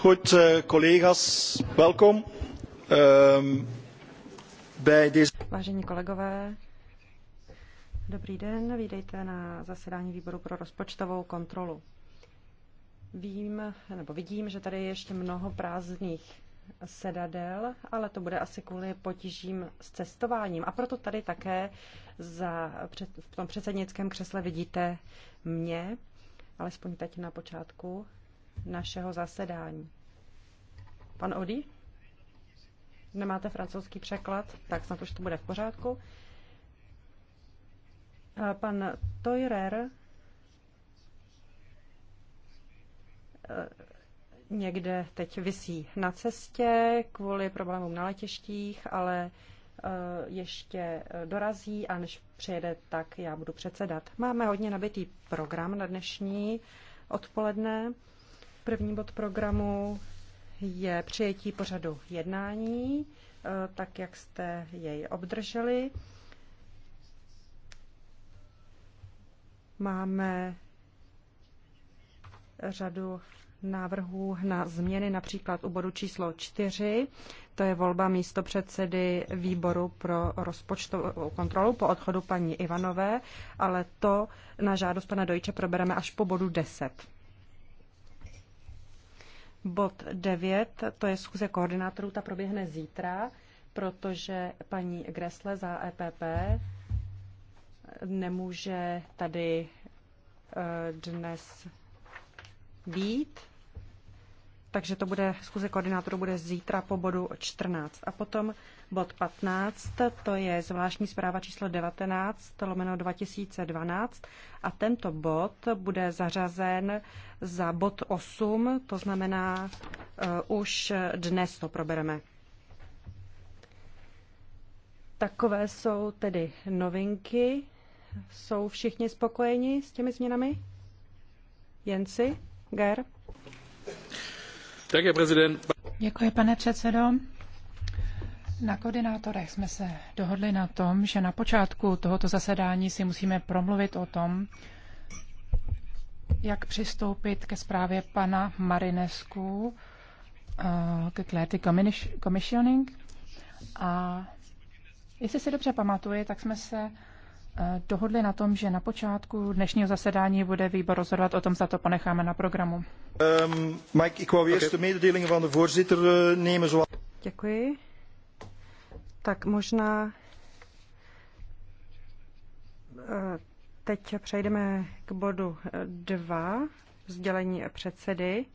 Goed, eh, collega's, welkom. Ehm, Vážení kolegové, dobrý den, vítejte na zasedání výboru pro rozpočtovou kontrolu. Vím, nebo vidím, že tady je ještě mnoho prázdných sedadel, ale to bude asi kvůli potížím s cestováním. A proto tady také za, v tom předsednickém křesle vidíte mě, alespoň teď na počátku našeho zasedání. Pan Odi? Nemáte francouzský překlad? Tak snad už to bude v pořádku. Pan Toirer eh, někde teď visí na cestě kvůli problémům na letištích, ale eh, ještě dorazí a než přijede, tak já budu předsedat. Máme hodně nabitý program na dnešní odpoledne. První bod programu je přijetí pořadu jednání, e, tak jak jste jej obdrželi. Máme řadu návrhů na změny, například u bodu číslo 4, to je volba místo předsedy výboru pro rozpočtovou kontrolu po odchodu paní Ivanové, ale to na žádost pana Dojče probereme až po bodu 10. Bod 9, to je schůze koordinátorů, ta proběhne zítra, protože paní Gresle za EPP nemůže tady eh, dnes být, takže to bude, schůze koordinátorů bude zítra po bodu 14. A potom bod 15, to je zvláštní zpráva číslo 19, lomeno 2012 a tento bod bude zařazen za bod 8, to znamená, uh, už dnes to probereme. Takové jsou tedy novinky. Jsou všichni spokojeni s těmi změnami? Jenci? Ger? Děkuji, pane předsedo. Na koordinátorech jsme se dohodli na tom, že na počátku tohoto zasedání si musíme promluvit o tom, jak přistoupit ke zprávě pana Marinesku eh, ke Clarity Commissioning. A jestli si dobře pamatuji, tak jsme se eh, dohodli na tom, že na počátku dnešního zasedání bude výbor rozhodovat o tom, za to ponecháme na programu. Um, Mike, ik wou eerst de mededelingen van de voorzitter uh, nemen zoals... Děkuji. Tak možná eh, teď přejdeme k bodu 2, eh, sdělení předsedy.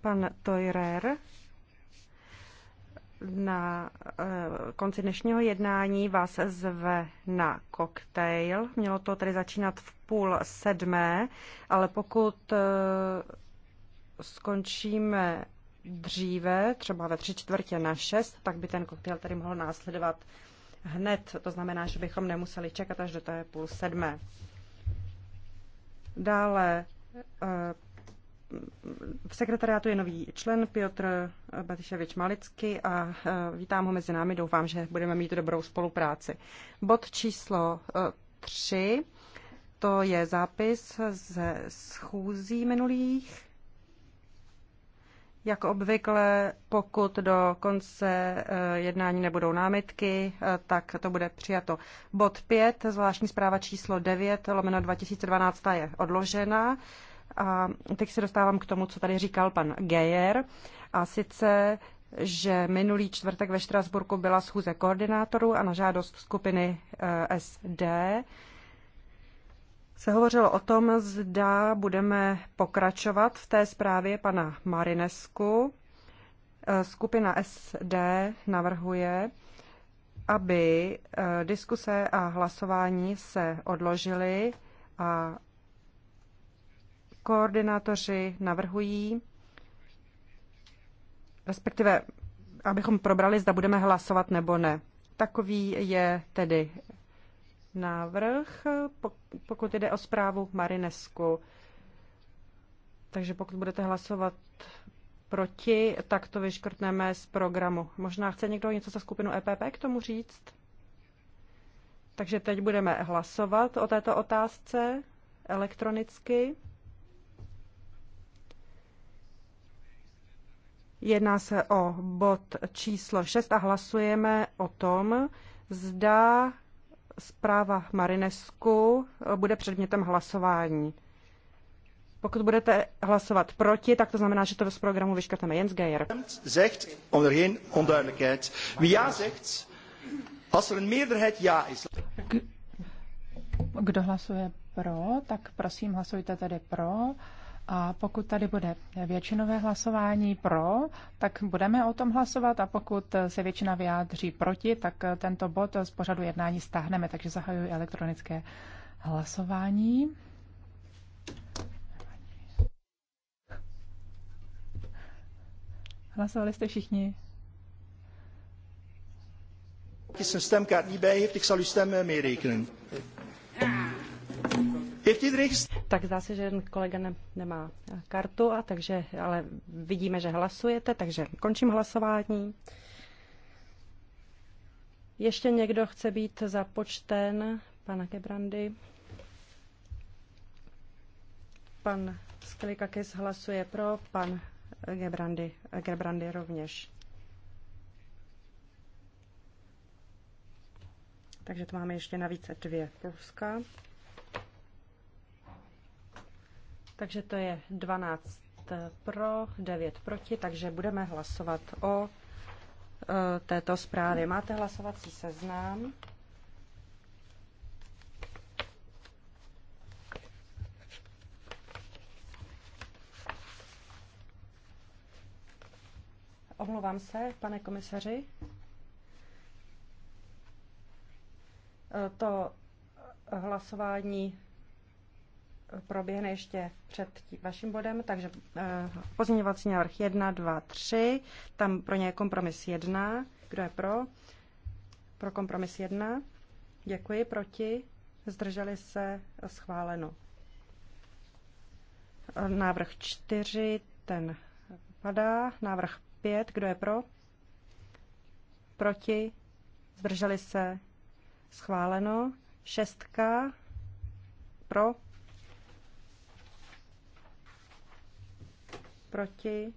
Pan Toirer na eh, konci dnešního jednání vás zve na koktejl. Mělo to tedy začínat v půl sedmé, ale pokud skončíme dříve, třeba ve tři čtvrtě na šest, tak by ten koktejl tady mohl následovat hned. To znamená, že bychom nemuseli čekat až do té půl sedmé. Dále eh, v sekretariátu je nový člen Piotr Batiševič Malický a eh, vítám ho mezi námi. Doufám, že budeme mít dobrou spolupráci. Bod číslo 3, eh, to je zápis ze schůzí minulých. Jako obvykle, pokud do konce eh, jednání nebudou námitky, eh, tak to bude přijato. Bod 5, zvláštní zpráva číslo 9, lomeno 2012, ta je odložena. A teď se dostávám k tomu, co tady říkal pan Geyer. A sice že minulý čtvrtek ve Štrasburku byla schůze koordinátorů a na žádost skupiny eh, SD se hovořilo o tom, zda budeme pokračovat v té zprávě pana Marinesku. Eh, skupina SD navrhuje, aby eh, diskuse a hlasování se odložily a koordinátoři navrhují, respektive abychom probrali, zda budeme hlasovat nebo ne. Takový je tedy návrh, pokud jde o zprávu Marinesku. Takže pokud budete hlasovat proti, tak to vyškrtneme z programu. Možná chce někdo něco za skupinu EPP k tomu říct? Takže teď budeme hlasovat o této otázce elektronicky. Jedná se o bod číslo 6 a hlasujeme o tom, zda zpráva Marinesku eh, bude předmětem hlasování. Pokud budete hlasovat proti, tak to znamená, že to z programu vyškrtneme. Jens Geier. Zegt, onder geen onduidelijkheid. Wie ja zegt, als er een meerderheid ja is. Kdo hlasuje pro, tak prosím hlasujte tedy pro. A pokud tady bude většinové hlasování pro, tak budeme o tom hlasovat a pokud se většina vyjádří proti, tak tento bod z pořadu jednání stáhneme, takže zahajuji elektronické hlasování. Hlasovali jste všichni? Zijn stemkaart niet bij heeft, ik zal uw stem meerekenen. Tak zdá se, že jeden kolega ne, nemá kartu, a takže, ale vidíme, že hlasujete, takže končím hlasování. Ještě někdo chce být započten? Pana Kebrandy. Pan Sklikakis hlasuje pro, pan Gebrandy, Gebrandy rovněž. Takže to máme ještě navíc dvě pluska. Takže to je 12 eh, pro, 9 proti, takže budeme hlasovat o eh, této zprávě. Máte hlasovací seznám. Omlouvám se, pane komisaři. Eh, to hlasování proběhne ještě před tí, vaším bodem, takže uh, pozměňovací návrh 1, 2, 3, tam pro ně je kompromis 1, kdo je pro? Pro kompromis 1, děkuji, proti, zdrželi se, schváleno. Eh, návrh 4, ten padá, návrh 5, kdo je pro? Proti, zdrželi se, schváleno. Šestka, pro, proti.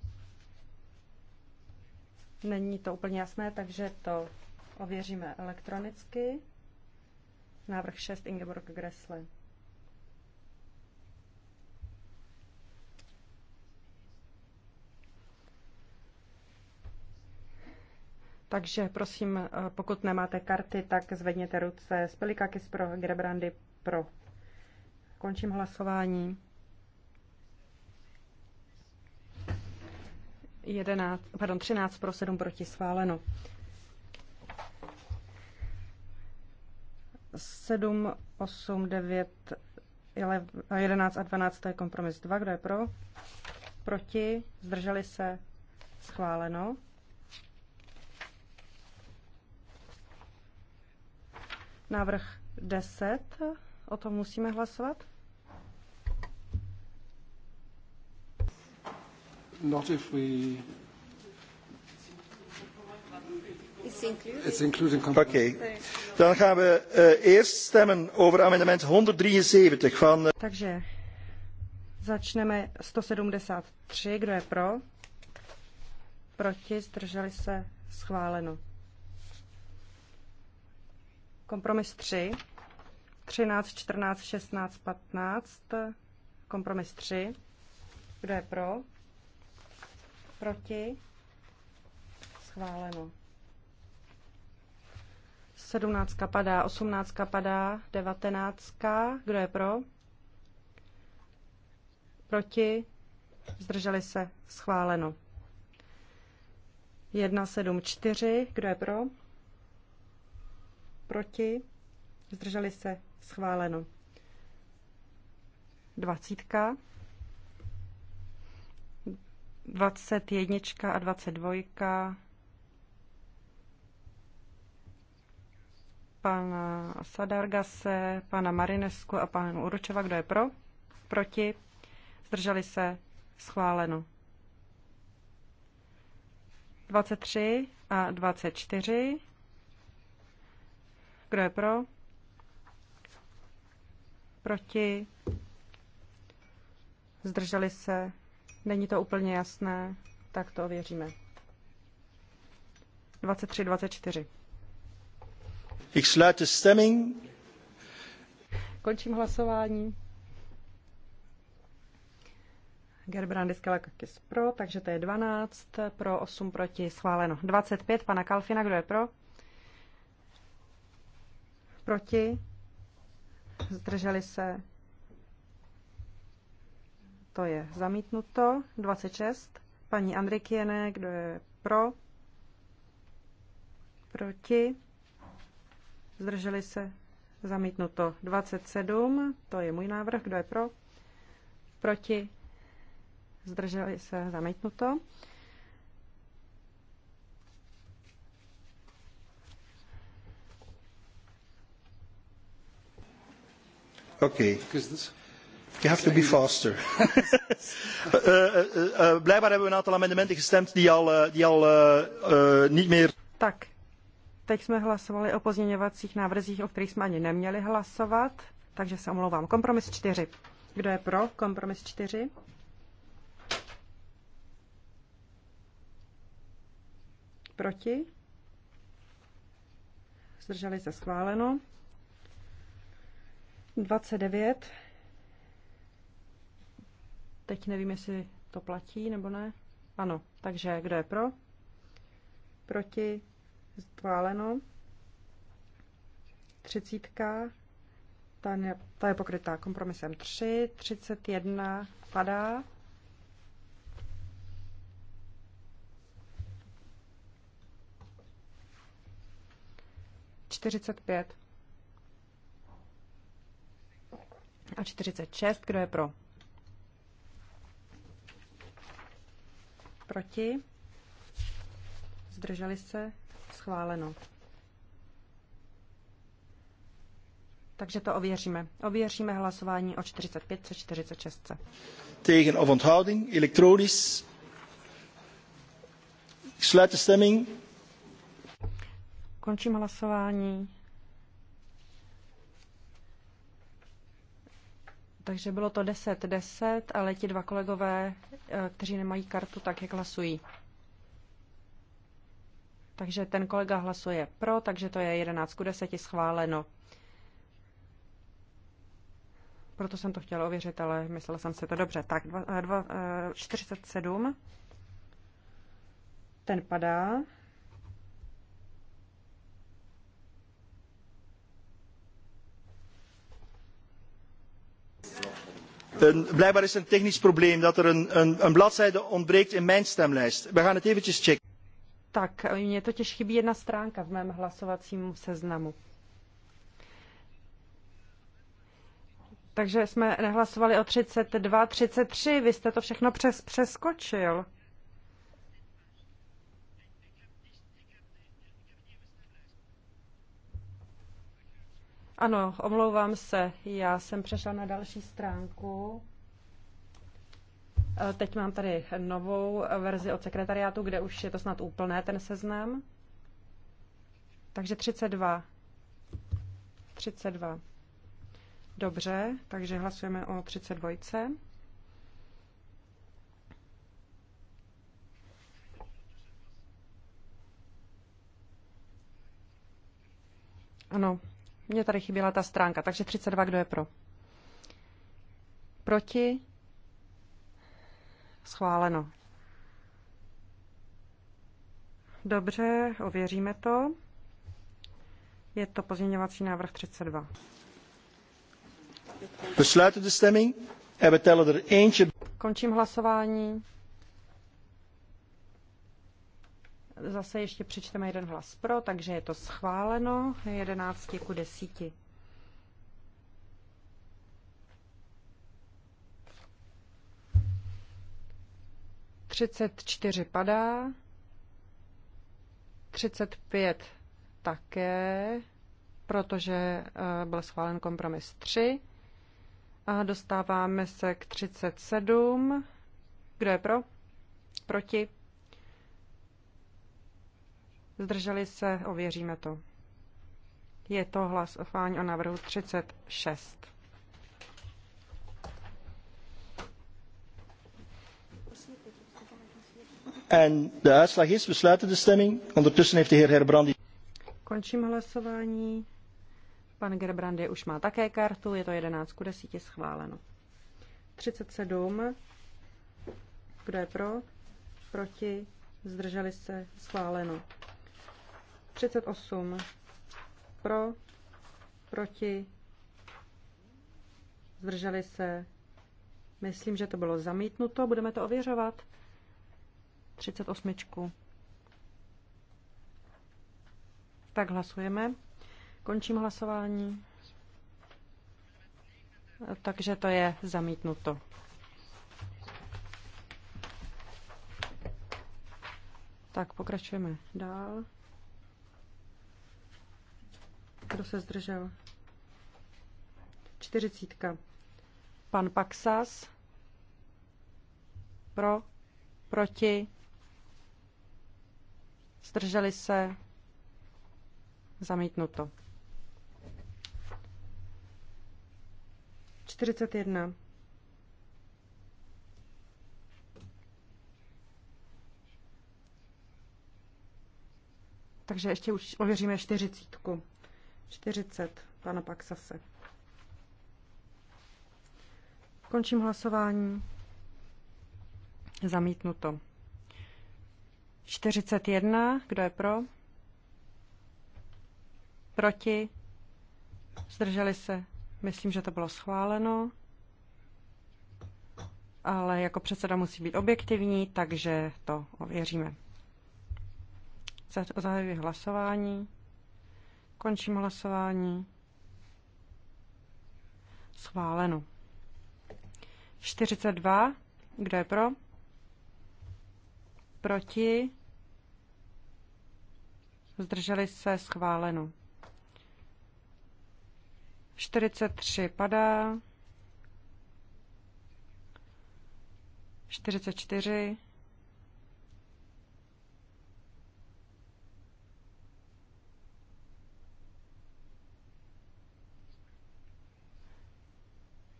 Není to úplně jasné, takže to ověříme elektronicky. Návrh 6 Ingeborg Gressle. Takže prosím, eh, pokud nemáte karty, tak zvedněte ruce. Spelikakis pro, Grebrandy pro. Končím hlasování. 11, pardon, 13 pro 7 proti schváleno. 7, 8, 9, 11 a 12 to je kompromis 2. Kdo je pro? Proti? Zdrželi se? Schváleno. Návrh 10. O tom musíme hlasovat. Not if we. It's included. It's included. Oké. Okay. Dan gaan we uh, eerst stemmen over amendement 173 van. Uh... Takže začneme 173. Kdo je pro? Proti? Zdrželi se? Schváleno. Kompromis 3. 13, 14, 16, 15. Kompromis 3. Kdo je pro? Proti? Schváleno. 17 padá, 18 padá, 19. Kdo je pro? Proti? Zdrželi se. Schváleno. 1, 7, 4. Kdo je pro? Proti? Zdrželi se. Schváleno. 20. 21 a 22 pana Sadargase, pana Marinesku a pana Uročova. Kdo je pro? Proti? Zdrželi se? Schváleno. 23 a 24. Kdo je pro? Proti? Zdrželi se? Není to úplně jasné, tak to věříme. 23, 24. Ich stemming. Končím hlasování. Gerbrandis Kalakakis pro, takže to je 12, pro 8 proti, schváleno. 25, pana Kalfina, kdo je pro? Proti? Zdrželi se? to je zamítnuto. 26. Paní Andrikiene, kdo je pro? Proti? Zdrželi se? Zamítnuto. 27. To je můj návrh. Kdo je pro? Proti? Zdrželi se? Zamítnuto. Okay. You have to be faster. Eh, eh, eh, blijkbaar hebben we een aantal amendementen gestemd die al, die al uh, niet meer... Tak, teď jsme hlasovali o pozměňovacích návrzích, o kterých jsme ani neměli hlasovat, takže se omlouvám. Kompromis 4. Kdo je pro kompromis 4? Proti? Zdrželi se schváleno. 29 Teď nevím, jestli to platí nebo ne. Ano, takže kdo je pro? Proti? Zdváleno. Třicítka. Ta, je, ta je pokrytá kompromisem 3. 31 padá. Čtyřicet pět a čtyřicet šest. Kdo je pro? Proti? Zdrželi se? Schváleno. Takže to ověříme. Ověříme hlasování o 45 se 46. Tegen of onthouding, elektronisch. Sluit de stemming. Končím hlasování. Takže bylo to 10-10, ale ti dva kolegové, eh, kteří nemají kartu, tak jak hlasují. Takže ten kolega hlasuje pro, takže to je 11 ku 10 schváleno. Proto jsem to chtěla ověřit, ale myslela jsem si to dobře. Tak, dva, eh, dva, 47. Eh, ten padá. blijkbaar is er een technisch probleem dat er een, een, een bladzijde ontbreekt in mijn stemlijst. We gaan het eventjes checken. Tak, eh, mě totiž chybí jedna stránka v mém hlasovacím seznamu. Takže jsme nehlasovali o 32, 33, vy jste to všechno přes, přeskočil. Ano, omlouvám se, já jsem přešla na další stránku. E, teď mám tady novou verzi od sekretariátu, kde už je to snad úplné, ten seznam. Takže 32. 32. Dobře, takže hlasujeme o 32. Ano, mně tady chyběla ta stránka, takže 32, kdo je pro? Proti? Schváleno. Dobře, ověříme to. Je to pozměňovací návrh 32. Besluiten de stemming. er eentje. Končím hlasování. Zase ještě přečteme jeden hlas pro, takže je to schváleno 11 ku 10. Třicet čtyři padá, třicet pět také, protože eh, byl schválen kompromis tři. A dostáváme se k sedm. Kdo je pro? Proti? Zdrželi se, ověříme to. Je to hlasování o návrhu 36. En de uitslag is, we sluiten de stemming. Ondertussen heeft de heer Herbrandi... Končím hlasování. Pan Gerbrandi už má také kartu, je to 11 ku 10 schváleno. 37. Kdo je pro? Proti? Zdrželi se? Schváleno. 38 pro, proti, zdrželi se. Myslím, že to bylo zamítnuto. Budeme to ověřovat. 38. Tak hlasujeme. Končím hlasování. Takže to je zamítnuto. Tak pokračujeme dál. Kdo se zdržel? Čtyřicítka. Pan Paksas. Pro. Proti. Zdrželi se. Zamítnuto. 41. Takže ještě už ověříme čtyřicítku. 40 pana Paxase. Končím hlasování. Zamítnuto. 41. Kdo je pro? Proti? Zdrželi se? Myslím, že to bylo schváleno. Ale jako předseda musí být objektivní, takže to ověříme. Zahajuji hlasování. Končím hlasování. Schváleno. 42. Kdo je pro? Proti? Zdrželi se schváleno. 43 padá. 44.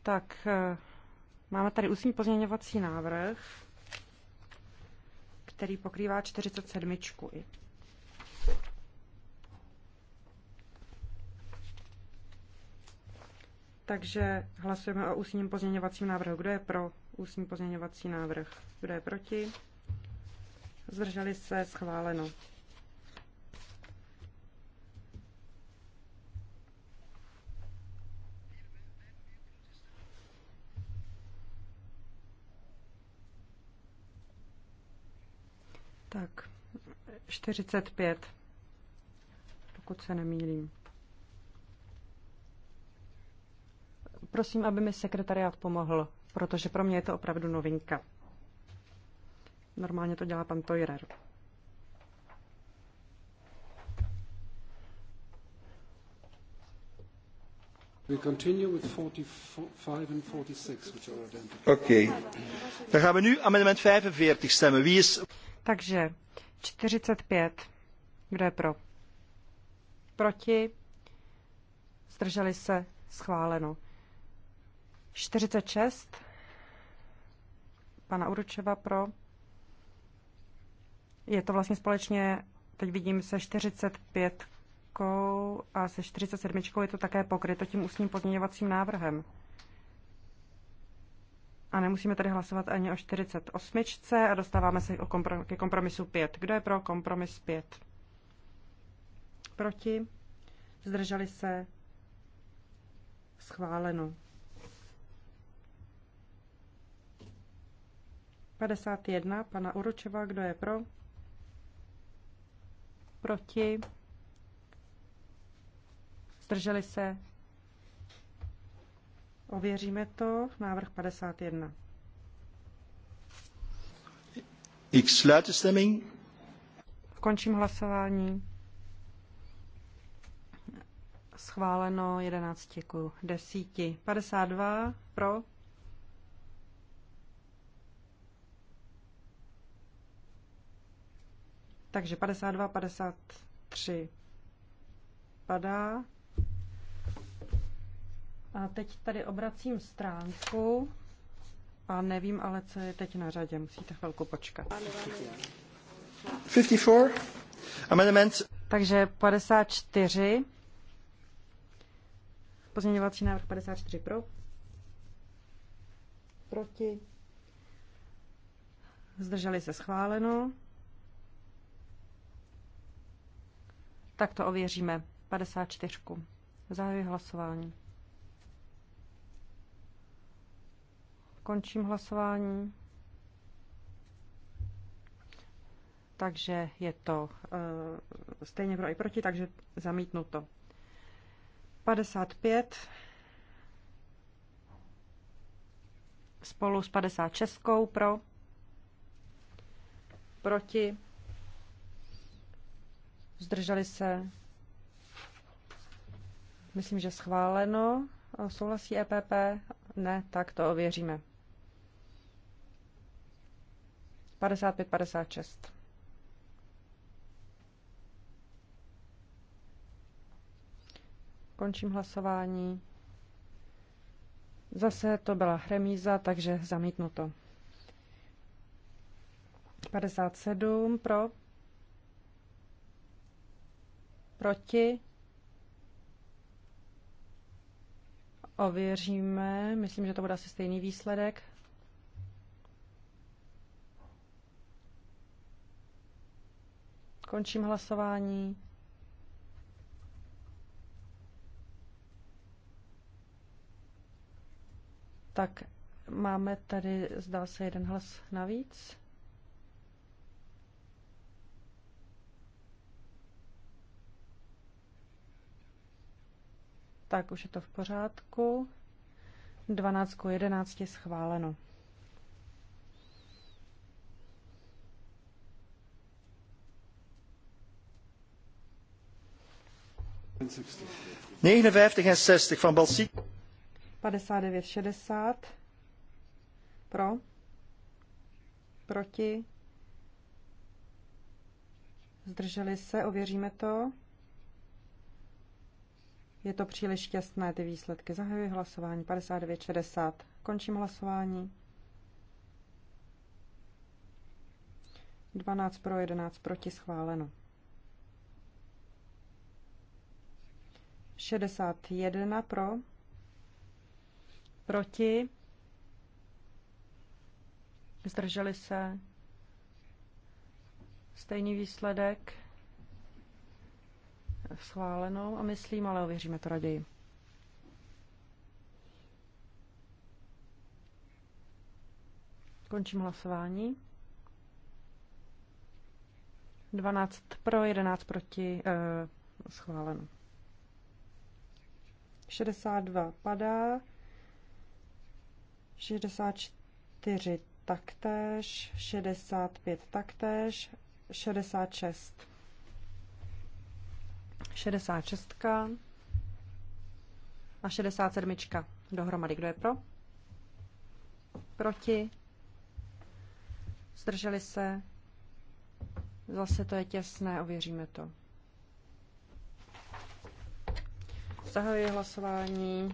Tak, eh, máme tady ústní pozměňovací návrh, který pokrývá 47. Takže hlasujeme o ústním pozměňovacím návrhu. Kdo je pro ústní pozměňovací návrh? Kdo je proti? Zdrželi se schváleno. Tak, 45, pokud se nemýlím. Prosím, aby mi sekretariát pomohl, protože pro mě je to opravdu novinka. Normálně to dělá pan Toirer. We continue with 45 and 46, which are identical. Okay. Dan gaan we nu amendement 45 stemmen. Wie is... Takže 45. Kdo je pro? Proti? Zdrželi se? Schváleno. 46. Pana Uručeva pro. Je to vlastně společně, teď vidím, se 45 a se 47 je to také pokryto tím ústním pozměňovacím návrhem. A nemusíme tady hlasovat ani o 48. A dostáváme se ke kompromisu 5. Kdo je pro kompromis 5? Proti? Zdrželi se? Schváleno. 51. Pana Uročeva, kdo je pro? Proti? Zdrželi se? Ověříme to. Návrh 51. Končím hlasování. Schváleno 11 ku 10. 52 pro. Takže 52, 53 padá. A teď tady obracím stránku a nevím ale, co je teď na řadě. Musíte chvilku počkat. 54. Amendment. Takže 54. Pozměňovací návrh 54 pro. Proti. Zdrželi se schváleno. Tak to ověříme. 54. Zahajuji hlasování. Končím hlasování. Takže je to uh, stejně pro i proti, takže zamítnuto. 55 spolu s 56 pro, proti, zdrželi se, myslím, že schváleno, souhlasí EPP, ne, tak to ověříme. 55-56. Končím hlasování. Zase to byla remíza, takže zamítnuto. 57 pro. Proti. Ověříme. Myslím, že to bude asi stejný výsledek. Končím hlasování. Tak máme tady, zdá se, jeden hlas navíc. Tak už je to v pořádku. 12 k schváleno. 59 en 60 van Balsik. 59, 60. Pro. Proti. Zdrželi se, ověříme to. Je to příliš těsné, ty výsledky. Zahajuji hlasování 59-60. Končím hlasování. 12 pro, 11 proti, schváleno. 61 pro, proti, zdrželi se, stejný výsledek, schválenou a myslím, ale ověříme to raději. Končím hlasování. 12 pro, 11 proti, eh, schváleno. 62 padá, 64 taktéž, 65 taktéž, 66. 66 a 67 dohromady. Kdo je pro? Proti? Zdrželi se? Zase to je těsné, ověříme to. Zahajuji hlasování.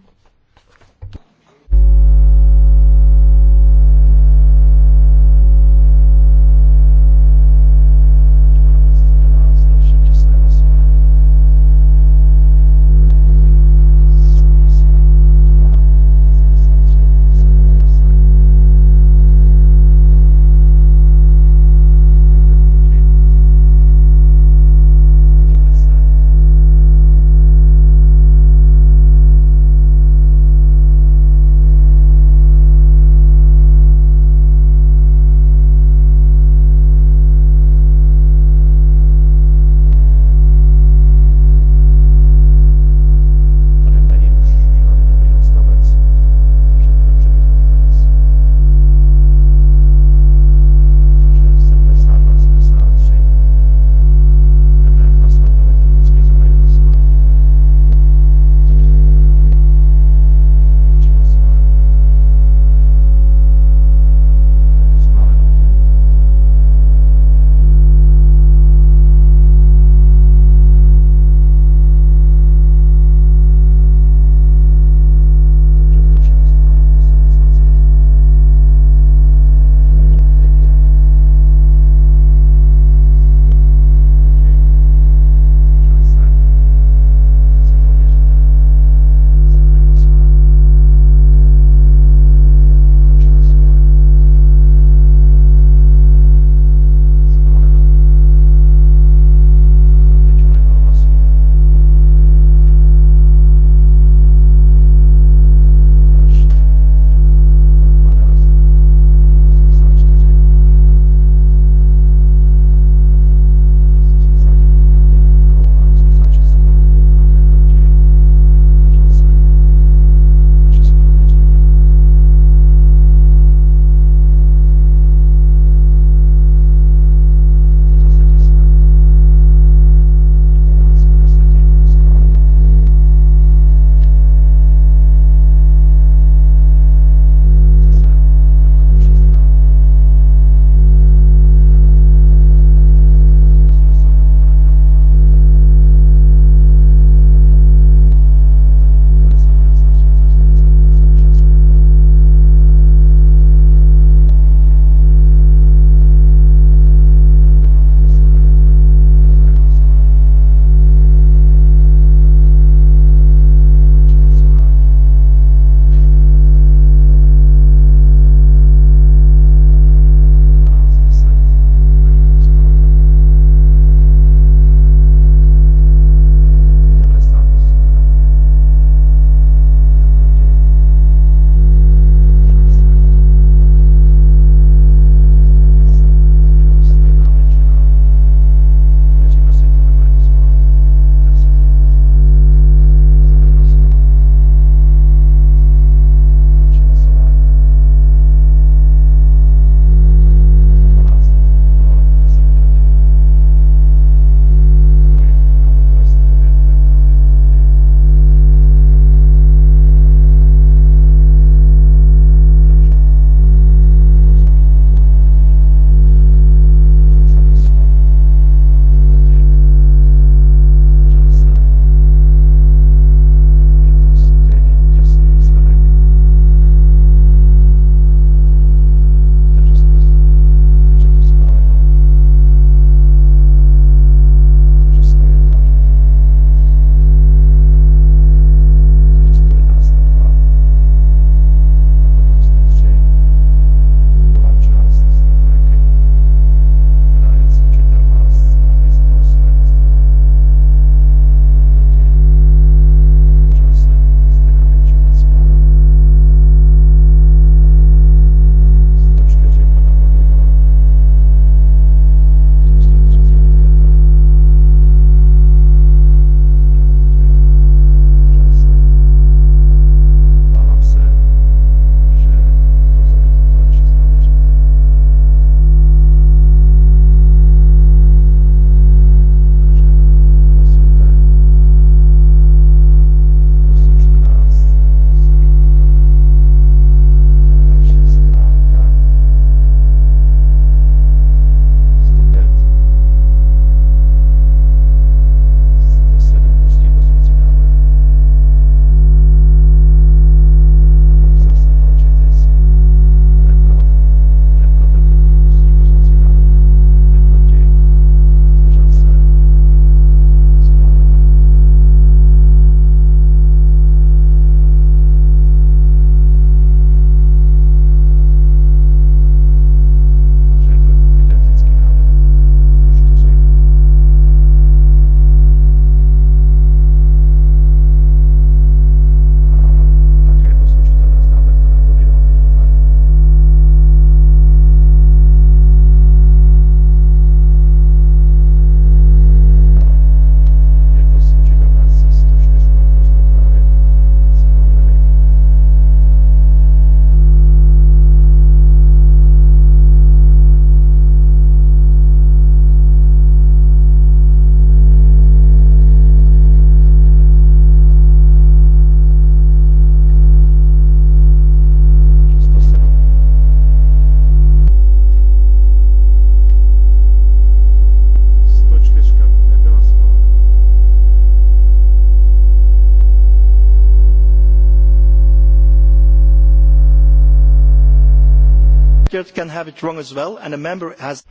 can have it wrong as well, and a member has...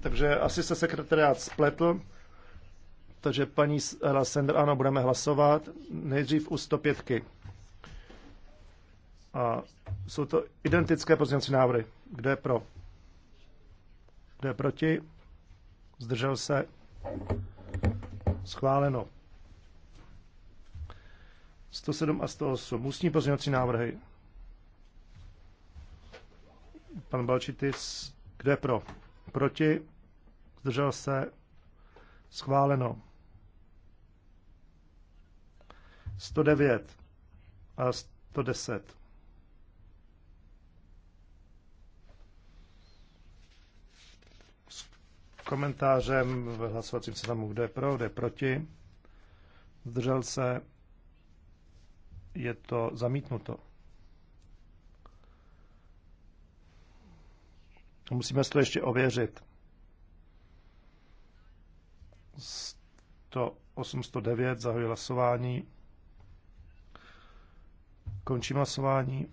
Takže asi se sekretariát spletl. Takže paní Sender, ano, budeme hlasovat. Nejdřív u 105. A jsou to identické pozměňovací návrhy. Kdo je pro? Kdo je proti? Zdržel se? Schváleno. 107 a 108. Ústní pozměňovací návrhy. Pan Balčitis, kde pro? Proti? Zdržel se? Schváleno. 109 a 110. S komentářem v hlasovacím seznamu, kde pro, kde proti. Zdržel se, je to zamítnuto. Musíme si to ještě ověřit. 809 109, hlasování. Končím hlasování.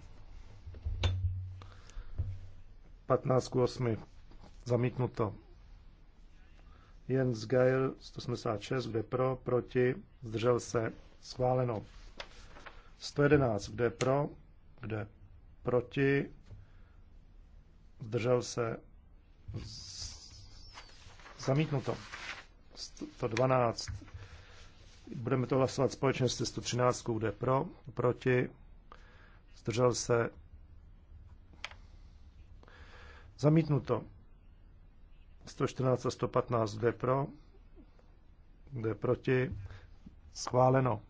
15 k 8. Zamítnuto. Jens Geil 186, kde pro, proti, zdržel se, schváleno. 111, kde pro, kde proti, zdržel se, zamítnuto. 112. Budeme to hlasovat společně se 113, kde pro, proti, zdržel se, zamítnuto. 114 a 115, kde pro, kde proti, schváleno.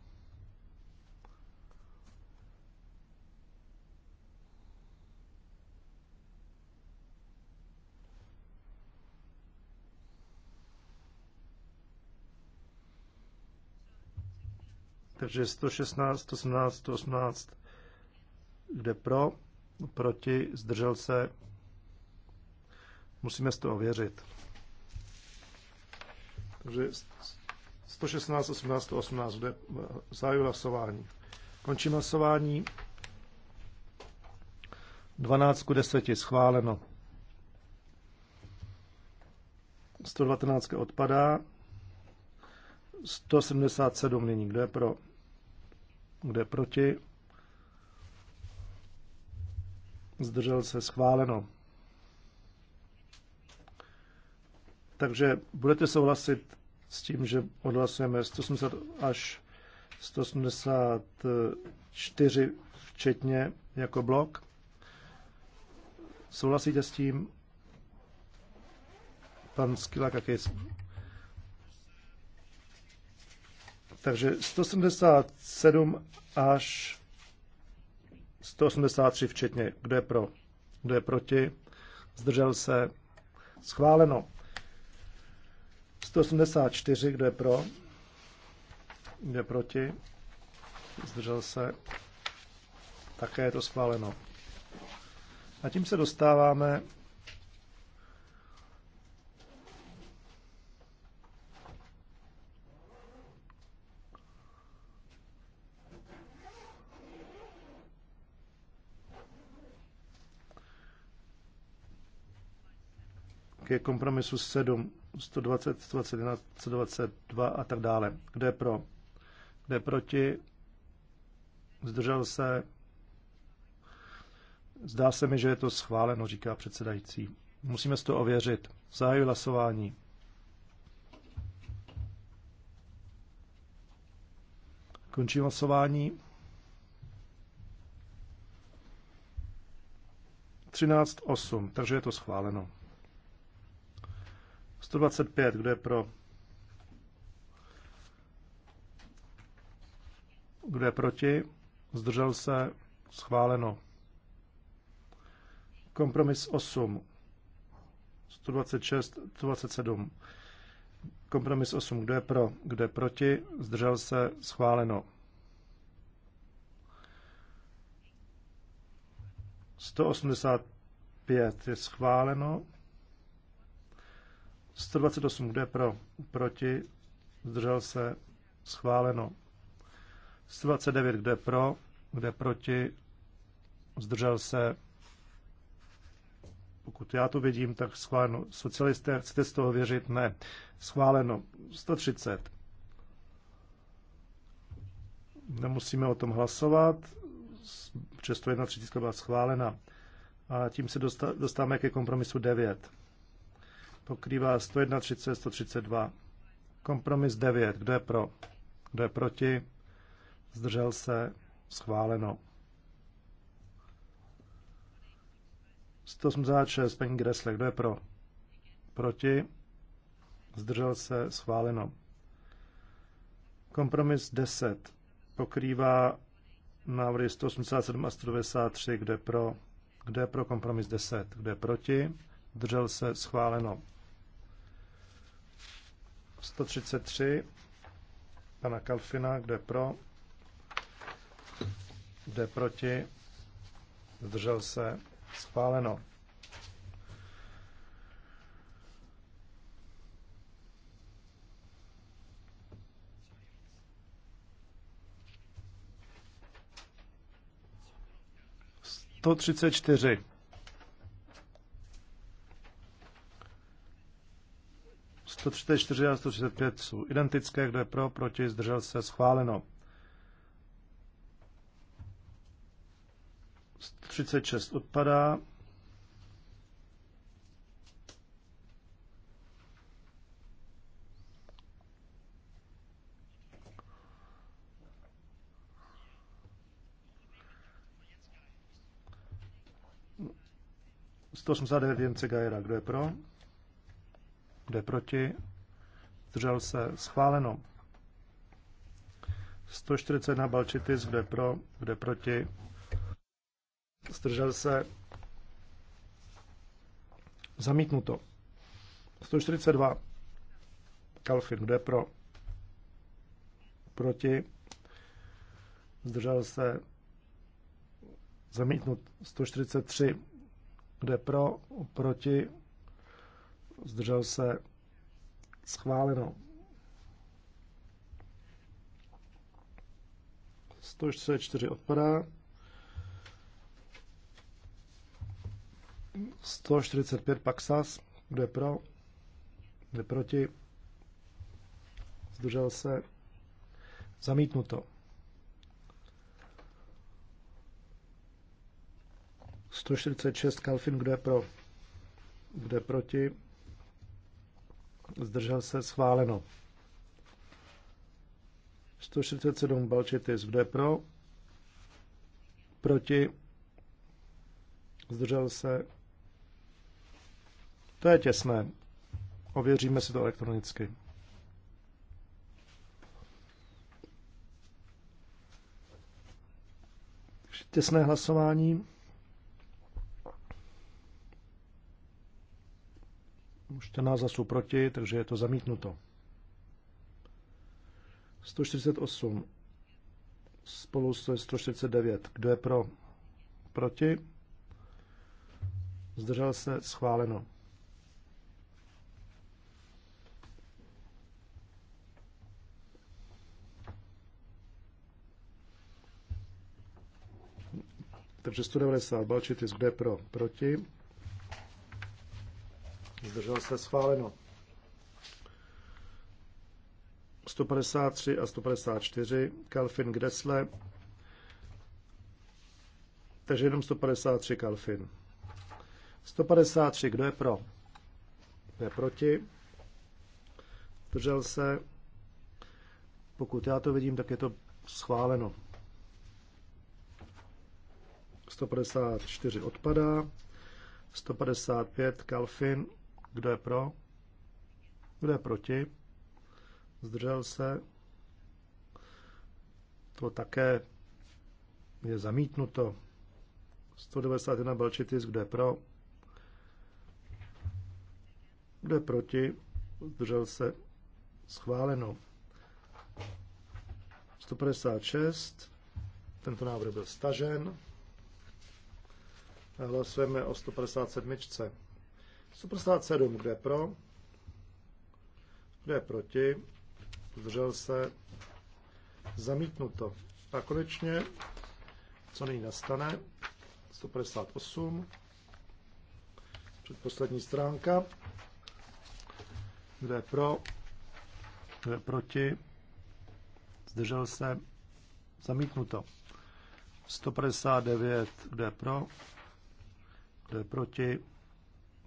Takže 116, 117, 118, kde pro, proti, zdržel se. Musíme z toho věřit. Takže 116, 18, 118, kde zájí hlasování. Končím hlasování. 12 ku 10 schváleno. 119 odpadá. 177 nyní. Kdo je pro? kde proti? Zdržel se schváleno. Takže budete souhlasit s tím, že odhlasujeme 180 až 184 včetně jako blok. Souhlasíte s tím? Pan jaký Takže 177 až 183 včetně. Kdo je pro? Kdo je proti? Zdržel se? Schváleno. 184, kdo je pro? Kdo je proti? Zdržel se? Také je to schváleno. A tím se dostáváme ke kompromisu 7, 120, 121, 122 a tak dále. Kde je pro? Kde je proti? Zdržel se? Zdá se mi, že je to schváleno, říká předsedající. Musíme si to ověřit. Zahajuji hlasování. Končím hlasování. 13.8, takže je to schváleno. 125, kdo je pro? Kdo je proti? Zdržel se? Schváleno. Kompromis 8. 126, 127. Kompromis 8. Kdo je pro? Kdo je proti? Zdržel se? Schváleno. 185 je schváleno. 128, kde pro, proti, zdržel se, schváleno. 129, kde pro, kde proti, zdržel se, pokud já to vidím, tak schváleno. Socialisté, chcete z toho věřit? Ne. Schváleno. 130. Nemusíme o tom hlasovat. Přesto 31 byla schválena. A tím se dostáváme ke kompromisu 9 pokrývá 131, 30, 132. Kompromis 9. Kdo je pro? Kdo je proti? Zdržel se? Schváleno. 186. Paní Gressle. Kdo je pro? Proti? Zdržel se? Schváleno. Kompromis 10. Pokrývá návrhy 187 a 193. Kdo je pro? Kdo je pro kompromis 10? Kdo je proti? Držel se schváleno. 133 pana Kalfina, kde pro, kde proti, zdržel se, spáleno. To 34. 134 a 135 jsou identické, kdo je pro, proti, zdržel se, schváleno. 136 odpadá. Sto osmdesát devět Jence Gajera, kdo je pro? je proti? Zdržel se schváleno. 141 Balčitis, je pro, je proti? Zdržel se zamítnuto. 142 Kalfin, je pro, proti? Zdržel se zamítnut 143, kde pro, proti, zdržel se, schváleno. 144 odpadá. 145 Paxas, je pro, je proti, zdržel se, zamítnuto. 146 Kalfin, je pro, je proti, zdržel se schváleno. 147 Balčitis, kdo pro, proti, zdržel se, to je těsné, ověříme si to elektronicky. Těsné hlasování. 14 hlasů proti, takže je to zamítnuto. 148 spolu s 149. Kdo je pro? Proti? Zdržel se? Schváleno. Takže 190 balčitis, kde pro? Proti? zdržel se schváleno. 153 a 154 Kalfin Gressle, takže jenom 153 Kalfin. 153, kdo je pro? Kdo je proti? Držel se. Pokud já to vidím, tak je to schváleno. 154 odpadá. 155 Kalfin kdo je pro? Kdo je proti? Zdržel se? To také je zamítnuto. 191 Balčitis, kdo je pro? Kdo je proti? Zdržel se? Schváleno. 156. Tento návrh byl stažen. Hlasujeme o 157. Superstát 7, kde pro, kde proti, zdržel se, zamítnuto. A konečně, co nyní nastane, 158, předposlední stránka, kde pro, kde proti, zdržel se, zamítnuto. 159, kde pro, kde proti,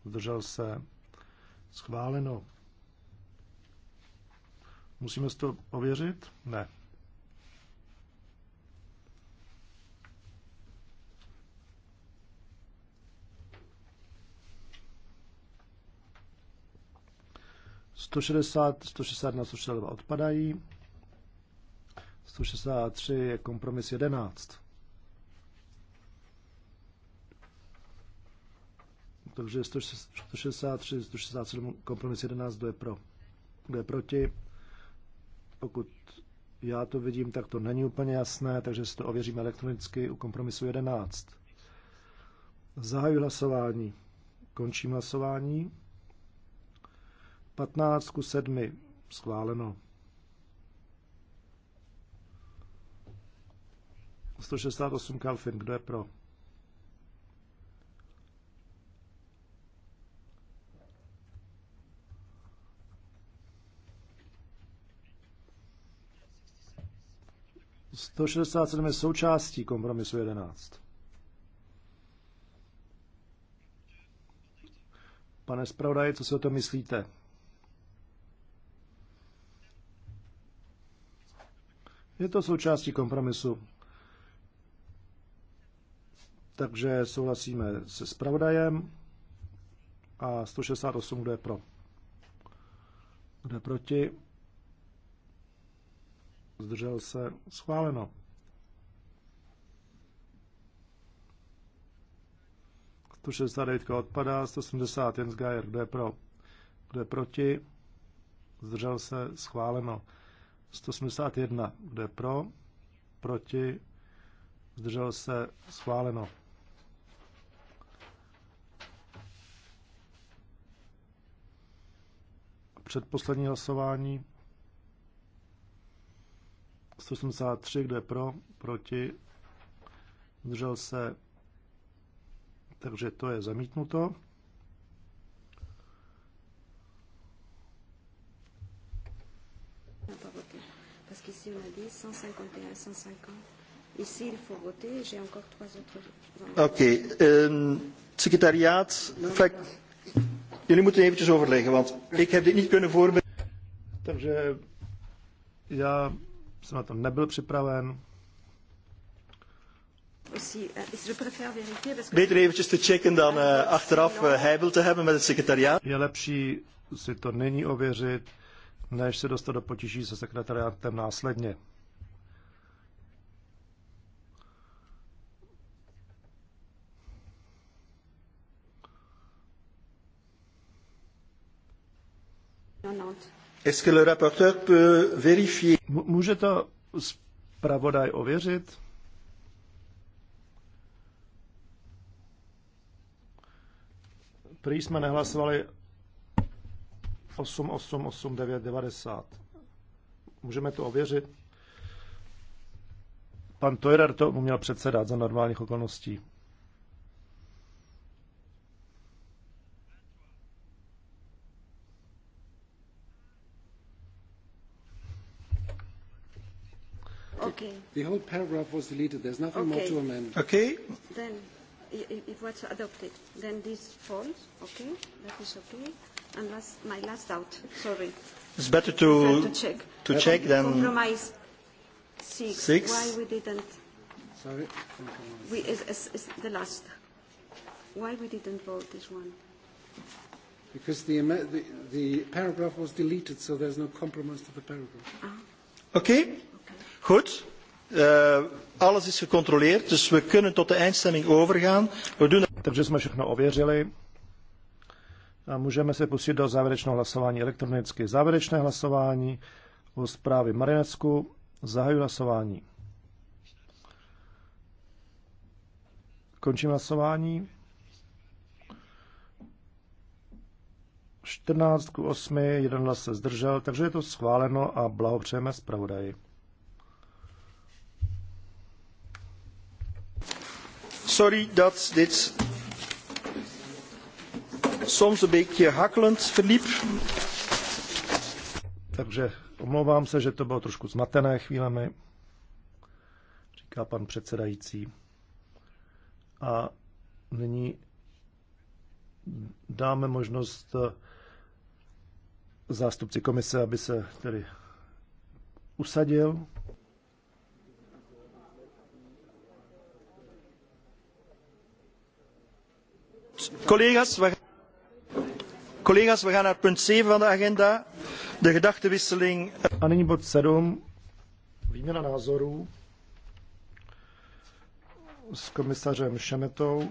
zdržel se, schváleno. Musíme si to ověřit? Ne. Sto šedesát, sto na sto odpadají. 163 je kompromis 11. Takže 163, 167, kompromis 11, kdo je pro, kdo je proti. Pokud já to vidím, tak to není úplně jasné, takže si to ověříme elektronicky u kompromisu 11. Zahajuji hlasování. Končím hlasování. 15 ku 7 schváleno. 168 Kalfin, kdo je pro? 167 je součástí kompromisu 11. Pane zpravodaji, co si o to myslíte? Je to součástí kompromisu. Takže souhlasíme se zpravodajem a 168, kdo je pro. Kdo je proti? zdržel se, schváleno. Tu 69 odpadá, 180 Jens Geier, kdo je pro? Kdo je proti? Zdržel se, schváleno. 181, kdo je pro? Proti? Zdržel se, schváleno. Předposlední hlasování 183, kdo je pro, proti, zdržel se, takže to je zamítnuto. Parce qu'ici Ok. Um, secretariaat, jullie moeten eventjes overleggen, want ik heb dit niet kunnen voorbereiden. Takže já jsem na to nebyl připraven. uh, achteraf uh, met Je lepší si to nyní ověřit, než se dostat do potíží se sekretariátem následně. Může to zpravodaj ověřit? Prý jsme nehlasovali 8888990. Můžeme to ověřit? Pan Toirer to měl předsedat za normálních okolností. The whole paragraph was deleted. There's nothing okay. more to amend. Okay. Then, it was adopted. Then this falls. Okay, that is okay. And last, my last doubt. Sorry. It's better to to check, to yeah. check than compromise six. six. Why we didn't? Sorry. We is, is, the last. Why we didn't vote this one? Because the, the, the paragraph was deleted, so there's no compromise to the paragraph. Ah. Okay. okay. Eh, alles is gecontroleerd, dus we kunnen tot de eindstemming overgaan. We doen... Takže jsme všechno ověřili a můžeme se pustit do závěrečného hlasování elektronicky. Závěrečné hlasování o zprávě Marinecku. Zahajuji hlasování. Končím hlasování. 14 k 8, jeden hlas se zdržel, takže je to schváleno a blahopřejeme zpravodaji. sorry dat dit soms een beetje hakkelend verliep. Takže omlouvám se, že to bylo trošku zmatené chvílemi, říká pan předsedající. A nyní dáme možnost eh, zástupci komise, aby se tedy usadil. collega's, we gaan naar punt 7 van de agenda. De gedachtenwisseling. A nyní bod 7. Výměna názorů s komisařem Šemetou.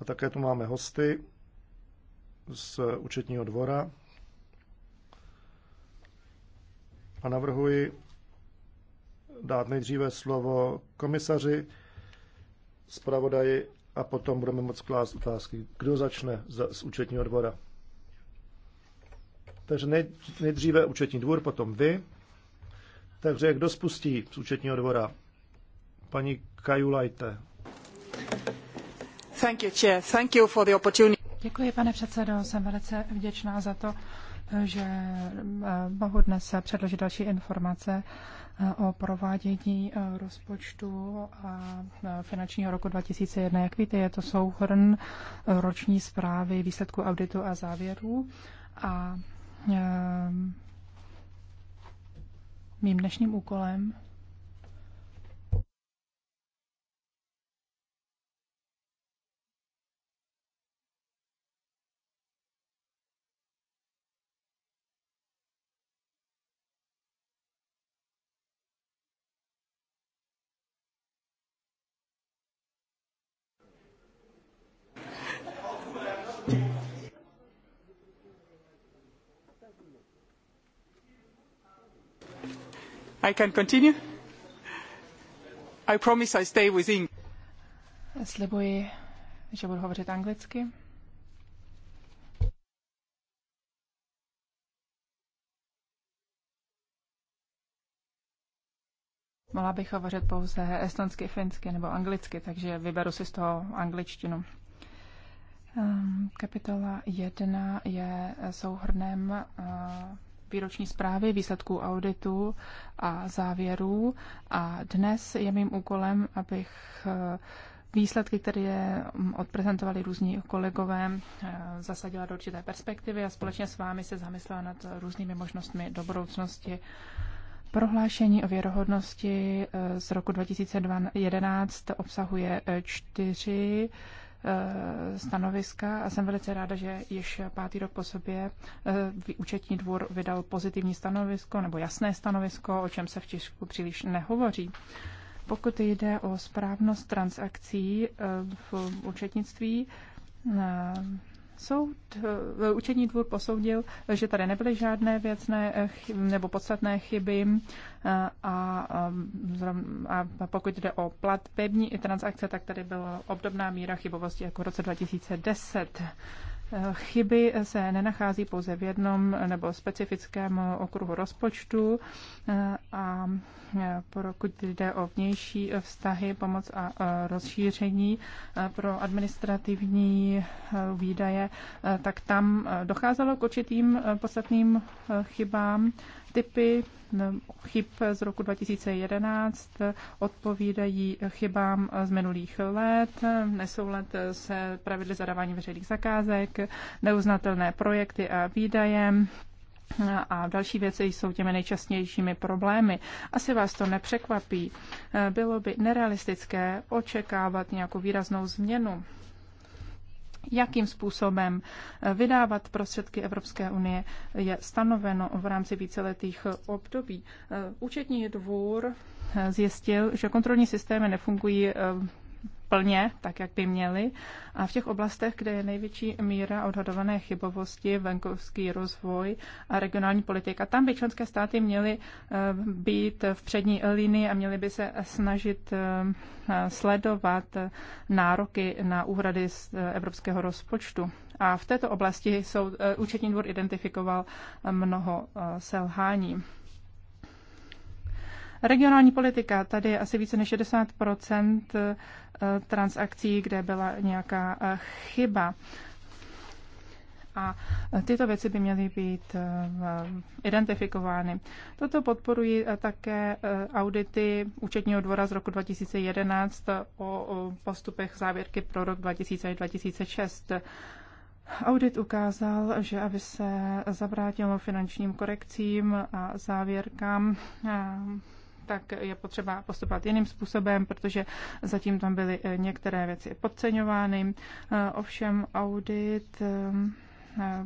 A také tu máme hosty z účetního dvora. A navrhuji dát nejdříve slovo komisaři zpravodaji a potom budeme moc klást otázky. Kdo začne za, z účetního dvora? Takže nej, nejdříve účetní dvůr, potom vy. Takže kdo spustí z účetního dvora? Paní Kajulajte. Thank you, chair. Thank you for the opportunity. Děkuji, pane předsedo. Jsem velice vděčná za to, že eh, mohu dnes předložit další informace o provádění e, rozpočtu a e, finančního roku 2001. Jak víte, je to souhrn e, roční zprávy výsledku auditu a závěrů. A mým dnešním úkolem Slibuji, že budu hovořit anglicky. Mohla bych hovořit pouze estonsky, finsky nebo anglicky, takže vyberu si z toho angličtinu. Ehm, kapitola 1 je souhrnem eh, výroční zprávy, výsledků auditu a závěrů. A dnes je mým úkolem, abych eh, výsledky, které mm, odprezentovali různí kolegové, eh, zasadila do určité perspektivy a společně s vámi se zamyslela nad různými možnostmi do budoucnosti. Prohlášení o věrohodnosti eh, z roku 2011 obsahuje čtyři Eh, stanoviska a jsem velice ráda, že již pátý rok po sobě eh, účetní dvůr vydal pozitivní stanovisko nebo jasné stanovisko, o čem se v Česku příliš nehovoří. Pokud jde o správnost transakcí eh, v účetnictví, Soud, učení eh, dvůr posoudil, že tady nebyly žádné věcné eh, nebo podstatné chyby eh, a, a, a pokud jde o platbební i transakce, tak tady byla obdobná míra chybovosti jako v roce 2010. Chyby se nenachází pouze v jednom nebo specifickém okruhu rozpočtu a pokud jde o vnější vztahy, pomoc a e, rozšíření e, pro administrativní e, výdaje, tak tam docházelo k určitým podstatným chybám typy chyb z roku 2011 odpovídají chybám z minulých let, nesoulad se pravidly zadávání veřejných zakázek, neuznatelné projekty a výdaje, a další věci jsou těmi nejčastějšími problémy. Asi vás to nepřekvapí. Bylo by nerealistické očekávat nějakou výraznou změnu jakým způsobem eh, vydávat prostředky Evropské unie, je stanoveno v rámci víceletých eh, období. Eh, účetní dvůr zjistil, že kontrolní systémy nefungují plně, tak jak by měly. A v těch oblastech, kde je největší míra odhadované chybovosti, venkovský rozvoj a regionální politika, tam by členské státy měly eh, být v přední linii a měly by se snažit eh, sledovat eh, nároky na úhrady z evropského rozpočtu. A v této oblasti jsou, účetní dvor identifikoval mnoho selhání. Regionální politika, tady je asi více než 60 Eh, transakcí, kde byla nějaká eh, chyba. A eh, tyto věci by měly být identifikovány. Toto podporují také audity účetního dvora z roku 2011 o postupech závěrky pro rok 2000-2006. Audit ukázal, že aby se zabrátilo finančním korekcím a závěrkám, tak je potřeba postupovat jiným způsobem, protože zatím tam byly eh, některé věci podceňovány. Eh, ovšem audit eh,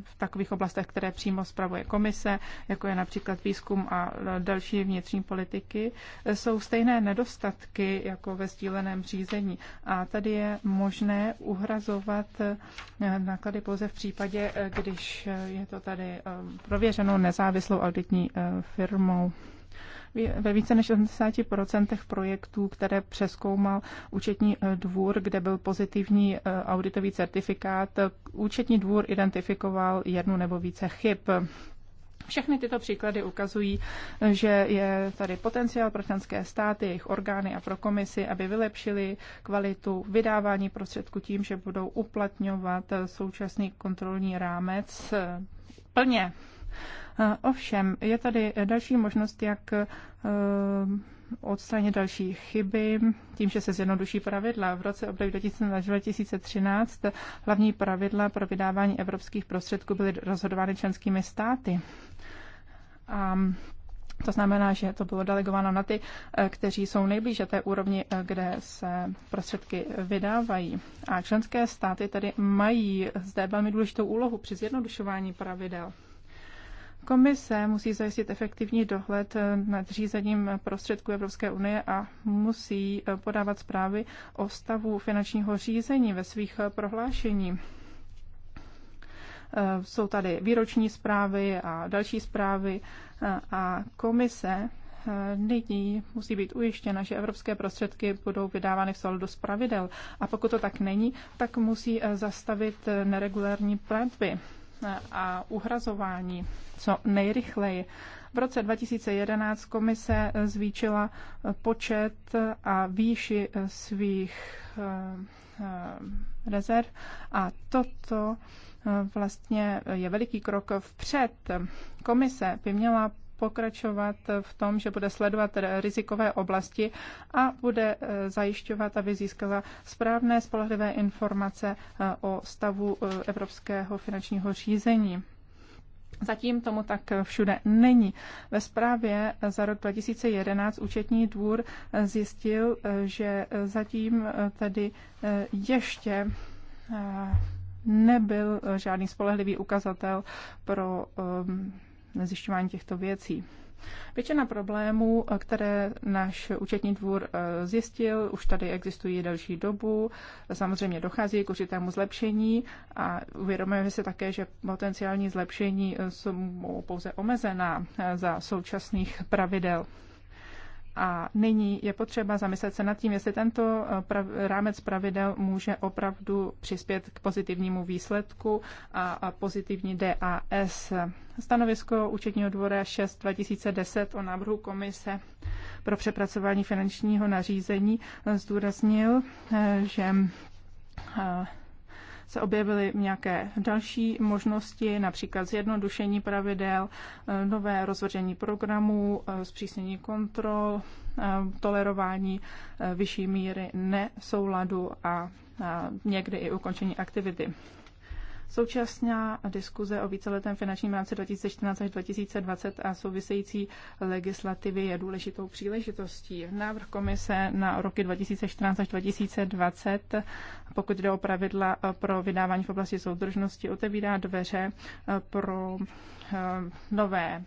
v takových oblastech, které přímo zpravuje komise, jako je například výzkum a další vnitřní politiky, jsou stejné nedostatky jako ve sdíleném řízení. A tady je možné uhrazovat náklady pouze v případě, když je to tady prověřeno nezávislou auditní firmou ve více než 80% projektů, které přeskoumal účetní eh, dvůr, kde byl pozitivní eh, auditový certifikát, účetní dvůr identifikoval jednu nebo více chyb. Všechny tyto příklady ukazují, eh, že je tady potenciál pro členské státy, jejich orgány a pro komisi, aby vylepšili kvalitu vydávání prostředku tím, že budou uplatňovat současný kontrolní rámec plně. Ovšem, je tady další možnost, jak eh, odstranit další chyby tím, že se zjednoduší pravidla. V roce období 2013 hlavní pravidla pro vydávání evropských prostředků byly rozhodovány členskými státy. A to znamená, že to bylo delegováno na ty, eh, kteří jsou nejblíže té úrovni, eh, kde se prostředky vydávají. A členské státy tedy mají zde velmi důležitou úlohu při zjednodušování pravidel. Komise musí zajistit efektivní dohled eh, nad řízením prostředků Evropské unie a musí eh, podávat zprávy o stavu finančního řízení ve svých eh, prohlášení. Jsou tady výroční zprávy a další zprávy a komise nyní musí být ujištěna, že evropské prostředky budou vydávány v souladu s pravidel. A pokud to tak není, tak musí zastavit neregulární platby a uhrazování co nejrychleji. V roce 2011 komise zvýšila počet a výši svých eh, eh, rezerv a toto eh, vlastně je veliký krok vpřed. Komise by měla pokračovat v tom, že bude sledovat rizikové oblasti a bude eh, zajišťovat, aby získala správné spolehlivé informace eh, o stavu eh, evropského finančního řízení. Zatím tomu tak všude není. Ve zprávě za rok 2011 účetní dvůr zjistil, že zatím tedy ještě nebyl žádný spolehlivý ukazatel pro zjišťování těchto věcí. Většina problémů, které náš účetní dvůr eh, zjistil, už tady existují delší dobu. Samozřejmě dochází k určitému zlepšení a uvědomujeme si také, že potenciální zlepšení jsou pouze omezená eh, za současných pravidel. A nyní je potřeba zamyslet se nad tím, jestli tento eh, rámec pravidel může opravdu přispět k pozitivnímu výsledku a pozitivní DAS. Stanovisko účetního dvora 6 2010 o návrhu komise pro přepracování finančního nařízení eh, zdůraznil, eh, že se objevily nějaké další možnosti, například zjednodušení pravidel, e, nové rozvržení programů, e, zpřísnění kontrol, e, tolerování vyšší míry nesouladu a někdy i ukončení aktivity. Současná diskuze o víceletém finančním rámci 2014 až 2020 a související legislativy je důležitou příležitostí. Návrh komise na roky 2014 až 2020, pokud jde o pravidla pro vydávání v oblasti soudržnosti, otevírá dveře pro eh, nové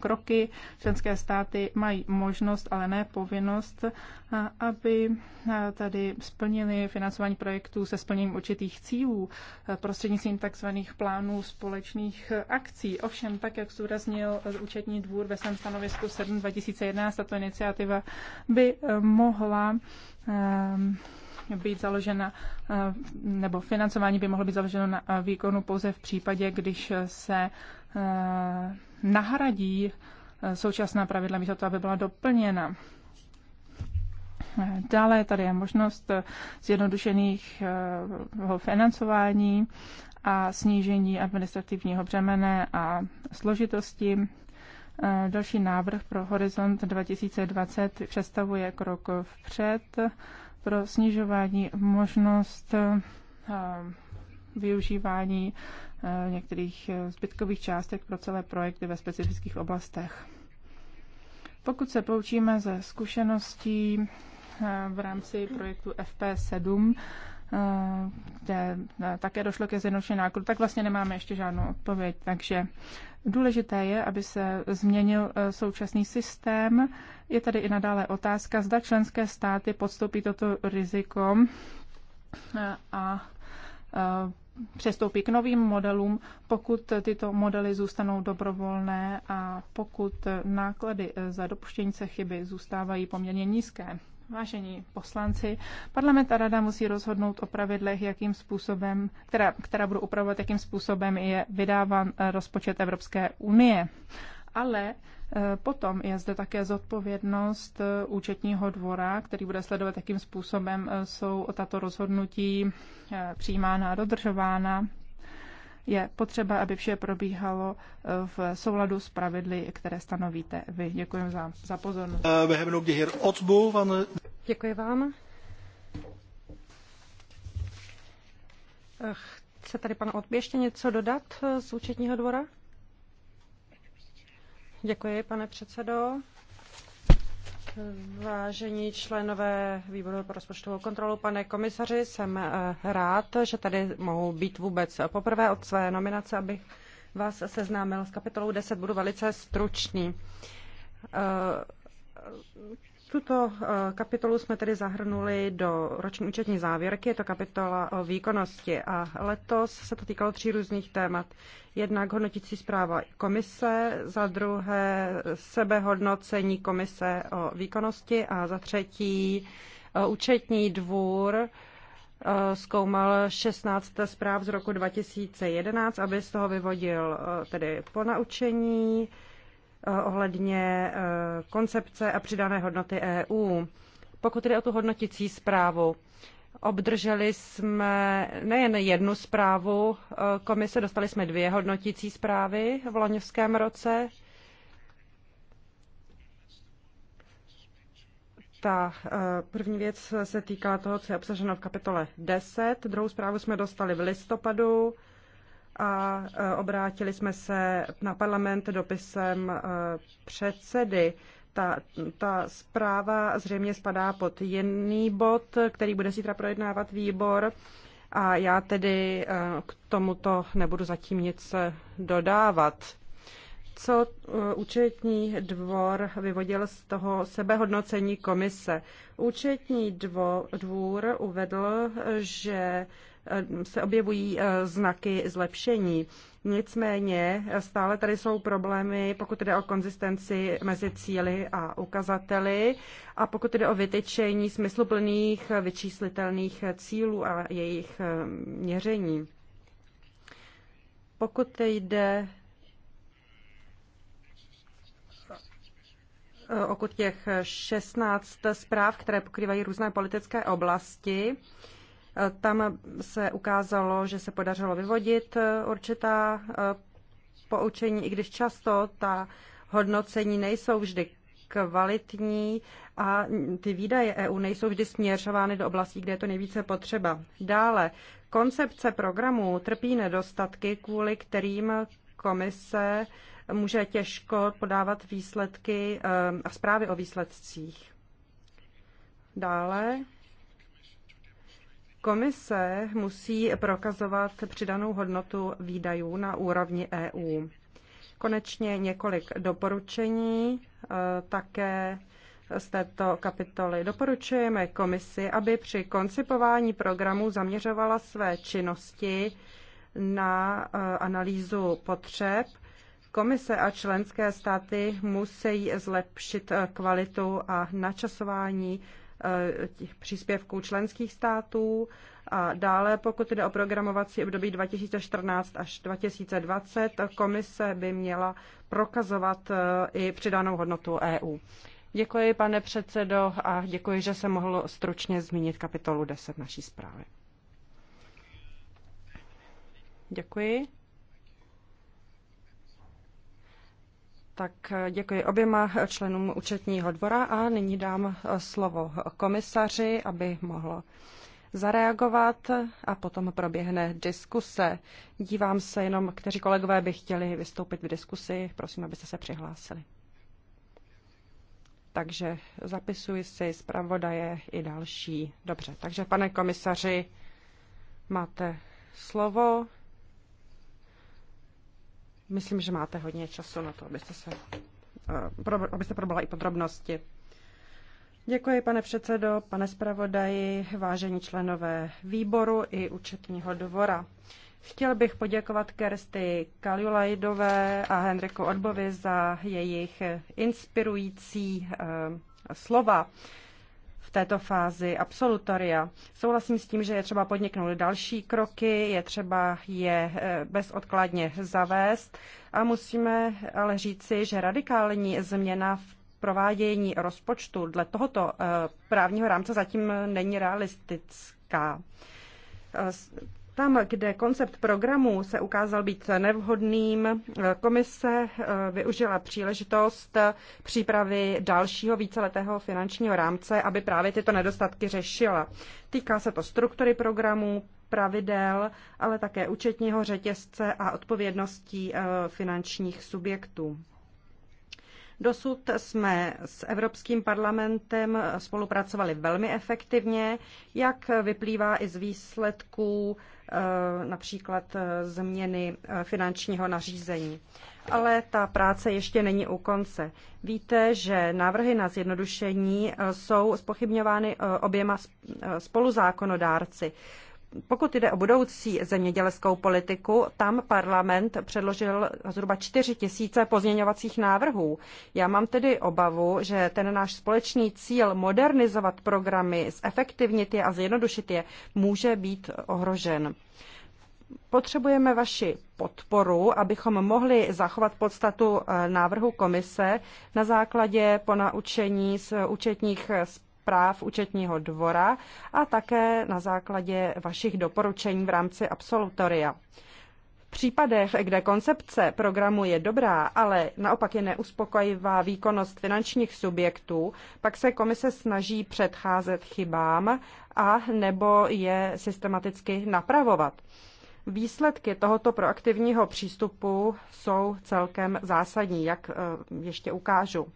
kroky. Členské státy mají možnost, ale ne povinnost, aby tady splnili financování projektů se splněním určitých cílů prostřednictvím tzv. plánů společných akcí. Ovšem, tak jak zúraznil účetní dvůr ve svém stanovisku 7 2011, tato iniciativa by mohla ehm, být založena, eh, nebo financování by mohlo být založeno na eh, výkonu pouze v případě, když se Eh, nahradí eh, současná pravidla místo toho, aby byla doplněna. Eh, dále tady je možnost zjednodušených financování a snížení administrativního břemene a složitosti. Další návrh pro Horizont 2020 představuje krok vpřed pro snižování možnost využívání Eh, některých eh, zbytkových částek pro celé projekty ve specifických oblastech. Pokud se poučíme ze zkušeností eh, v rámci projektu FP7, kde také došlo ke zjednodušení nákladu, tak vlastně nemáme ještě žádnou odpověď. Takže důležité je, aby se změnil současný systém. Je tady i nadále otázka, zda členské státy podstoupí toto riziko a přestoupí k novým modelům, pokud tyto modely zůstanou dobrovolné a pokud náklady eh, za dopuštění se chyby zůstávají poměrně nízké. Vážení poslanci, parlament a rada musí rozhodnout o pravidlech, jakým způsobem, která, která budou upravovat, jakým způsobem je vydáván eh, rozpočet Evropské unie ale eh, potom je zde také zodpovědnost eh, účetního dvora, který bude sledovat, jakým způsobem eh, jsou tato rozhodnutí přijímána a dodržována. Je potřeba, aby vše probíhalo v souladu s pravidly, které stanovíte vy. Děkuji za, za pozornost. Děkuji vám. Chce tady pan Otby ještě něco dodat z účetního dvora? Děkuji, pane předsedo. Vážení členové výboru pro rozpočtovou kontrolu, pane komisaři, jsem eh, rád, že tady mohu být vůbec poprvé od své nominace, abych vás seznámil s kapitolou 10. Budu velice stručný eh, tuto eh, kapitolu jsme tedy zahrnuli do roční účetní závěrky, je to kapitola o výkonnosti a letos se to týkalo tří různých témat. Jednak hodnotící zpráva komise, za druhé sebehodnocení komise o výkonnosti a za třetí eh, účetní dvůr eh, zkoumal 16 zpráv z roku 2011, aby z toho vyvodil tedy ponaučení. Eh, ohledně eh, koncepce a přidané hodnoty EU. Pokud jde o tu hodnotící zprávu, obdrželi jsme nejen jednu zprávu eh, komise, dostali jsme dvě hodnotící zprávy v loňském roce. Ta první věc se týkala toho, co je obsaženo v kapitole 10. Druhou zprávu jsme dostali v listopadu a e, obrátili jsme se na parlament dopisem e, předsedy. Ta, ta zpráva zřejmě spadá pod jiný bod, který bude zítra projednávat výbor. A já tedy e, k tomuto nebudu zatím nic dodávat. Co účetní dvor vyvodil z toho sebehodnocení komise? Účetní dvo, dvůr uvedl, že se objevují eh, znaky zlepšení. Nicméně eh, stále tady jsou problémy, pokud jde o konzistenci mezi cíly a ukazateli a pokud jde o vytyčení smysluplných eh, vyčíslitelných cílů a jejich měření. Pokud jde o těch 16 zpráv, které pokrývají různé politické oblasti, tam se ukázalo, že se podařilo vyvodit eh, určitá eh, poučení, i když často ta hodnocení nejsou vždy kvalitní a ty výdaje EU nejsou vždy směřovány do oblastí, kde je to nejvíce potřeba. Dále, koncepce programů trpí nedostatky, kvůli kterým komise může těžko podávat výsledky eh, a zprávy o výsledcích. Dále, Komise musí prokazovat přidanou hodnotu výdajů na úrovni EU. Konečně několik doporučení eh, také z této kapitoly. Doporučujeme komisi, aby při koncipování programu zaměřovala své činnosti na eh, analýzu potřeb. Komise a členské státy musí zlepšit eh, kvalitu a načasování Eh, těch příspěvků členských států. A dále, pokud jde o programovací období 2014 až 2020, komise by měla prokazovat eh, i přidanou hodnotu EU. Děkuji, pane předsedo, a děkuji, že se mohl stručně zmínit kapitolu 10 naší zprávy. Děkuji. Tak děkuji oběma členům účetního dvora a nyní dám slovo komisaři, aby mohlo zareagovat a potom proběhne diskuse. Dívám se jenom, kteří kolegové by chtěli vystoupit v diskusi. Prosím, abyste se přihlásili. Takže zapisuji si zpravodaje i další. Dobře, takže pane komisaři, máte slovo. Myslím, že máte hodně času na to, abyste, se, eh, abyste probala i podrobnosti. Děkuji, pane předsedo, pane zpravodaji, vážení členové výboru i účetního dvora. Chtěl bych poděkovat Kersty Kaliulajdové a Henriku Odbovi za jejich inspirující eh, slova v této fázi absolutoria. Souhlasím s tím, že je třeba podniknout další kroky, je třeba je eh, bezodkladně zavést a musíme ale říci, že radikální změna v provádění rozpočtu dle tohoto eh, právního rámce zatím není realistická. Eh, tam, kde koncept programu se ukázal být nevhodným, komise eh, využila příležitost přípravy dalšího víceletého finančního rámce, aby právě tyto nedostatky řešila. Týká se to struktury programu, pravidel, ale také účetního řetězce a odpovědností eh, finančních subjektů. Dosud jsme s Evropským parlamentem spolupracovali velmi efektivně, jak vyplývá i z výsledků eh, například eh, změny eh, finančního nařízení. Ale ta práce ještě není u konce. Víte, že návrhy na zjednodušení jsou spochybňovány oběma spoluzákonodárci pokud jde o budoucí zemědělskou politiku, tam parlament předložil zhruba 4 tisíce pozměňovacích návrhů. Já mám tedy obavu, že ten náš společný cíl modernizovat programy, zefektivnit je a zjednodušit je, může být ohrožen. Potřebujeme vaši podporu, abychom mohli zachovat podstatu eh, návrhu komise na základě ponaučení z účetních zpráv zpráv účetního dvora a také na základě vašich doporučení v rámci absolutoria. V případech, kde koncepce programu je dobrá, ale naopak je neuspokojivá výkonnost finančních subjektů, pak se komise snaží předcházet chybám a nebo je systematicky napravovat. Výsledky tohoto proaktivního přístupu jsou celkem zásadní, jak eh, ještě ukážu.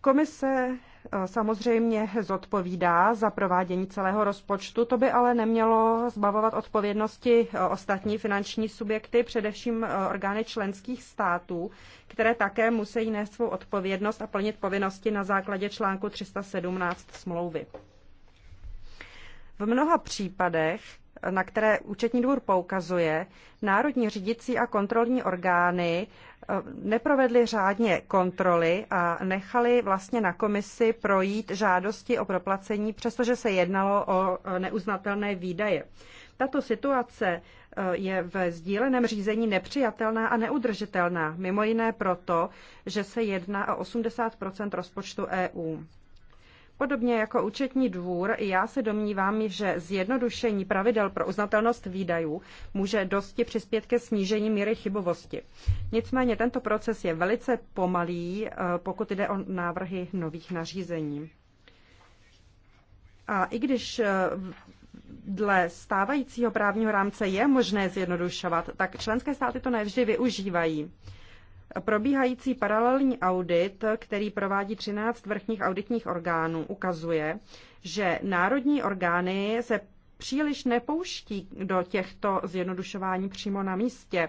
Komise Eh, samozřejmě zodpovídá za provádění celého rozpočtu. To by ale nemělo zbavovat odpovědnosti eh, ostatní finanční subjekty, především eh, orgány členských států, které také musí nést svou odpovědnost a plnit povinnosti na základě článku 317 smlouvy. V mnoha případech na které účetní dvůr poukazuje, národní řídicí a kontrolní orgány Eh, neprovedli řádně kontroly a nechali vlastně na komisi projít žádosti o proplacení, přestože se jednalo o eh, neuznatelné výdaje. Tato situace eh, je ve sdíleném řízení nepřijatelná a neudržitelná, mimo jiné proto, že se jedná o 80 rozpočtu EU. Podobně jako účetní dvůr, já se domnívám, že zjednodušení pravidel pro uznatelnost výdajů může dosti přispět ke snížení míry chybovosti. Nicméně tento proces je velice pomalý, eh, pokud jde o návrhy nových nařízení. A i když eh, dle stávajícího právního rámce je možné zjednodušovat, tak členské státy to nevždy využívají. Probíhající paralelní audit, který provádí 13 vrchních auditních orgánů, ukazuje, že národní orgány se příliš nepouští do těchto zjednodušování přímo na místě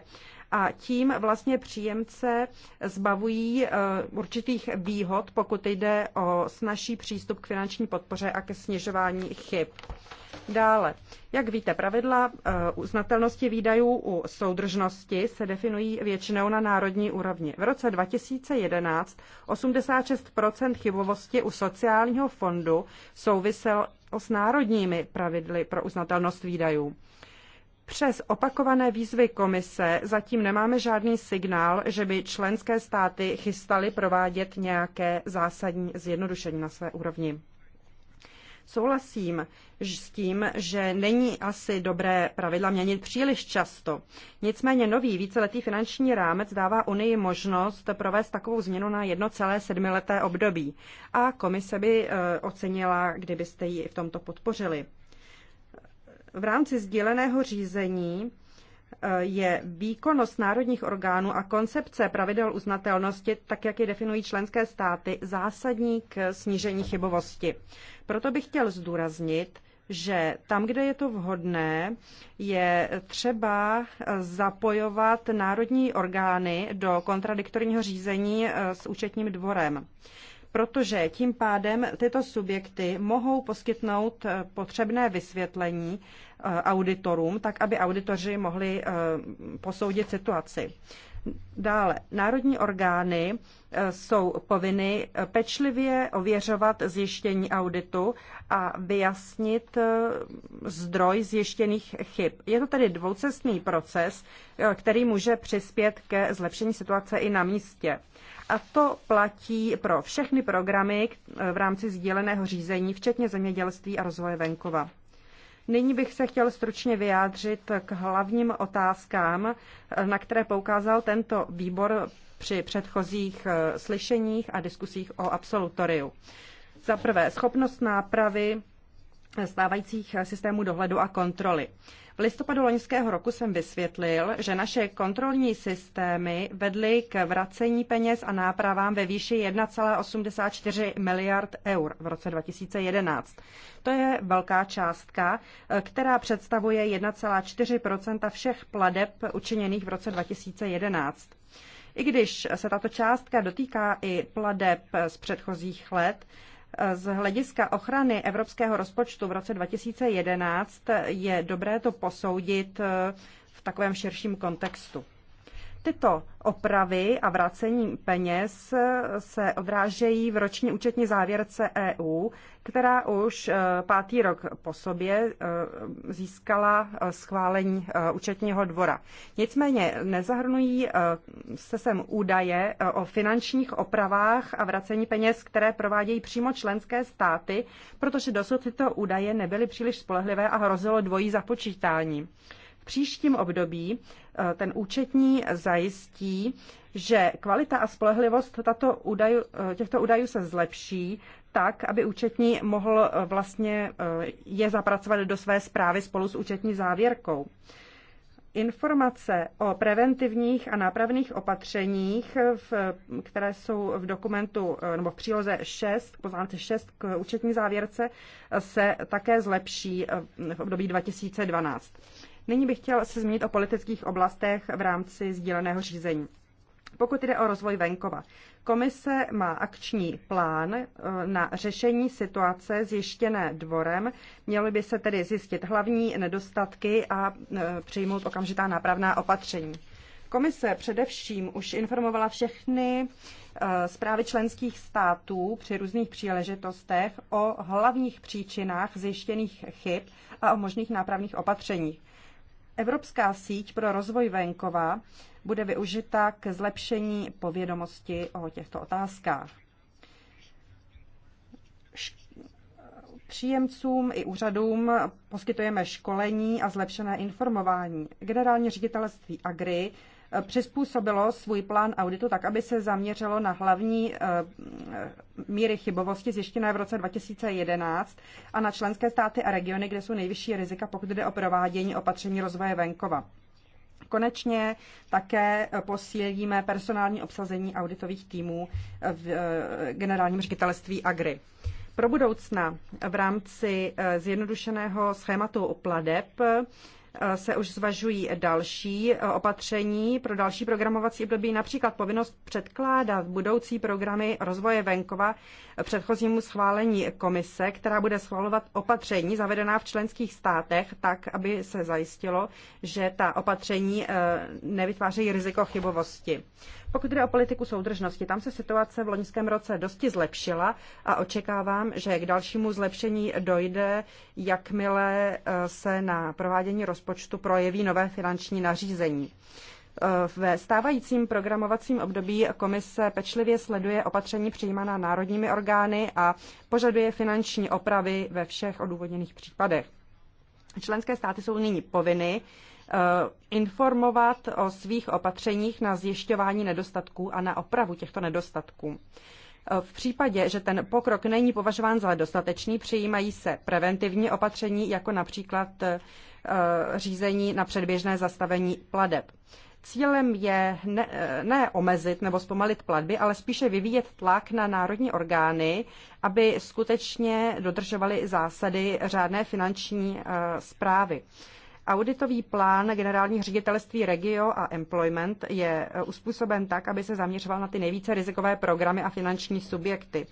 a tím vlastně příjemce zbavují e, určitých výhod, pokud jde o snažší přístup k finanční podpoře a ke snižování chyb. Dále, jak víte, pravidla eh, uznatelnosti výdajů u soudržnosti se definují většinou na národní úrovni. V roce 2011 86 chybovosti u sociálního fondu souviselo s národními pravidly pro uznatelnost výdajů. Přes opakované výzvy komise zatím nemáme žádný signál, že by členské státy chystaly provádět nějaké zásadní zjednodušení na své úrovni. Souhlasím s tím, že není asi dobré pravidla měnit příliš často. Nicméně nový víceletý finanční rámec dává Unii možnost provést takovou změnu na jedno celé sedmileté období a komise by eh, ocenila, kdybyste ji v tomto podpořili. V rámci sdíleného řízení je výkonnost národních orgánů a koncepce pravidel uznatelnosti, tak jak je definují členské státy, zásadní k snížení chybovosti. Proto bych chtěl zdůraznit, že tam, kde je to vhodné, je třeba zapojovat národní orgány do kontradiktorního řízení eh, s účetním dvorem protože tím pádem tyto subjekty mohou poskytnout eh, potřebné vysvětlení Eh, auditorům, tak aby auditoři mohli eh, posoudit situaci. Dále, národní orgány eh, jsou povinny pečlivě ověřovat zjištění auditu a vyjasnit zdroj zjištěných chyb. Je to tedy dvoucestný proces, který může přispět ke zlepšení situace i na místě. A to platí pro všechny programy v rámci sdíleného řízení, včetně zemědělství a rozvoje venkova. Nyní bych se chtěl stručně vyjádřit k hlavním otázkám, na které poukázal tento výbor při předchozích eh, slyšeních a diskusích o absolutoriu. Za prvé, schopnost nápravy stávajících eh, systémů dohledu a kontroly. V listopadu loňského roku jsem vysvětlil, že naše kontrolní systémy vedly k vracení peněz a nápravám ve výši 1,84 miliard eur v roce 2011. To je velká částka, která představuje 1,4 všech pladeb učiněných v roce 2011. I když se tato částka dotýká i pladeb z předchozích let, z hlediska ochrany evropského rozpočtu v roce 2011 je dobré to posoudit eh, v takovém širším kontextu. Tyto opravy a vracení peněz se odrážejí v roční účetní závěrce EU, která už eh, pátý rok po sobě eh, získala eh, schválení účetního dvora. Nicméně nezahrnují se sem údaje o finančních opravách a vracení peněz, které provádějí přímo členské státy, protože dosud tyto údaje nebyly příliš spolehlivé a hrozilo dvojí započítání V příštím období Eh, ten účetní zajistí, že kvalita a spolehlivost tato údaju, eh, těchto údajů se zlepší tak, aby účetní mohl eh, vlastně je zapracovat do své zprávy spolu s účetní závěrkou. Informace o preventivních a nápravných opatřeních, v, které jsou v dokumentu nebo v příloze 6, poznámce 6 k účetní závěrce, se také zlepší v období 2012. Nyní bych chtěl se zmínit o politických oblastech v rámci sdíleného řízení. Pokud jde o rozvoj venkova, komise má akční plán eh, na řešení situace zjištěné dvorem. Měly by se tedy zjistit hlavní nedostatky a eh, přijmout okamžitá nápravná opatření. Komise především už informovala všechny eh, zprávy členských států při různých příležitostech o hlavních příčinách zjištěných chyb a o možných nápravných opatřeních. Evropská síť pro rozvoj venkova bude využita k zlepšení povědomosti o těchto otázkách. Příjemcům i úřadům poskytujeme školení a zlepšené informování. Generální ředitelství Agri přizpůsobilo svůj plán auditu tak, aby se zaměřilo na hlavní eh, eh, míry chybovosti zjištěné v roce 2011 a na členské státy a regiony, kde jsou nejvyšší rizika, pokud jde o provádění opatření rozvoje venkova. Konečně také posílíme personální obsazení auditových týmů v eh, generálním ředitelství Agri. Pro budoucna v rámci zjednodušeného schématu plateb se už zvažují další e, opatření pro další programovací období, například povinnost předkládat budoucí programy rozvoje venkova předchozímu schválení komise, která bude schvalovat opatření zavedená v členských státech, tak, aby se zajistilo, že ta opatření e, nevytvářejí riziko chybovosti. Pokud jde o politiku soudržnosti, tam se situace v loňském roce dosti zlepšila a očekávám, že k dalšímu zlepšení dojde, jakmile eh, se na provádění rozpočtu projeví nové finanční nařízení. Eh, ve stávajícím programovacím období komise pečlivě sleduje opatření přijímaná národními orgány a požaduje finanční opravy ve všech odůvodněných případech. Členské státy jsou nyní povinny Eh, informovat o svých opatřeních na zjišťování nedostatků a na opravu těchto nedostatků. Eh, v případě, že ten pokrok není považován za dostatečný, přijímají se preventivní opatření, jako například eh, řízení na předběžné zastavení pladeb. Cílem je ne, ne omezit nebo zpomalit platby, ale spíše vyvíjet tlak na národní orgány, aby skutečně dodržovaly zásady řádné finanční zprávy. Uh, Auditový plán generálních ředitelství Regio a Employment je e, uspůsoben tak, aby se zaměřoval na ty nejvíce rizikové programy a finanční subjekty.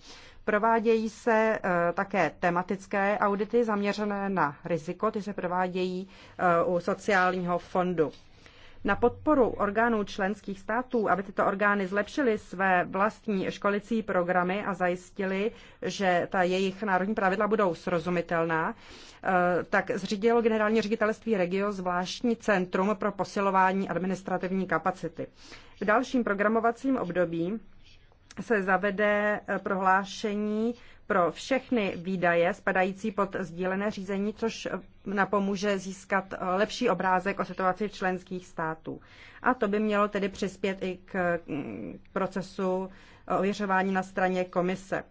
Provádějí se e, také tematické audity zaměřené na riziko, ty se provádějí e, u sociálního fondu. Na podporu orgánů členských států, aby tyto orgány zlepšily své vlastní školicí programy a zajistili, že ta jejich národní pravidla budou srozumitelná, Eh, tak zřídilo generální ředitelství Regio zvláštní centrum pro posilování administrativní kapacity. V dalším programovacím období se zavede eh, prohlášení pro všechny výdaje spadající pod sdílené řízení, což eh, napomůže získat lepší obrázek o situaci členských států. A to by mělo tedy přispět i k mm, procesu ověřování na straně komise.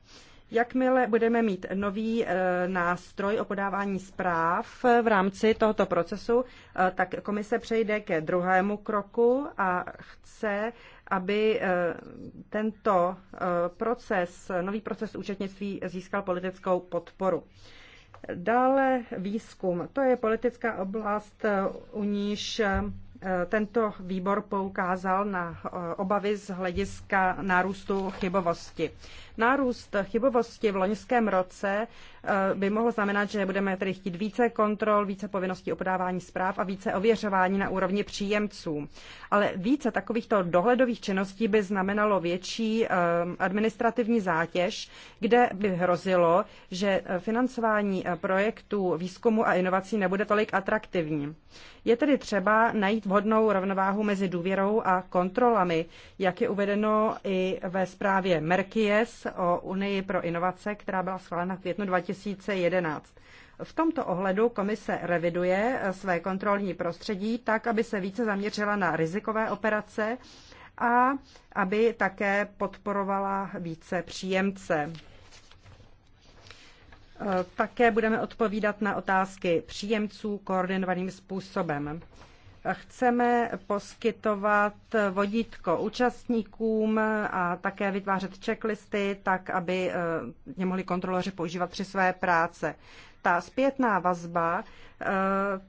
Jakmile budeme mít nový eh, nástroj o podávání zpráv eh, v rámci tohoto procesu, eh, tak komise přejde ke druhému kroku a chce, aby tento proces, nový proces účetnictví získal politickou podporu. Dále výzkum. To je politická oblast, u níž Eh, tento výbor poukázal na eh, obavy z hlediska nárůstu chybovosti. Nárůst chybovosti v loňském roce eh, by mohl znamenat, že budeme tedy chtít více kontrol, více povinností o podávání zpráv a více ověřování na úrovni příjemců. Ale více takovýchto dohledových činností by znamenalo větší administrativní zátěž, kde by hrozilo, že financování projektů výzkumu a inovací nebude tolik atraktivní. Je tedy třeba najít vhodnou rovnováhu mezi důvěrou a kontrolami, jak je uvedeno i ve zprávě Merkies o Unii pro inovace, která byla schválena v květnu 2011. V tomto ohledu komise reviduje své kontrolní prostředí tak, aby se více zaměřila na rizikové operace a aby také podporovala více příjemce. Eh, také budeme odpovídat na otázky příjemců koordinovaným způsobem. Eh, chceme poskytovat vodítko účastníkům a také vytvářet checklisty, tak aby eh, je mohli kontroloři používat při své práce. Ta zpětná vazba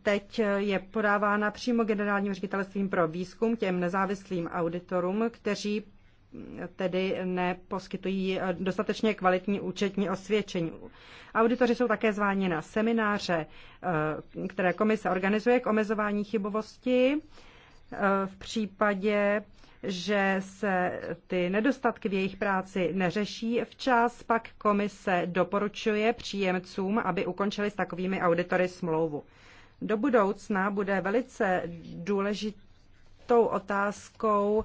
teď je podávána přímo generálním ředitelstvím pro výzkum těm nezávislým auditorům, kteří tedy neposkytují dostatečně kvalitní účetní osvědčení. Auditoři jsou také zváni na semináře, eh, které komise organizuje k omezování chybovosti eh, v případě, že se ty nedostatky v jejich práci neřeší včas, pak komise doporučuje příjemcům, aby ukončili s takovými auditory smlouvu. Do budoucna bude velice důležité, tou otázkou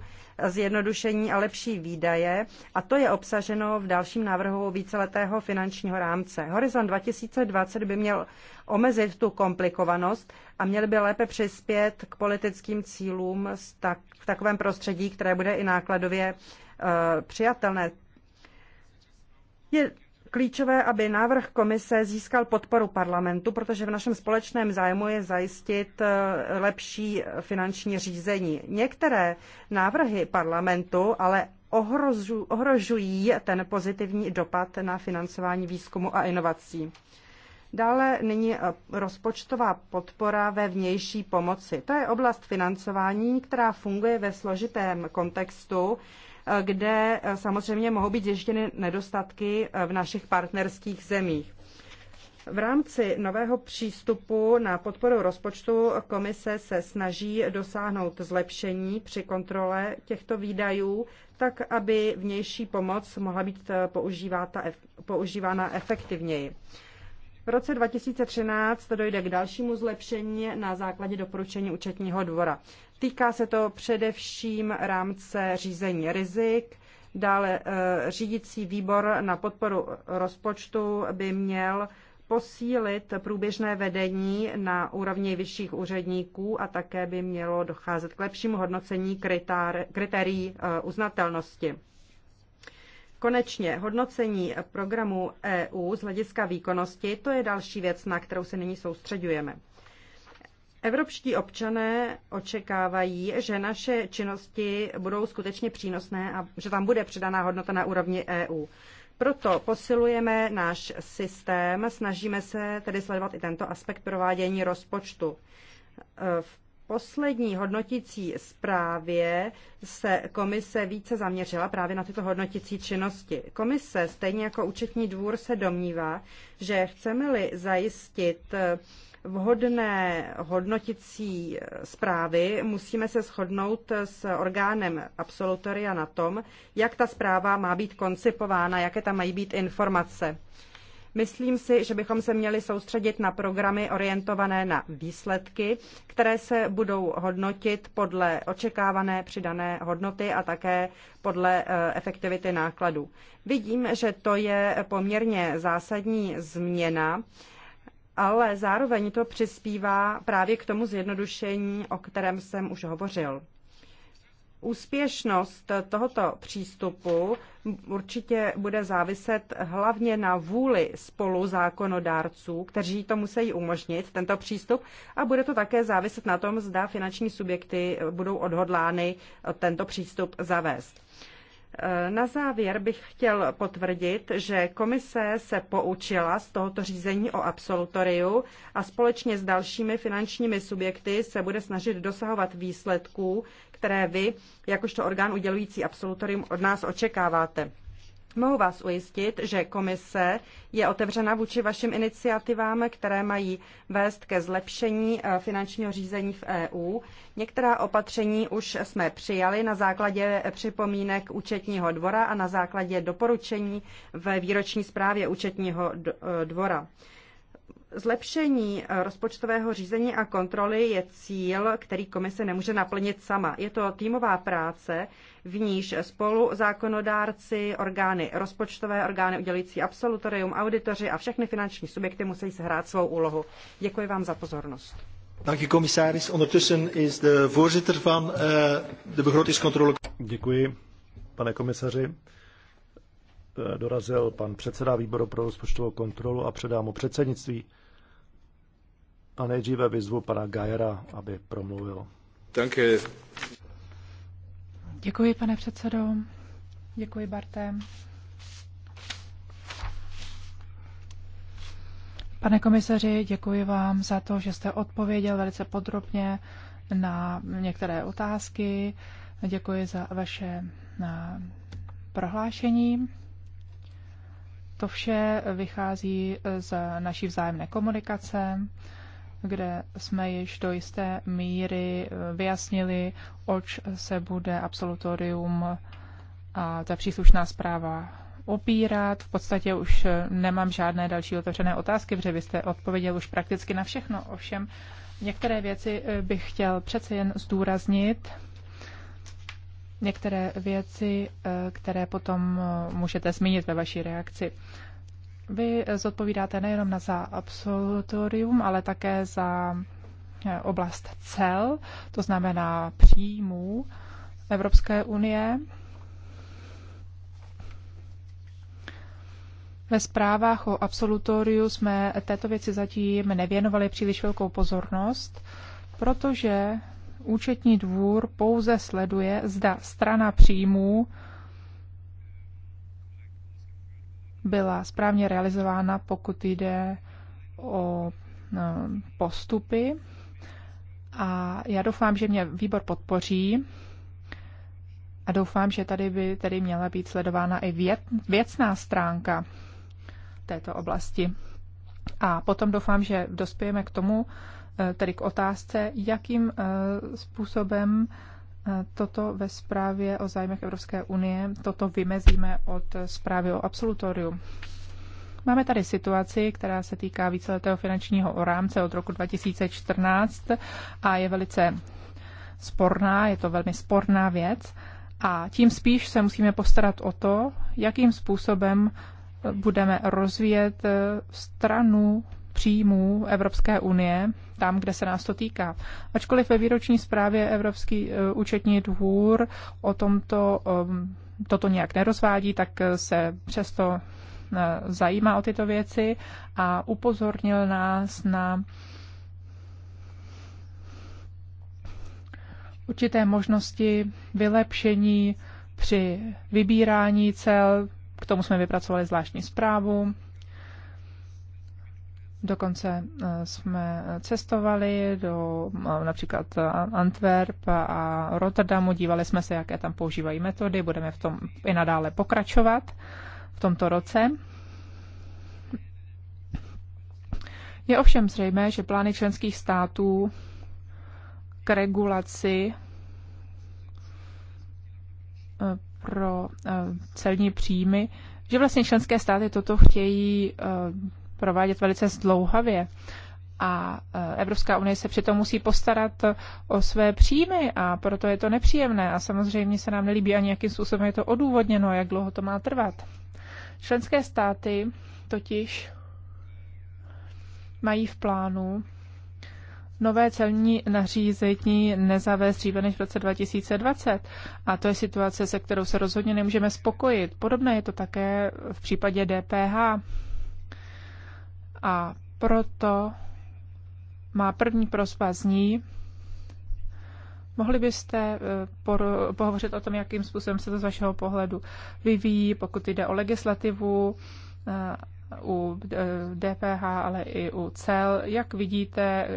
zjednodušení a lepší výdaje a to je obsaženo v dalším návrhu víceletého finančního rámce. Horizont 2020 by měl omezit tu komplikovanost a měl by lépe přispět k politickým cílům v takovém prostředí, které bude i nákladově eh, přijatelné. Je klíčové, aby návrh komise získal podporu parlamentu, protože v našem společném zájmu je zajistit eh, lepší finanční řízení. Některé návrhy parlamentu ale ohrožují ten pozitivní dopad na financování výzkumu a inovací. Dále nyní eh, rozpočtová podpora ve vnější pomoci. To je oblast financování, která funguje ve složitém kontextu kde eh, samozřejmě mohou být zjištěny nedostatky eh, v našich partnerských zemích. V rámci nového přístupu na podporu rozpočtu komise se snaží dosáhnout zlepšení při kontrole těchto výdajů, tak aby vnější pomoc mohla být eh, používána efektivněji. V roce 2013 dojde k dalšímu zlepšení na základě doporučení účetního dvora. Týká se to především rámce řízení rizik, dále eh, řídící výbor na podporu rozpočtu by měl posílit průběžné vedení na úrovni vyšších úředníků a také by mělo docházet k lepšímu hodnocení kritérií eh, uznatelnosti. Konečně hodnocení programu EU z hlediska výkonnosti, to je další věc, na kterou se nyní soustředujeme. Evropští občané očekávají, že naše činnosti budou skutečně přínosné a že tam bude přidaná hodnota na úrovni EU. Proto posilujeme náš systém, snažíme se tedy sledovat i tento aspekt provádění rozpočtu. V poslední hodnotící zprávě se komise více zaměřila právě na tyto hodnotící činnosti. Komise, stejně jako účetní dvůr, se domnívá, že chceme-li zajistit vhodné hodnoticí zprávy, musíme se shodnout s orgánem absolutoria na tom, jak ta zpráva má být koncipována, jaké tam mají být informace. Myslím si, že bychom se měli soustředit na programy orientované na výsledky, které se budou hodnotit podle očekávané přidané hodnoty a také podle eh, efektivity nákladů. Vidím, že to je poměrně zásadní změna ale zároveň to přispívá právě k tomu zjednodušení, o kterém jsem už hovořil. Úspěšnost tohoto přístupu určitě bude záviset hlavně na vůli spolu zákonodárců, kteří to musí umožnit, tento přístup, a bude to také záviset na tom, zda finanční subjekty budou odhodlány tento přístup zavést. Eh, na závěr bych chtěl potvrdit, že komise se poučila z tohoto řízení o absolutoriu a společně s dalšími finančními subjekty se bude snažit dosahovat výsledků, které vy, jakožto orgán udělující absolutorium, od nás očekáváte. Mohu vás ujistit, že komise je otevřena vůči vašim iniciativám, které mají vést ke zlepšení eh, finančního řízení v EU. Některá opatření už jsme přijali na základě připomínek účetního dvora a na základě doporučení ve výroční zprávě účetního eh, dvora. Zlepšení eh, rozpočtového řízení a kontroly je cíl, který komise nemůže naplnit sama. Je to týmová práce, v níž spolu zákonodárci, orgány rozpočtové, orgány udělující absolutorium, auditoři a všechny finanční subjekty musí sehrát svou úlohu. Děkuji vám za pozornost. Dank u komisaris. Ondertussen is de voorzitter van eh, de begrotingscontrole. Děkuji, pane komisaři. Eh, dorazil pan předseda výboru pro rozpočtovou kontrolu a předám mu předsednictví. A nejdříve vyzvu pana Gajera, aby promluvil. Danke. Děkuji, pane předsedo. Děkuji, Barté. Pane komisaři, děkuji vám za to, že jste odpověděl velice podrobně na některé otázky. Děkuji za vaše eh, prohlášení. To vše vychází z naší vzájemné komunikace kde jsme již do jisté míry eh, vyjasnili, oč se bude absolutorium a ta příslušná zpráva opírat. V podstatě už eh, nemám žádné další otevřené otázky, protože vy jste odpověděl už prakticky na všechno. Ovšem, některé věci eh, bych chtěl přece jen zdůraznit. Některé věci, které potom můžete zmínit ve vaší reakci. Vy zodpovídáte nejenom na za absolutorium, ale také za eh, oblast cel, to znamená příjmů Evropské unie. Ve zprávách o absolutoriu jsme této věci zatím nevěnovali příliš velkou pozornost, protože účetní dvůr pouze sleduje, zda strana příjmů byla správně realizována, pokud jde o no, postupy. A já doufám, že mě výbor podpoří a doufám, že tady by tedy měla být sledována i věc, věcná stránka této oblasti. A potom doufám, že dospějeme k tomu, eh, tedy k otázce, jakým eh, způsobem Eh, toto ve zprávě o zájmech Evropské unie, toto vymezíme od zprávy o absolutoriu. Máme tady situaci, která se týká víceletého finančního rámce od roku 2014 a je velice sporná, je to velmi sporná věc. A tím spíš se musíme postarat o to, jakým způsobem budeme rozvíjet eh, stranu příjmů Evropské unie, tam, kde se nás to týká. Ačkoliv ve výroční zprávě Evropský eh, účetní dvůr o tomto ehm, toto nějak nerozvádí, tak eh, se přesto eh, zajímá o tyto věci a upozornil nás na určité možnosti vylepšení při vybírání cel. K tomu jsme vypracovali zvláštní zprávu. Dokonce eh, jsme cestovali do eh, například eh, Antwerp a Rotterdamu, dívali jsme se, jaké tam používají metody, budeme v tom i nadále pokračovat v tomto roce. Je ovšem zřejmé, že plány členských států k regulaci pro celní příjmy, že vlastně členské státy toto chtějí provádět velice zdlouhavě. A e, Evropská unie se přitom musí postarat o své příjmy a proto je to nepříjemné. A samozřejmě se nám nelíbí ani, jakým způsobem je to odůvodněno, jak dlouho to má trvat. Členské státy totiž mají v plánu nové celní nařízení nezavést dříve než v roce 2020. A to je situace, se kterou se rozhodně nemůžeme spokojit. Podobné je to také v případě DPH. A proto má první prosba zní, Mohli byste eh, pohovořit o tom, jakým způsobem se to z vašeho pohledu vyvíjí, pokud jde o legislativu eh, u DPH, eh, ale i u cel. Jak vidíte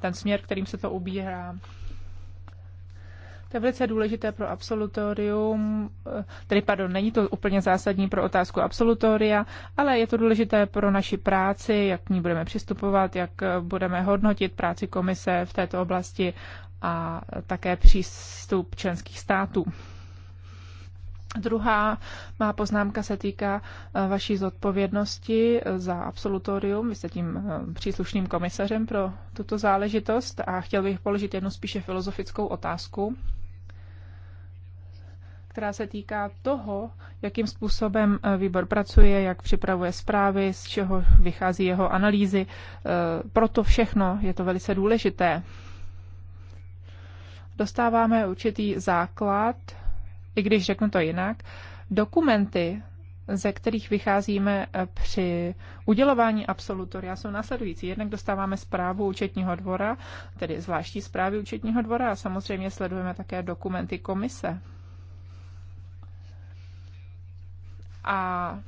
ten směr, kterým se to ubírá? To je velice důležité pro absolutorium, tedy pardon, není to úplně zásadní pro otázku absolutoria, ale je to důležité pro naši práci, jak k ní budeme přistupovat, jak budeme hodnotit práci komise v této oblasti a také přístup členských států. Druhá má poznámka se týká eh, vaší zodpovědnosti za absolutorium. Vy jste tím eh, příslušným komisařem pro tuto záležitost a chtěl bych položit jednu spíše filozofickou otázku která se týká toho, jakým způsobem eh, výbor pracuje, jak připravuje zprávy, z čeho vychází jeho analýzy. Eh, proto všechno je to velice důležité. Dostáváme určitý základ, i když řeknu to jinak, dokumenty, ze kterých vycházíme eh, při udělování absolutoria, jsou následující. Jednak dostáváme zprávu účetního dvora, tedy zvláštní zprávy účetního dvora a samozřejmě sledujeme také dokumenty komise A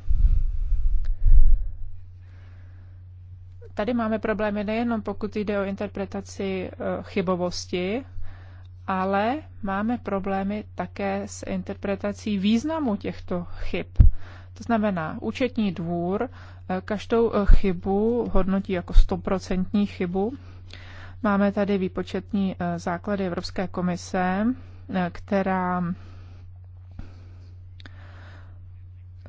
tady máme problémy nejenom pokud jde o interpretaci e, chybovosti, ale máme problémy také s interpretací významu těchto chyb. To znamená, účetní dvůr e, každou e, chybu hodnotí jako stoprocentní chybu. Máme tady výpočetní základy Evropské komise, která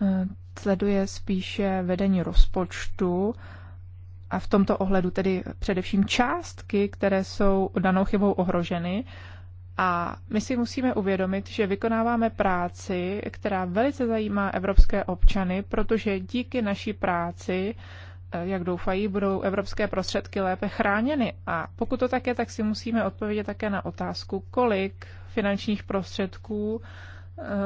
Eh, sleduje spíše vedení rozpočtu a v tomto ohledu tedy především částky, které jsou danou chybou ohroženy. A my si musíme uvědomit, že vykonáváme práci, která velice zajímá evropské občany, protože díky naší práci, eh, jak doufají, budou evropské prostředky lépe chráněny. A pokud to tak je, tak si musíme odpovědět také na otázku, kolik finančních prostředků uh,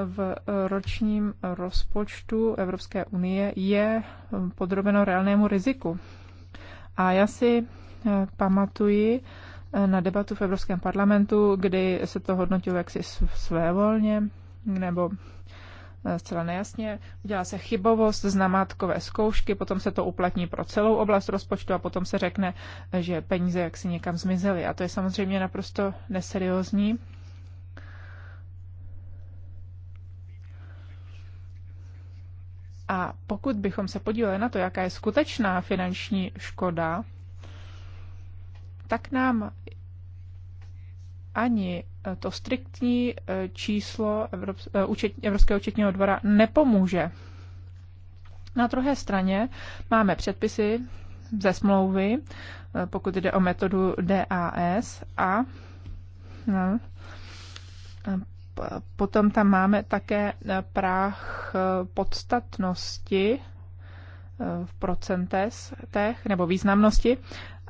v ročním rozpočtu Evropské unie je podrobeno reálnému riziku. A já si eh, pamatuji eh, na debatu v Evropském parlamentu, kdy se to hodnotilo jaksi svévolně nebo eh, zcela nejasně. Udělá se chybovost z namátkové zkoušky, potom se to uplatní pro celou oblast rozpočtu a potom se řekne, že peníze jaksi někam zmizely. A to je samozřejmě naprosto neseriózní A pokud bychom se podívali na to, jaká je skutečná finanční škoda, tak nám ani to striktní eh, číslo eh, Evropského účetního dvora nepomůže. Na druhé straně máme předpisy ze smlouvy, eh, pokud jde o metodu DAS a Potom tam máme také eh, práh eh, podstatnosti eh, v procentech nebo významnosti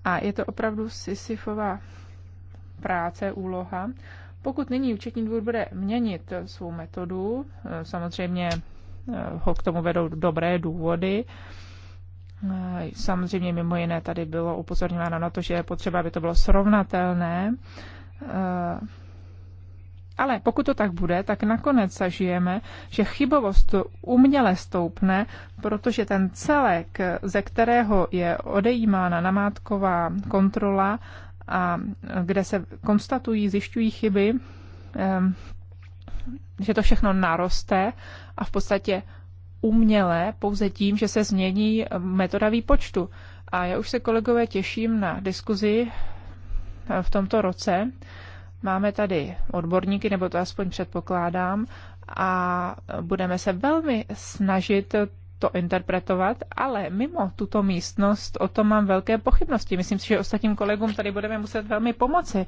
a je to opravdu sisyfová práce, úloha. Pokud nyní účetní dvůr bude měnit svou metodu, samozřejmě ho k tomu vedou dobré důvody, Samozřejmě mimo jiné tady bylo upozorňováno na to, že je potřeba, aby to bylo srovnatelné. Ale pokud to tak bude, tak nakonec zažijeme, že chybovost uměle stoupne, protože ten celek, ze kterého je odejímána namátková kontrola a kde se konstatují, zjišťují chyby, že to všechno naroste a v podstatě uměle pouze tím, že se změní metoda výpočtu. A já už se kolegové těším na diskuzi v tomto roce, Máme tady odborníky, nebo to aspoň předpokládám, a budeme se velmi snažit to interpretovat, ale mimo tuto místnost o tom mám velké pochybnosti. Myslím si, že ostatním kolegům tady budeme muset velmi pomoci,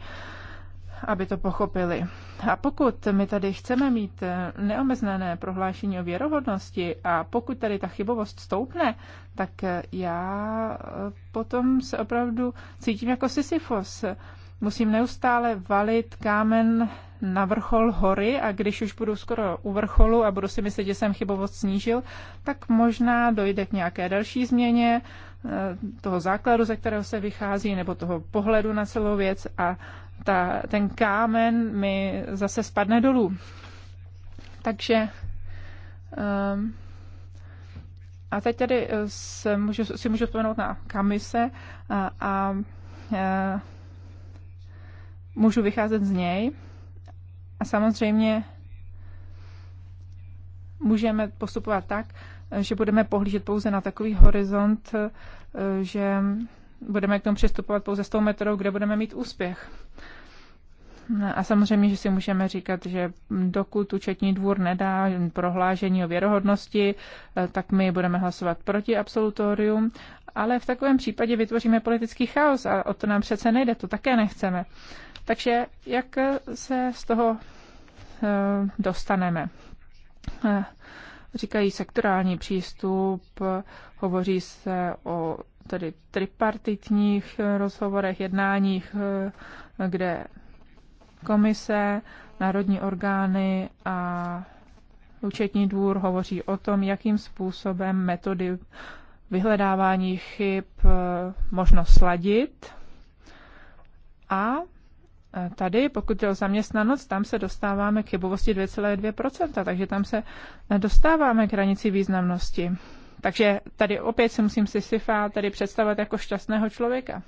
aby to pochopili. A pokud my tady chceme mít eh, neomezené prohlášení o věrohodnosti a pokud tady ta chybovost stoupne, tak eh, já eh, potom se opravdu cítím jako Sisyfos musím neustále valit kámen na vrchol hory a když už budu skoro u vrcholu a budu si myslet, že jsem chybovost snížil, tak možná dojde k nějaké další změně eh, toho základu, ze kterého se vychází, nebo toho pohledu na celou věc a ta, ten kámen mi zase spadne dolů. Takže um, a teď tady eh, se můžu, si můžu vzpomenout na kamise eh, a, a, a můžu vycházet z něj. A samozřejmě můžeme postupovat tak, že budeme pohlížet pouze na takový horizont, eh, že budeme k tomu přistupovat pouze s tou metodou, kde budeme mít úspěch. No, a samozřejmě, že si můžeme říkat, že dokud účetní dvůr nedá prohlášení o věrohodnosti, eh, tak my budeme hlasovat proti absolutorium, ale v takovém případě vytvoříme politický chaos a o to nám přece nejde, to také nechceme. Takže jak se z toho eh, dostaneme? Eh, říkají sektorální přístup, hovoří se o tedy tripartitních rozhovorech, jednáních, eh, kde komise, národní orgány a účetní dvůr hovoří o tom, jakým způsobem metody vyhledávání chyb možno sladit a tady, pokud je o zaměstnanost, tam se dostáváme k chybovosti 2,2%, takže tam se dostáváme k hranici významnosti. Takže tady opět si musím Sisyfa tady představovat jako šťastného člověka.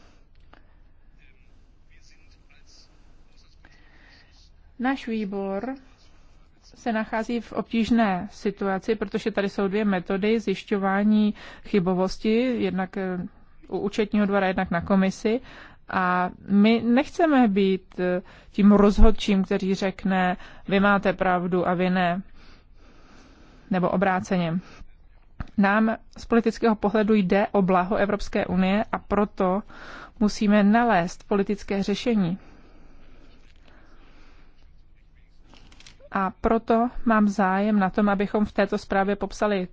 Náš výbor se nachází v obtížné situaci, protože tady jsou dvě metody zjišťování chybovosti, jednak eh, u účetního dvora, jednak na komisi. A my nechceme být eh, tím rozhodčím, který řekne, vy máte pravdu a vy ne. Nebo obráceně. Nám z politického pohledu jde o blaho Evropské unie a proto musíme nalézt politické řešení. A proto mám zájem na tom, abychom v této zprávě popsali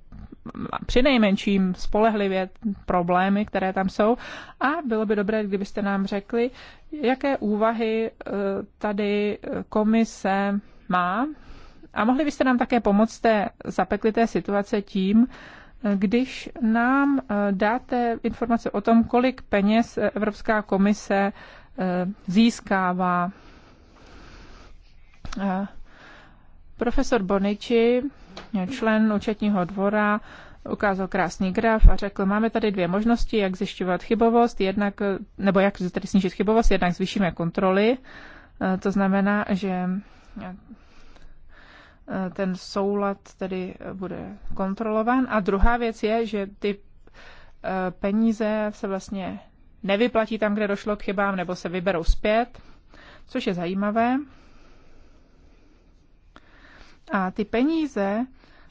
přinejmenším spolehlivě problémy, které tam jsou. A bylo by dobré, kdybyste nám řekli, jaké úvahy eh, tady komise má. A mohli byste nám také pomoct té zapeklité situace tím, když nám eh, dáte informace o tom, kolik peněz Evropská komise eh, získává. Profesor Bonici člen účetního dvora ukázal krásný graf a řekl, máme tady dvě možnosti, jak zjišťovat chybovost, jednak, nebo jak tady snížit chybovost, jednak zvýšíme kontroly, eh, to znamená, že eh, ten soulad tedy bude kontrolován. A druhá věc je, že ty eh, peníze se vlastně nevyplatí tam, kde došlo k chybám, nebo se vyberou zpět, což je zajímavé. A ty peníze,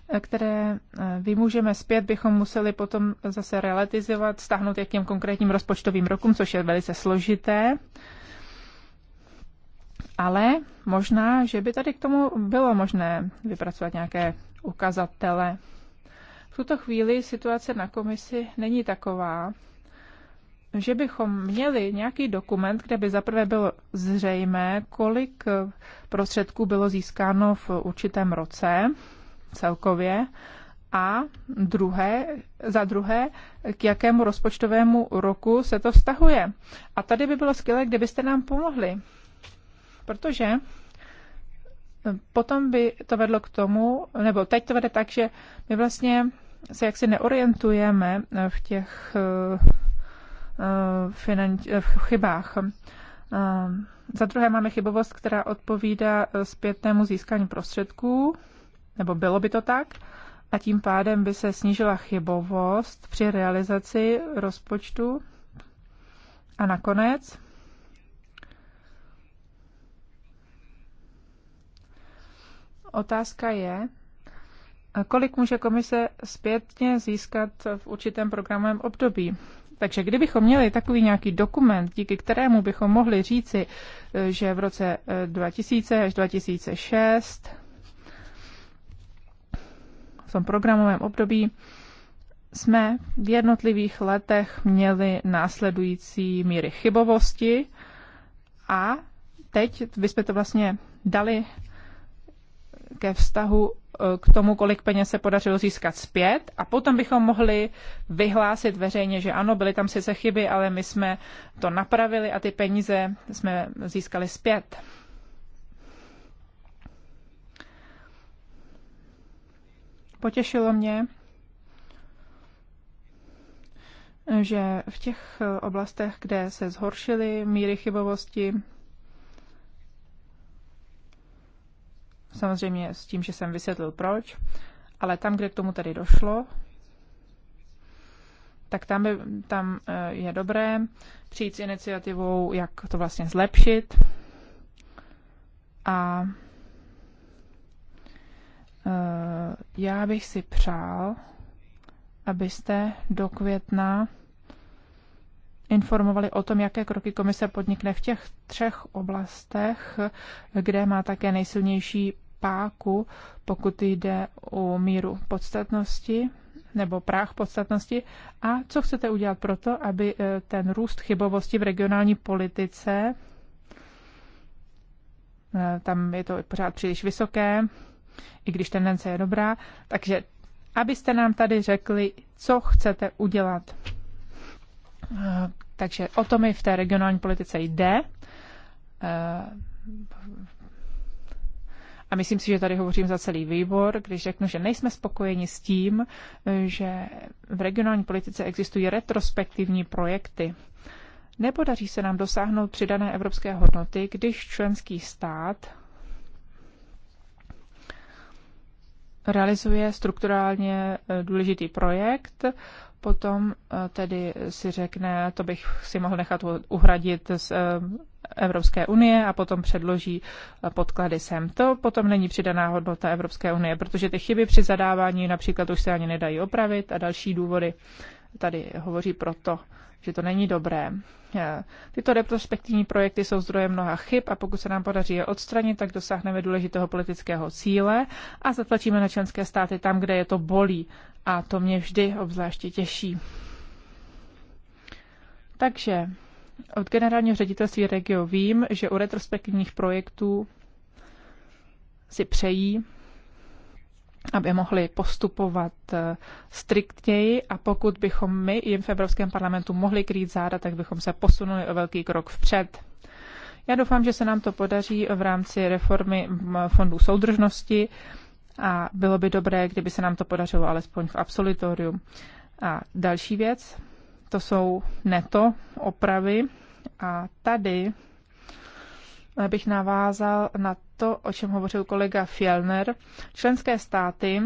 eh, které eh, vymůžeme zpět, bychom museli potom zase relativizovat, stáhnout je k těm konkrétním rozpočtovým rokům, což je velice složité. Ale možná, že by tady k tomu bylo možné vypracovat nějaké ukazatele. V tuto chvíli situace na komisi není taková, že bychom měli nějaký dokument, kde by zaprvé bylo zřejmé, kolik prostředků bylo získáno v určitém roce celkově a druhé, za druhé, k jakému rozpočtovému roku se to vztahuje. A tady by bylo skvělé, kdybyste nám pomohli, protože eh, potom by to vedlo k tomu, nebo teď to vede tak, že my vlastně se jaksi neorientujeme v těch eh, Eh, finanč- eh, v chybách. Eh, za druhé máme chybovost, která odpovídá zpětnému získání prostředků, nebo bylo by to tak, a tím pádem by se snížila chybovost při realizaci rozpočtu. A nakonec otázka je, kolik může komise zpětně získat v určitém programovém období. Takže kdybychom měli takový nějaký dokument, díky kterému bychom mohli říci, eh, že v roce 2000 eh, až 2006 v tom programovém období jsme v jednotlivých letech měli následující míry chybovosti a teď bychom to vlastně dali ke vztahu e, k tomu, kolik peněz se podařilo získat zpět a potom bychom mohli vyhlásit veřejně, že ano, byly tam sice chyby, ale my jsme to napravili a ty peníze jsme získali zpět. Potěšilo mě, že v těch oblastech, kde se zhoršily míry chybovosti, samozřejmě s tím, že jsem vysvětlil proč, ale tam, kde k tomu tedy došlo, tak tam, by, tam eh, je dobré přijít s iniciativou, jak to vlastně zlepšit. A eh, já bych si přál, abyste do května informovali o tom, jaké kroky komise podnikne v těch třech oblastech, kde má také nejsilnější páku, pokud jde o míru podstatnosti nebo práh podstatnosti a co chcete udělat proto, aby eh, ten růst chybovosti v regionální politice, eh, tam je to pořád příliš vysoké, i když tendence je dobrá, takže abyste nám tady řekli, co chcete udělat. Eh, takže o to mi v té regionální politice jde a myslím si, že tady hovořím za celý výbor, když řeknu, že nejsme spokojeni s tím, že v regionální politice existují retrospektivní projekty. Nepodaří se nám dosáhnout přidané evropské hodnoty, když členský stát realizuje strukturálně eh, důležitý projekt, potom eh, tedy si řekne, to bych si mohl nechat uhradit z eh, Evropské unie a potom předloží eh, podklady sem. To potom není přidaná hodnota Evropské unie, protože ty chyby při zadávání například už se ani nedají opravit a další důvody tady hovoří proto, že to není dobré. Eh, tyto retrospektivní projekty jsou zdrojem mnoha chyb a pokud se nám podaří je odstranit, tak dosáhneme důležitého politického cíle a zatlačíme na členské státy tam, kde je to bolí. A to mě vždy obzvláště těší. Takže od generálního ředitelství regio vím, že u retrospektivních projektů si přejí, aby mohli postupovat eh, striktněji a pokud bychom my jim v Evropském parlamentu mohli krýt záda, tak bychom se posunuli o velký krok vpřed. Já doufám, že se nám to podaří v rámci reformy fondů soudržnosti a bylo by dobré, kdyby se nám to podařilo alespoň v absolutorium. A další věc, to jsou neto opravy a tady bych navázal na to, o čem hovořil kolega Fjellner. Členské státy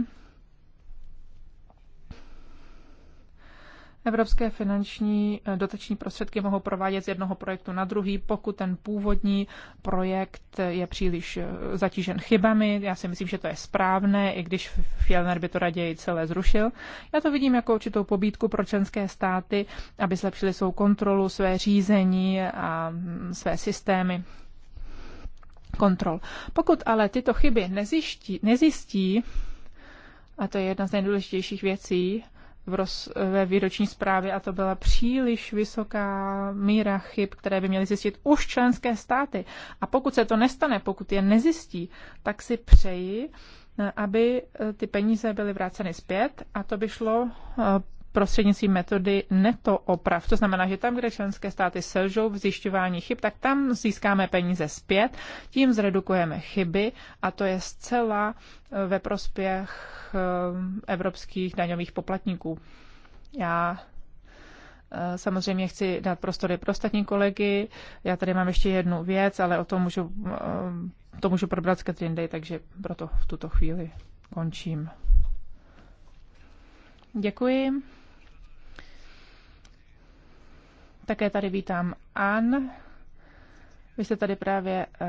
Evropské finanční eh, dotační prostředky mohou provádět z jednoho projektu na druhý, pokud ten původní projekt je příliš eh, zatížen chybami. Já si myslím, že to je správné, i když Fjellner by to raději celé zrušil. Já to vidím jako určitou pobídku pro členské státy, aby zlepšili svou kontrolu, své řízení a mm, své systémy kontrol. Pokud ale tyto chyby nezjistí, nezjistí, a to je jedna z nejdůležitějších věcí v roz, ve výroční zprávě, a to byla příliš vysoká míra chyb, které by měly zjistit už členské státy. A pokud se to nestane, pokud je nezjistí, tak si přeji, eh, aby eh, ty peníze byly vráceny zpět a to by šlo eh, prostřednictvím metody neto oprav. To znamená, že tam, kde členské státy selžou v zjišťování chyb, tak tam získáme peníze zpět, tím zredukujeme chyby a to je zcela eh, ve prospěch eh, evropských daňových poplatníků. Já eh, Samozřejmě chci dát prostory pro ostatní kolegy. Já tady mám ještě jednu věc, ale o tom můžu, to můžu probrat s Katrin Day, takže proto v tuto chvíli končím. Děkuji. Také tady vítám An. Vy jste tady právě uh,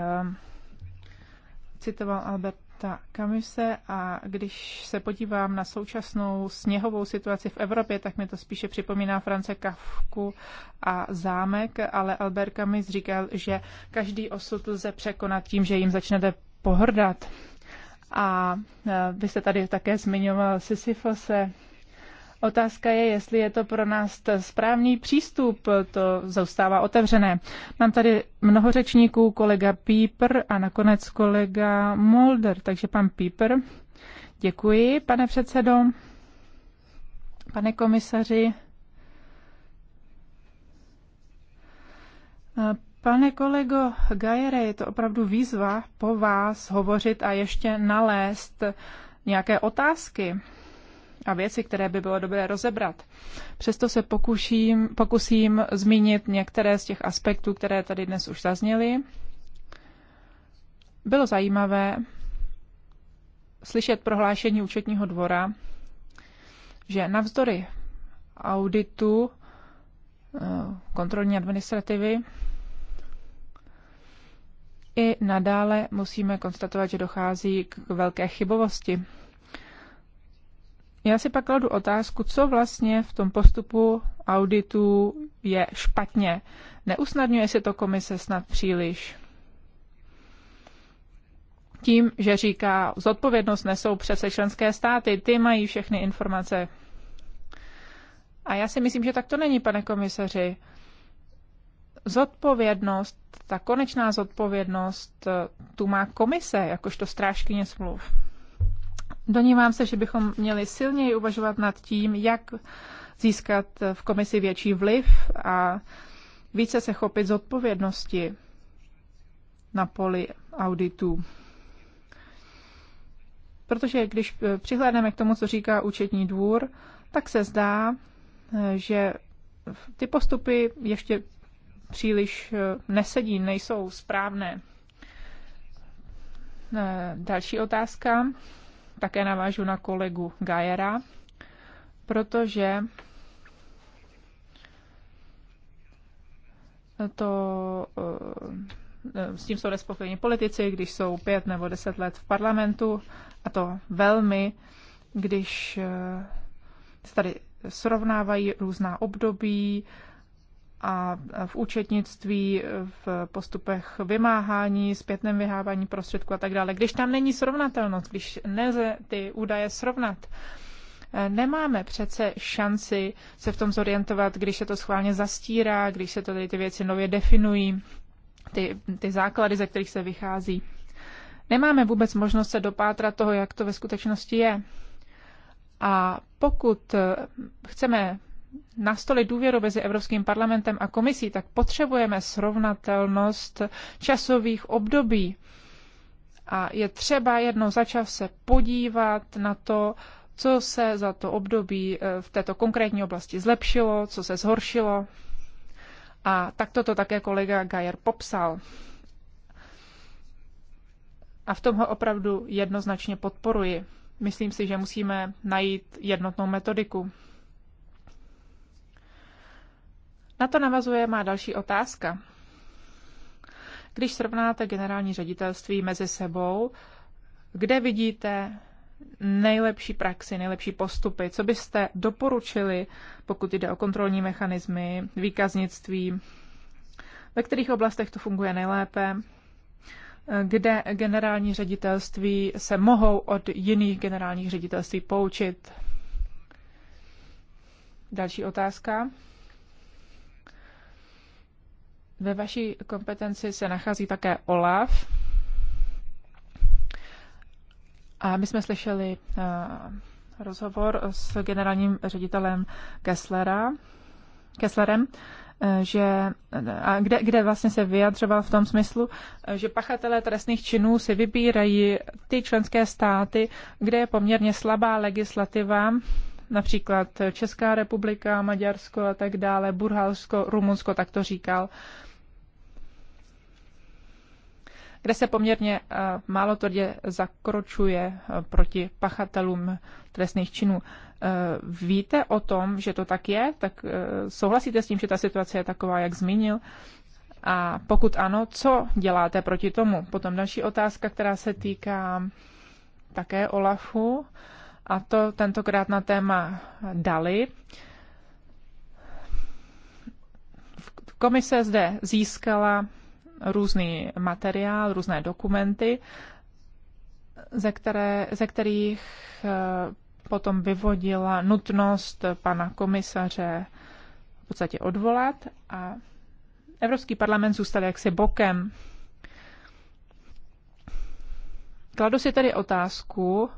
citoval Alberta Camise a když se podívám na současnou sněhovou situaci v Evropě, tak mi to spíše připomíná France Kafku a zámek, ale Albert Camus říkal, že každý osud lze překonat tím, že jim začnete pohrdat. A eh, vy jste tady také zmiňoval Sisyfose, Otázka je, jestli je to pro nás správný přístup, to zůstává otevřené. Mám tady mnoho řečníků, kolega Píper a nakonec kolega Mulder, takže pan Píper. Děkuji, pane předsedo, pane komisaři. Pane kolego Gajere, je to opravdu výzva po vás hovořit a ještě nalézt nějaké otázky a věci, které by bylo dobré rozebrat. Přesto se pokuším, pokusím zmínit některé z těch aspektů, které tady dnes už zazněly. Bylo zajímavé slyšet prohlášení účetního dvora, že navzdory auditu eh, kontrolní administrativy i nadále musíme konstatovat, že dochází k velké chybovosti já si pak kladu otázku, co vlastně v tom postupu auditu je špatně. Neusnadňuje si to komise snad příliš. Tím, že říká, zodpovědnost nesou přece členské státy, ty mají všechny informace. A já si myslím, že tak to není, pane komisaři. Zodpovědnost, ta konečná zodpovědnost, tu má komise, jakožto strážkyně smluv. Donívám se, že bychom měli silněji uvažovat nad tím, jak získat v komisi větší vliv a více se chopit z odpovědnosti na poli auditů. Protože když eh, přihlédneme k tomu, co říká účetní dvůr, tak se zdá, eh, že ty postupy ještě příliš eh, nesedí, nejsou správné. Další otázka také navážu na kolegu Gajera, protože to eh, s tím jsou nespokojení politici, když jsou pět nebo deset let v parlamentu a to velmi, když eh, se tady srovnávají různá období, a v účetnictví, v postupech vymáhání, zpětném vyhávání prostředků a tak dále. Když tam není srovnatelnost, když nelze ty údaje srovnat, eh, nemáme přece šanci se v tom zorientovat, když se to schválně zastírá, když se to tady ty věci nově definují, ty, ty základy, ze kterých se vychází. Nemáme vůbec možnost se dopátrat toho, jak to ve skutečnosti je. A pokud eh, chceme nastolit důvěru mezi Evropským parlamentem a komisí, tak potřebujeme srovnatelnost časových období. A je třeba jednou za čas se podívat na to, co se za to období eh, v této konkrétní oblasti zlepšilo, co se zhoršilo. A tak to také kolega Gajer popsal. A v tom ho opravdu jednoznačně podporuji. Myslím si, že musíme najít jednotnou metodiku. Na to navazuje má další otázka. Když srovnáte generální ředitelství mezi sebou, kde vidíte nejlepší praxi, nejlepší postupy? Co byste doporučili, pokud jde o kontrolní mechanismy, výkaznictví? Ve kterých oblastech to funguje nejlépe? Kde generální ředitelství se mohou od jiných generálních ředitelství poučit? Další otázka. Ve vaší kompetenci se nachází také OLAF. A my jsme slyšeli eh, rozhovor s generálním ředitelem Kesslera, Kesslerem, eh, že, a kde, kde vlastně se vyjadřoval v tom smyslu, eh, že pachatelé trestných činů si vybírají ty členské státy, kde je poměrně slabá legislativa, například Česká republika, Maďarsko a tak dále, Burhalsko, Rumunsko, tak to říkal. Uh, kde se poměrně eh, málo tvrdě zakročuje eh, proti pachatelům trestných činů. Eh, víte o tom, že to tak je? Tak souhlasíte s tím, že ta situace je taková, jak zmínil? A pokud ano, co děláte proti tomu? Potom další otázka, která se týká také Olafu, a to tentokrát na téma Dali. Komise zde získala různý materiál, různé dokumenty, ze, které, ze kterých eh, potom vyvodila nutnost pana komisaře v podstatě odvolat a Evropský parlament zůstal jaksi bokem. Kladu si tedy otázku,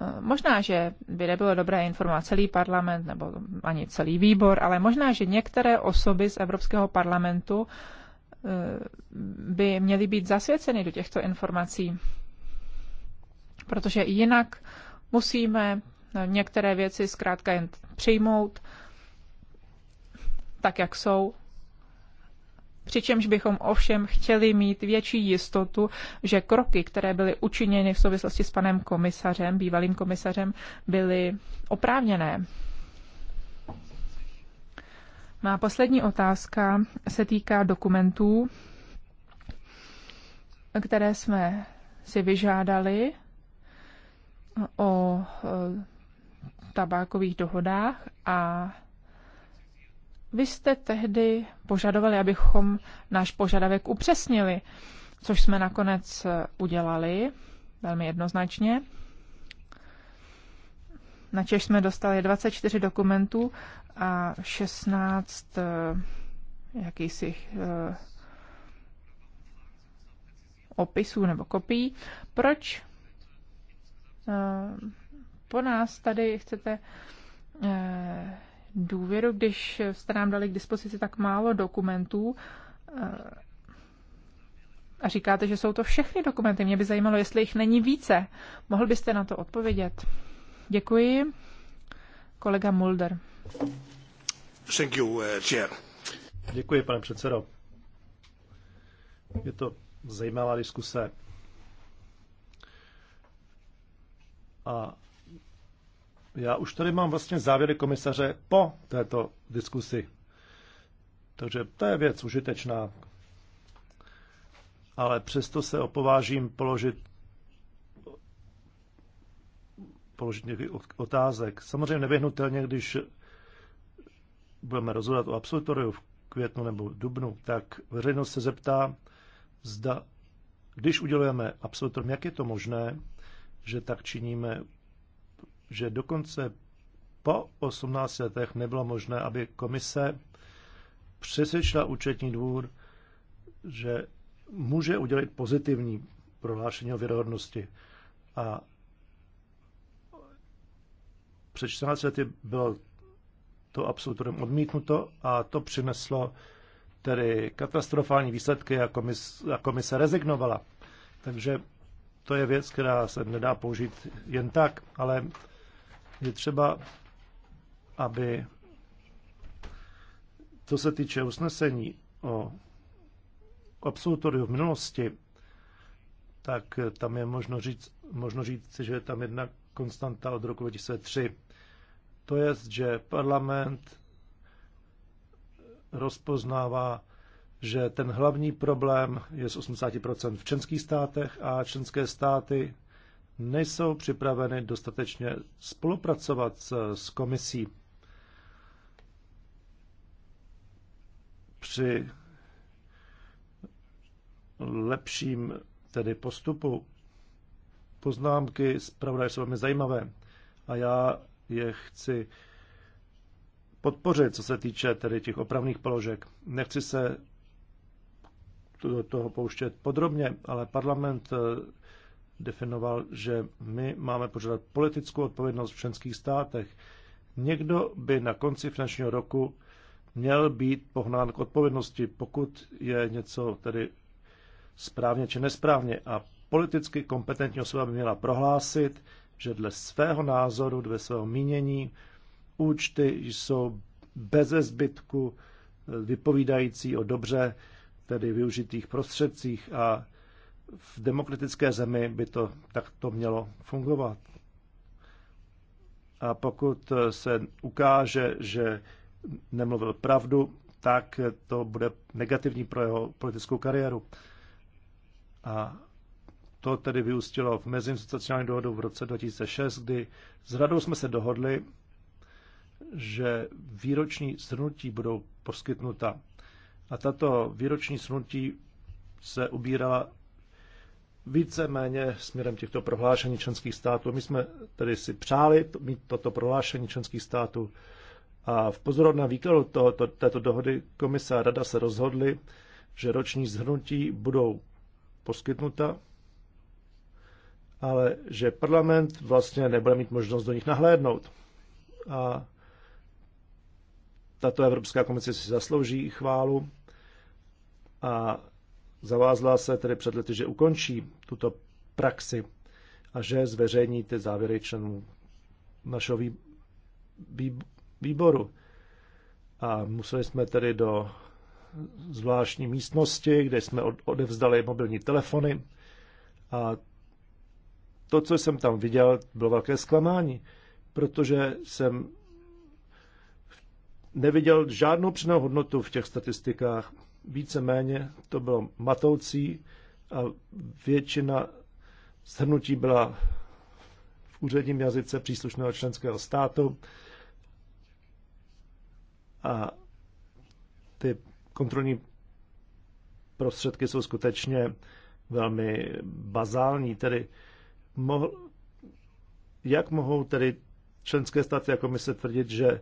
eh, možná, že by nebylo dobré informovat celý parlament nebo ani celý výbor, ale možná, že některé osoby z Evropského parlamentu uh, Eh, by měly být zasvěceny do těchto informací, protože jinak musíme některé věci zkrátka jen přijmout tak, jak jsou, přičemž bychom ovšem chtěli mít větší jistotu, že kroky, které byly učiněny v souvislosti s panem komisařem, bývalým komisařem, byly oprávněné. Má poslední otázka se týká dokumentů, které jsme si vyžádali o eh, tabákových dohodách a vy jste tehdy požadovali, abychom náš požadavek upřesnili, což jsme nakonec eh, udělali velmi jednoznačně. Na Češ jsme dostali 24 dokumentů a 16 eh, jakýsi eh, opisů nebo kopií. Proč eh, po nás tady chcete důvěru, když jste nám dali k dispozici tak málo dokumentů a říkáte, že jsou to všechny dokumenty. Mě by zajímalo, jestli jich není více. Mohl byste na to odpovědět? Děkuji. Kolega Mulder. Thank you, eh, Děkuji, pane předsedo. Je to zajímavá diskuse. A já už tady mám vlastně závěry komisaře po této diskusi. Takže to je věc užitečná. Ale přesto se opovážím položit položit někdy otázek. Samozřejmě nevyhnutelně, když budeme rozhodovat o absolutoriu v květnu nebo dubnu, tak veřejnost se zeptá, zda, když udělujeme absolutorium, jak je to možné, že tak činíme, že dokonce po 18 letech nebylo možné, aby komise přesvědčila účetní dvůr, že může udělit pozitivní prohlášení o věrohodnosti. A před 14 lety bylo to absolutně odmítnuto a to přineslo tedy katastrofální výsledky a, komis, a komise rezignovala. Takže to je věc, která se nedá použít jen tak, ale je třeba, aby to se týče usnesení o absolutoriu v minulosti, tak tam je možno říct, možno říct, že je tam jednak konstanta od roku 2003. To je, že parlament rozpoznává, že ten hlavní problém je z 80% v členských státech a členské státy nejsou připraveny dostatečně spolupracovat s, s komisí při lepším tedy postupu poznámky pravda jsou velmi zajímavé a já je chci podpořit, co se týče tedy těch opravných položek. Nechci se do toho pouštět podrobně, ale parlament eh, definoval, že my máme požadat politickou odpovědnost v členských státech. Někdo by na konci finančního roku měl být pohnán k odpovědnosti, pokud je něco tedy správně či nesprávně. A politicky kompetentní osoba by měla prohlásit, že dle svého názoru, dle svého mínění účty jsou beze zbytku vypovídající o dobře tedy využitých prostředcích a v demokratické zemi by to takto mělo fungovat. A pokud se ukáže, že nemluvil pravdu, tak to bude negativní pro jeho politickou kariéru. A to tedy vyústilo v mezinstitucionální dohodu v roce 2006, kdy s radou jsme se dohodli, že výroční shrnutí budou poskytnuta. A tato výroční shrnutí se ubírala víceméně směrem těchto prohlášení členských států. My jsme tedy si přáli mít toto prohlášení členských států a v pozorovném výkladu tohoto, této dohody komise a rada se rozhodly, že roční zhrnutí budou poskytnuta ale že parlament vlastně nebude mít možnost do nich nahlédnout. A tato Evropská komise si zaslouží chválu a zavázla se tedy před lety, že ukončí tuto praxi a že zveřejní ty závěry členů našeho výboru. A museli jsme tedy do zvláštní místnosti, kde jsme odevzdali mobilní telefony a to, co jsem tam viděl, bylo velké zklamání, protože jsem neviděl žádnou přidanou hodnotu v těch statistikách. Víceméně to bylo matoucí a většina shrnutí byla v úředním jazyce příslušného členského státu a ty kontrolní prostředky jsou skutečně velmi bazální, tedy mohl, jak mohou tedy členské státy jako komise tvrdit, že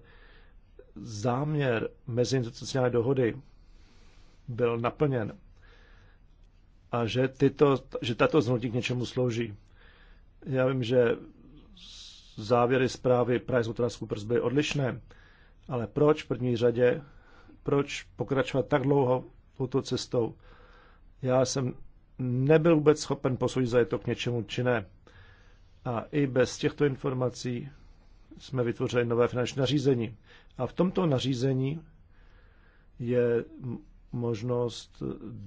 záměr meziinstitucionální dohody byl naplněn a že, tyto, že tato znutí k něčemu slouží. Já vím, že závěry zprávy PricewaterhouseCoopers byly odlišné, ale proč v první řadě, proč pokračovat tak dlouho touto cestou? Já jsem nebyl vůbec schopen posoudit, zda je to k něčemu či ne. A i bez těchto informací jsme vytvořili nové finanční nařízení. A v tomto nařízení je možnost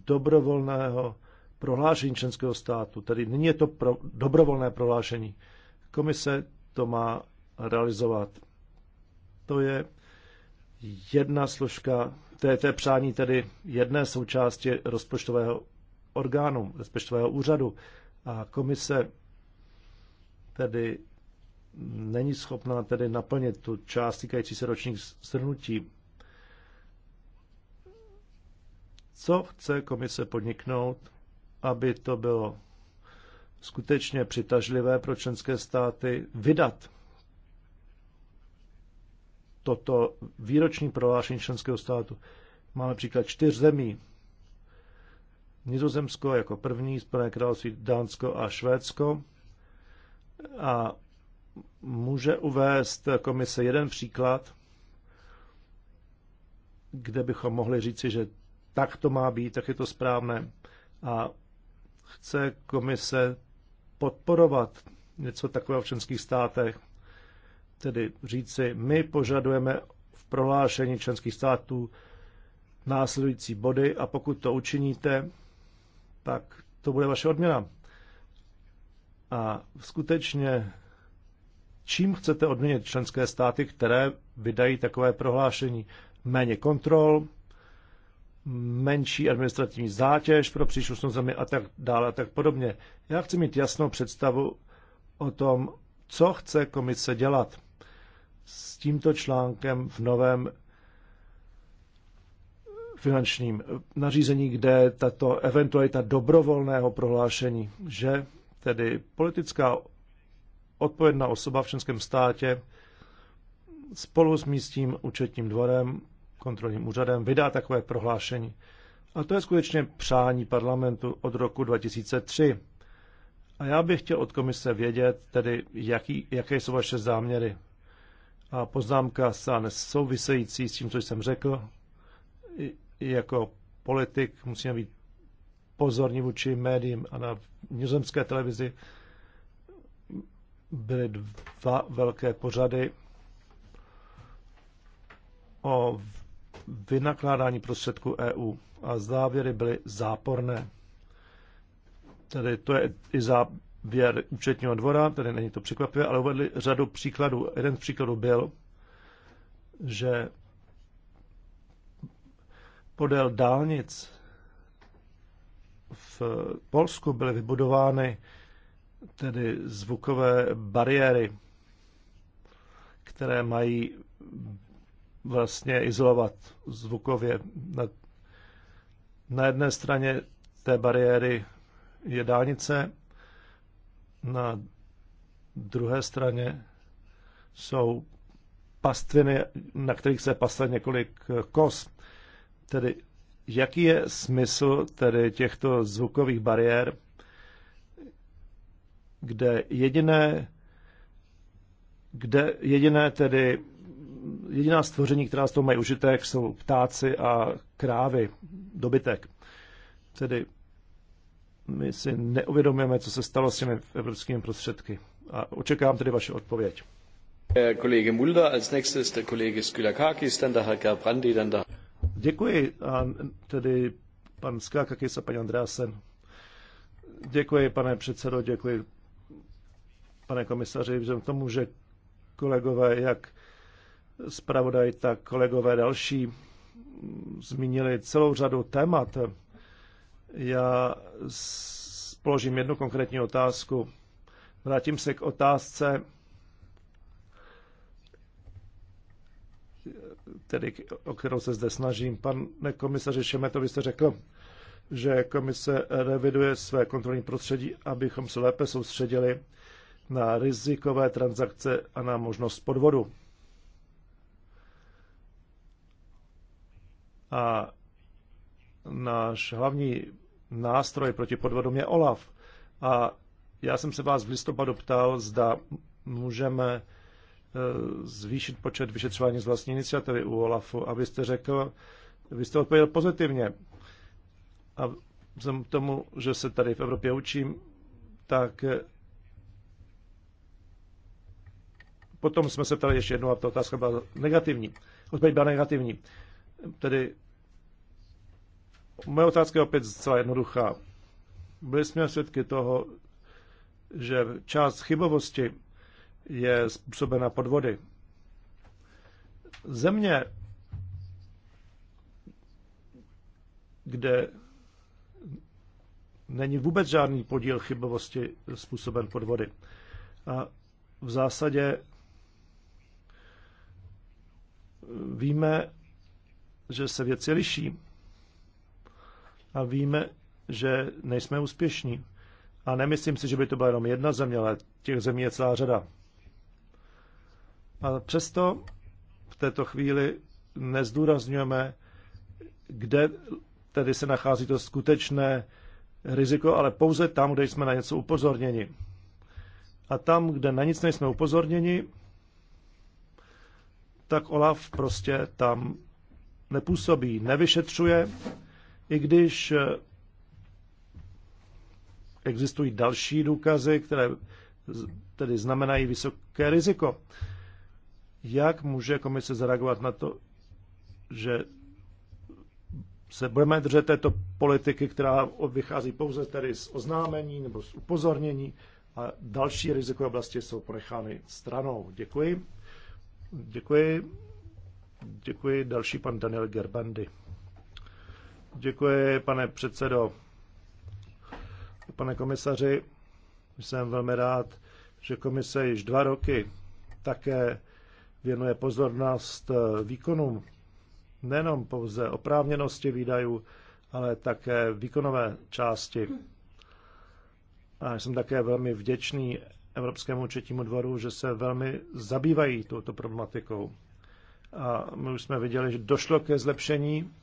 dobrovolného prohlášení členského státu. Tedy není je to pro dobrovolné prohlášení. Komise to má realizovat. To je jedna složka, to je, to je přání tedy jedné součásti rozpočtového orgánu, rozpočtového úřadu. A komise tedy není schopná tedy naplnit tu část týkající se ročních strnutí. Co chce komise podniknout, aby to bylo skutečně přitažlivé pro členské státy vydat toto výroční prohlášení členského státu. Máme příklad čtyř zemí. Nizozemsko jako první, Spojené království, Dánsko a Švédsko. A může uvést komise jeden příklad, kde bychom mohli říci, že tak to má být, tak je to správné. A chce komise podporovat něco takového v členských státech, tedy říci, my požadujeme v prohlášení členských států následující body a pokud to učiníte, tak to bude vaše odměna. A skutečně, čím chcete odměnit členské státy, které vydají takové prohlášení? Méně kontrol, menší administrativní zátěž pro příslušnou zemi a tak dále a tak podobně. Já chci mít jasnou představu o tom, co chce komise dělat s tímto článkem v novém finančním nařízení, kde tato eventualita dobrovolného prohlášení, že Tedy politická odpovědná osoba v členském státě spolu s místním účetním dvorem, kontrolním úřadem vydá takové prohlášení. A to je skutečně přání parlamentu od roku 2003. A já bych chtěl od komise vědět, tedy jaký, jaké jsou vaše záměry. A poznámka se nesouvisející s tím, co jsem řekl, jako politik musíme být pozorní vůči médiím a na nizozemské televizi byly dva velké pořady o vynakládání prostředků EU a závěry byly záporné. Tedy to je i závěr účetního dvora, tedy není to překvapivé, ale uvedli řadu příkladů. Jeden z příkladů byl, že podél dálnic v Polsku byly vybudovány tedy zvukové bariéry, které mají vlastně izolovat zvukově. Na, na jedné straně té bariéry je dálnice, na druhé straně jsou pastviny, na kterých se pasle několik kos. Tedy Jaký je smysl tedy těchto zvukových bariér, kde jediné, kde jediné tedy jediná stvoření, která z toho mají užitek, jsou ptáci a krávy, dobytek. Tedy my si neuvědomujeme, co se stalo s těmi evropskými prostředky. A očekávám tedy vaši odpověď. Kolege Mulder, als nächstes der Kollege Skylakakis, dann der Herr Gerbrandi, dann der... Děkuji. A tedy pan Skákakis se paní Andrásen. Děkuji, pane předsedo, děkuji, pane komisaři, vzhledem k tomu, že kolegové, jak zpravodaj, tak kolegové další zmínili celou řadu témat. Já položím jednu konkrétní otázku. Vrátím se k otázce tedy, o kterou se zde snažím. Pane komisaři Šemeto, vy jste řekl, že komise reviduje své kontrolní prostředí, abychom se lépe soustředili na rizikové transakce a na možnost podvodu. A náš hlavní nástroj proti podvodům je OLAF. A já jsem se vás v listopadu ptal, zda můžeme Eh, zvýšit počet vyšetřování z vlastní iniciativy u OLAFu. A řekl, vy jste odpověděl pozitivně. A vzhledem k tomu, že se tady v Evropě učím, tak eh, potom jsme se ptali ještě jednou a ta otázka byla negativní. Odpověď byla negativní. Tedy moje otázka je opět zcela jednoduchá. Byli jsme svědky toho, že část chybovosti je způsobena podvody. Země, kde není vůbec žádný podíl chybovosti způsoben podvody. A v zásadě víme, že se věci liší a víme, že nejsme úspěšní. A nemyslím si, že by to byla jenom jedna země, ale těch zemí je celá řada. A přesto v této chvíli nezdůrazňujeme, kde tedy se nachází to skutečné riziko, ale pouze tam, kde jsme na něco upozorněni. A tam, kde na nic nejsme upozorněni, tak Olaf prostě tam nepůsobí, nevyšetřuje, i když eh, existují další důkazy, které tedy znamenají vysoké riziko. Jak může komise zareagovat na to, že se budeme držet této politiky, která vychází pouze tedy z oznámení nebo z upozornění a další rizikové oblasti jsou ponechány stranou. Děkuji. Děkuji. Děkuji. Další pan Daniel Gerbandy. Děkuji, pane předsedo. Pane komisaři, jsem velmi rád, že komise již dva roky také věnuje pozornost eh, výkonům nejenom pouze oprávněnosti výdajů, ale také výkonové části. A jsem také velmi vděčný Evropskému účetnímu dvoru, že se velmi zabývají touto problematikou. A my už jsme viděli, že došlo ke zlepšení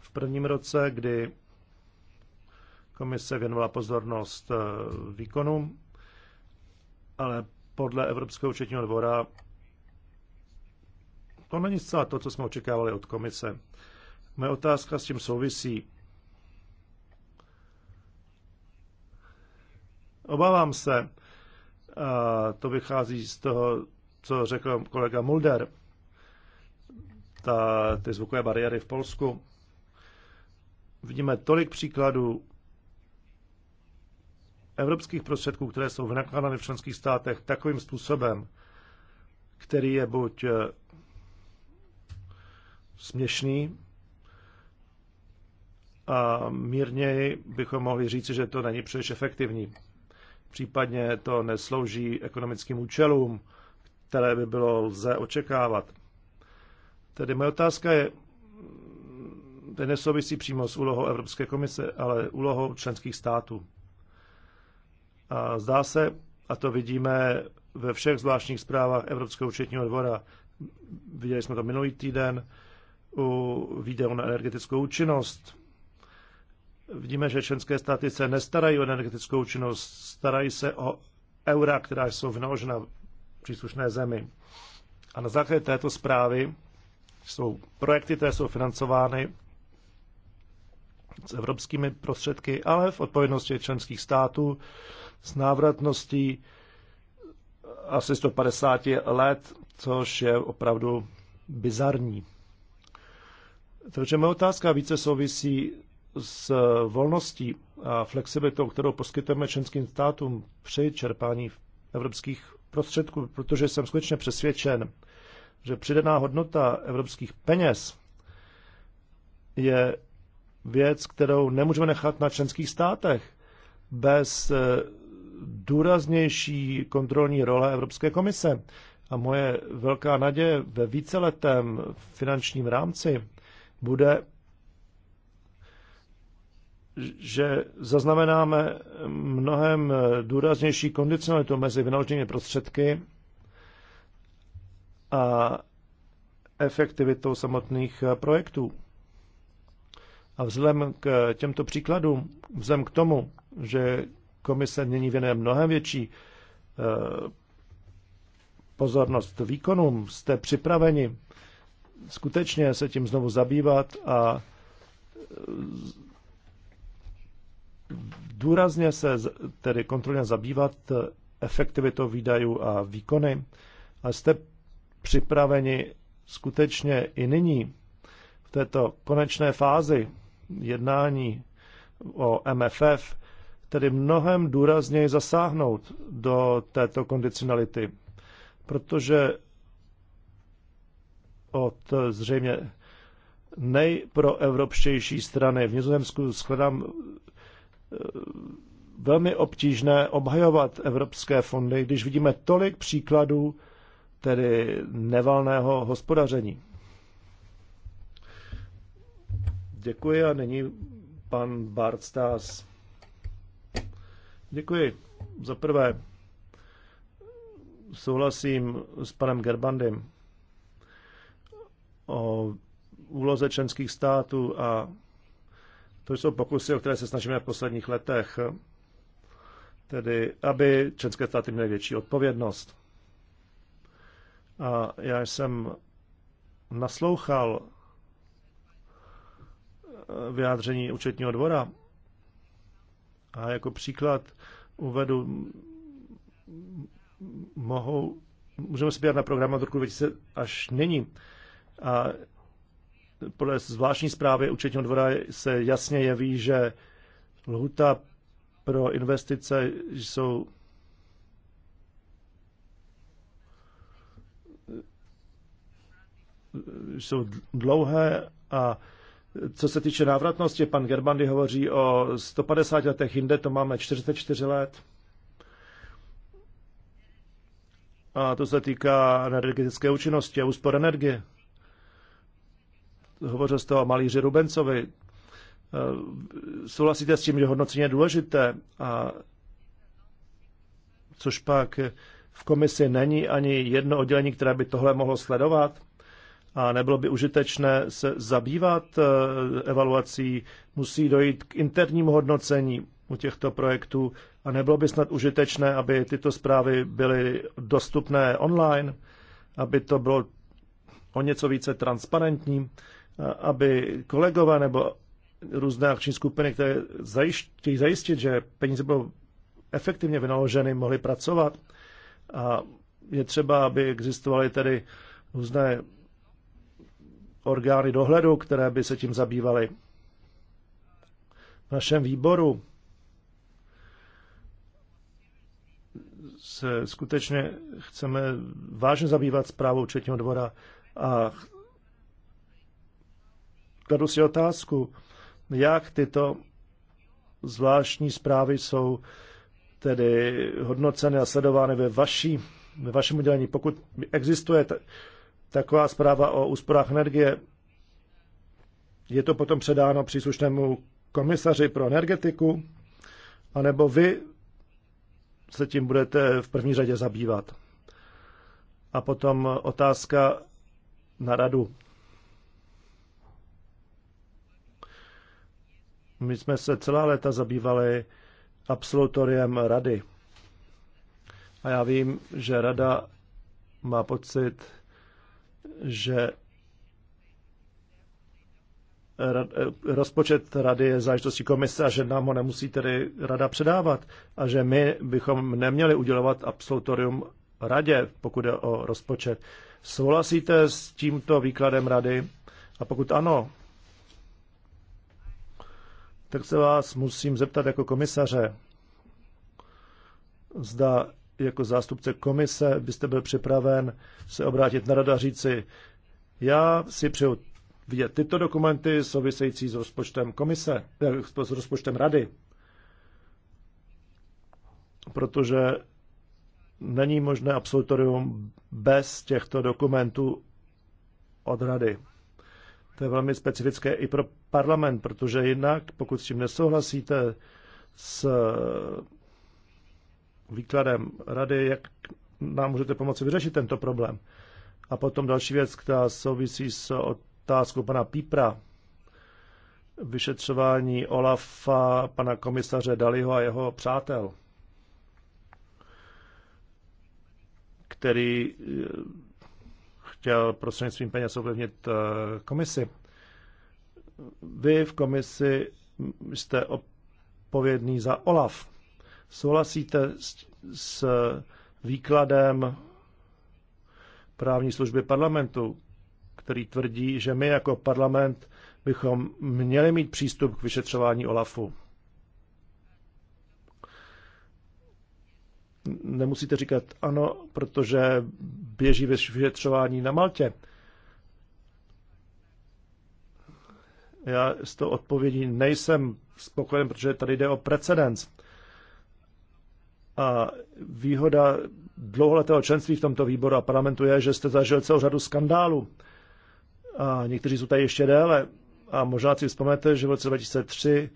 v prvním roce, kdy komise věnovala pozornost eh, výkonům, ale podle Evropského účetního dvora to není zcela to, co jsme očekávali od komise. Moje otázka s tím souvisí. Obávám se, a to vychází z toho, co řekl kolega Mulder, ta, ty zvukové bariéry v Polsku. Vidíme tolik příkladů evropských prostředků, které jsou vynakládány v členských státech takovým způsobem, který je buď směšný a mírněji bychom mohli říci, že to není příliš efektivní. Případně to neslouží ekonomickým účelům, které by bylo lze očekávat. Tedy moje otázka je, to nesouvisí přímo s úlohou Evropské komise, ale úlohou členských států. A zdá se, a to vidíme ve všech zvláštních zprávách Evropského účetního dvora, viděli jsme to minulý týden, u výdajů na energetickou účinnost. Vidíme, že členské státy se nestarají o energetickou účinnost, starají se o eura, která jsou vynaložena v příslušné zemi. A na základě této zprávy jsou projekty, které jsou financovány s evropskými prostředky, ale v odpovědnosti členských států s návratností asi 150 let, což je opravdu bizarní. Takže moje otázka více souvisí s volností a flexibilitou, kterou poskytujeme členským státům při čerpání evropských prostředků, protože jsem skutečně přesvědčen, že přidaná hodnota evropských peněz je věc, kterou nemůžeme nechat na členských státech bez eh, důraznější kontrolní role Evropské komise. A moje velká naděje ve víceletém finančním rámci bude, že zaznamenáme mnohem důraznější kondicionalitu mezi vynaloženými prostředky a efektivitou samotných projektů. A vzhledem k těmto příkladům, vzhledem k tomu, že komise mění věné mnohem větší eh, pozornost výkonům, jste připraveni skutečně se tím znovu zabývat a e, důrazně se tedy kontrolně zabývat efektivitou výdajů a výkony. A jste připraveni skutečně i nyní, v této konečné fázi jednání o MFF, tedy mnohem důrazněji zasáhnout do této kondicionality, protože od eh, zřejmě nejproevropštější strany. V Nizozemsku shledám eh, velmi obtížné obhajovat evropské fondy, když vidíme tolik příkladů tedy nevalného hospodaření. Děkuji a nyní pan Bart Stas. Děkuji. Za prvé souhlasím s panem Gerbandem o úloze členských států a to jsou pokusy, o které se snažíme v posledních letech, tedy aby členské státy měly větší odpovědnost. A já jsem naslouchal eh, vyjádření účetního dvora a jako příklad uvedu, mohou, můžeme se na program od roku 2000 až nyní. A podle zvláštní zprávy účetního dvora se jasně jeví, že lhuta pro investice jsou jsou dlouhé a co se týče návratnosti, pan Gerbandy hovoří o 150 letech, jinde to máme 44 let. A to se týká energetické účinnosti a úspor energie hovořil jste o malíři Rubencovi. E, souhlasíte s tím, že hodnocení je důležité, a což pak v komisi není ani jedno oddělení, které by tohle mohlo sledovat? A nebylo by užitečné se zabývat e, evaluací, musí dojít k internímu hodnocení u těchto projektů a nebylo by snad užitečné, aby tyto zprávy byly dostupné online, aby to bylo o něco více transparentní aby kolegové nebo různé akční skupiny, které chtějí zajistit, že peníze budou efektivně vynaloženy, mohly pracovat. A je třeba, aby existovaly tedy různé orgány dohledu, které by se tím zabývaly. V našem výboru se skutečně chceme vážně zabývat zprávou Četního dvora a kladu si otázku, jak tyto zvláštní zprávy jsou tedy hodnoceny a sledovány ve, vaší, ve vašem udělení. Pokud existuje taková zpráva o úsporách energie, je to potom předáno příslušnému komisaři pro energetiku, anebo vy se tím budete v první řadě zabývat. A potom otázka na radu. My jsme se celá léta zabývali absolutoriem rady. A já vím, že rada má pocit, že rozpočet rady je záležitostí komise a že nám ho nemusí tedy rada předávat a že my bychom neměli udělovat absolutorium radě, pokud je o rozpočet. Souhlasíte s tímto výkladem rady? A pokud ano, tak se vás musím zeptat jako komisaře, zda jako zástupce komise byste byl připraven se obrátit na rada a říci, já si přeju vidět tyto dokumenty související s rozpočtem komise, eh, s rozpočtem rady, protože není možné absolutorium bez těchto dokumentů od rady. To je velmi specifické i pro parlament, protože jinak, pokud s tím nesouhlasíte s eh, výkladem rady, jak nám můžete pomoci vyřešit tento problém. A potom další věc, která souvisí s otázkou pana Pípra, vyšetřování Olafa, pana komisaře Daliho a jeho přátel, který eh, chtěl prostřednictvím peněz ovlivnit eh, komisi vy v komisi jste odpovědný za OLAF. Souhlasíte s, s výkladem právní služby parlamentu, který tvrdí, že my jako parlament bychom měli mít přístup k vyšetřování OLAFu. Nemusíte říkat ano, protože běží vyšetřování na Maltě. Já s tou odpovědí nejsem spokojen, protože tady jde o precedens. A výhoda dlouholetého členství v tomto výboru a parlamentu je, že jste zažil celou řadu skandálů. A někteří jsou tady ještě déle. A možná si vzpomenete, že v roce 2003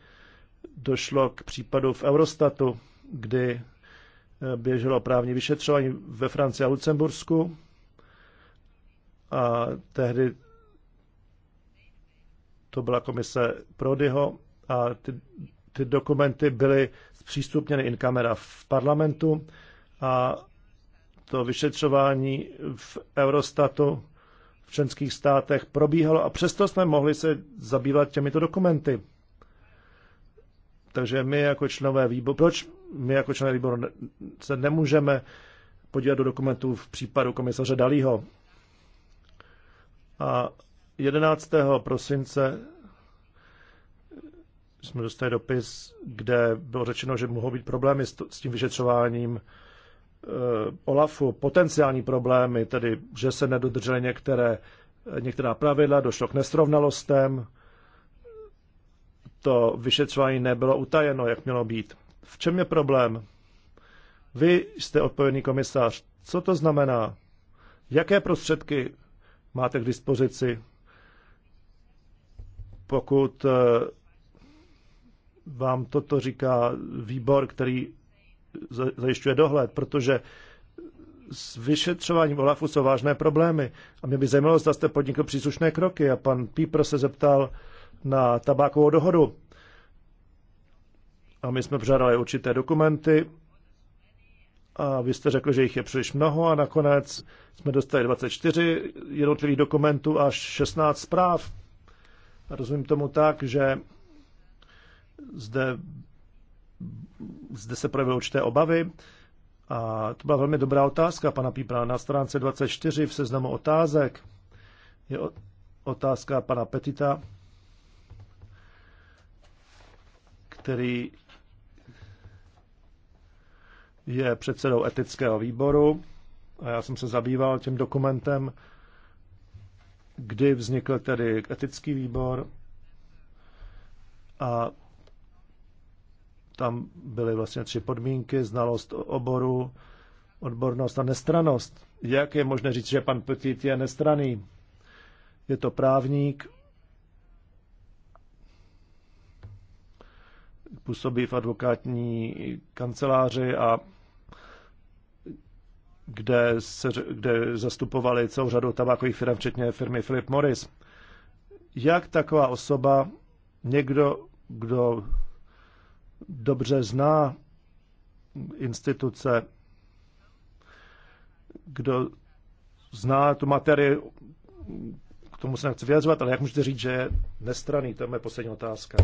došlo k případu v Eurostatu, kdy eh, běželo právní vyšetřování ve Francii a Lucembursku. A tehdy to byla komise Prodyho a ty, ty dokumenty byly zpřístupněny in kamera v parlamentu a to vyšetřování v Eurostatu v členských státech probíhalo a přesto jsme mohli se zabývat těmito dokumenty. Takže my jako členové výboru, proč my jako členové výboru se nemůžeme podívat do dokumentů v případu komisaře Dalího? A 11. prosince jsme dostali dopis, kde bylo řečeno, že mohou být problémy s tím vyšetřováním eh, OLAFu, potenciální problémy, tedy že se nedodržely některé, některá pravidla, došlo k nesrovnalostem, to vyšetřování nebylo utajeno, jak mělo být. V čem je problém? Vy jste odpovědný komisář. Co to znamená? Jaké prostředky máte k dispozici pokud eh, vám toto říká výbor, který zajišťuje dohled, protože s vyšetřováním OLAFu jsou vážné problémy. A mě by zajímalo, zda jste podnikl příslušné kroky. A pan Pípr se zeptal na tabákovou dohodu. A my jsme požádali určité dokumenty. A vy jste řekl, že jich je příliš mnoho a nakonec jsme dostali 24 jednotlivých dokumentů až 16 zpráv. Rozumím tomu tak, že zde, zde se projevily určité obavy. A to byla velmi dobrá otázka pana Pípra. Na stránce 24 v seznamu otázek je otázka pana Petita, který je předsedou etického výboru a já jsem se zabýval tím dokumentem kdy vznikl tedy etický výbor a tam byly vlastně tři podmínky, znalost oboru, odbornost a nestranost. Jak je možné říct, že pan Petit je nestraný? Je to právník, působí v advokátní kanceláři a kde, se, kde zastupovali celou řadu tabákových firm, včetně firmy Philip Morris. Jak taková osoba, někdo, kdo dobře zná instituce, kdo zná tu materii, k tomu se nechci vyjadřovat, ale jak můžete říct, že je nestraný? To je moje poslední otázka.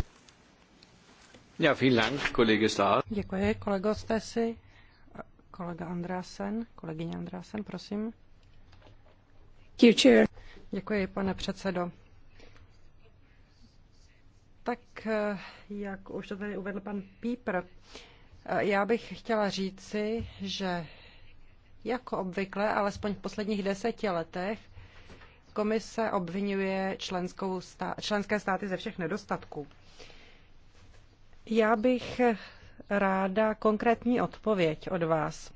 Ja, vielen Dank, Kollege Stas. Děkuji, kolego Stasi. Kolega Andrásen, kolegyně Andrásen, prosím. Děkuji, pane předsedo. Tak, eh, jak už to tady uvedl pan Pípr, eh, já bych chtěla říci, že jako obvykle, alespoň v posledních deseti letech, komise obvinuje členskou stá- členské státy ze všech nedostatků. Já bych eh, ráda konkrétní odpověď od vás.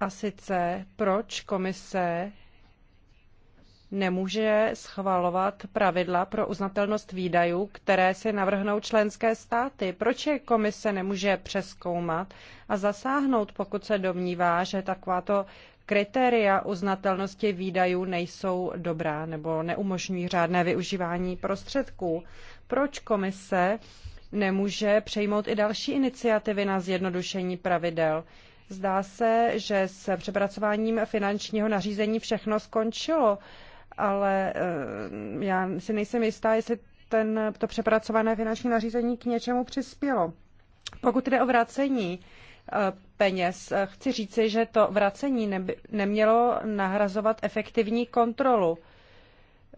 A sice, proč komise nemůže schvalovat pravidla pro uznatelnost výdajů, které si navrhnou členské státy? Proč je komise nemůže přeskoumat a zasáhnout, pokud se domnívá, že takováto kritéria uznatelnosti výdajů nejsou dobrá nebo neumožňují řádné využívání prostředků? Proč komise nemůže přejmout i další iniciativy na zjednodušení pravidel. Zdá se, že s přepracováním finančního nařízení všechno skončilo, ale eh, já si nejsem jistá, jestli ten, to přepracované finanční nařízení k něčemu přispělo. Pokud jde o vracení eh, peněz, eh, chci říci, že to vracení neby, nemělo nahrazovat efektivní kontrolu.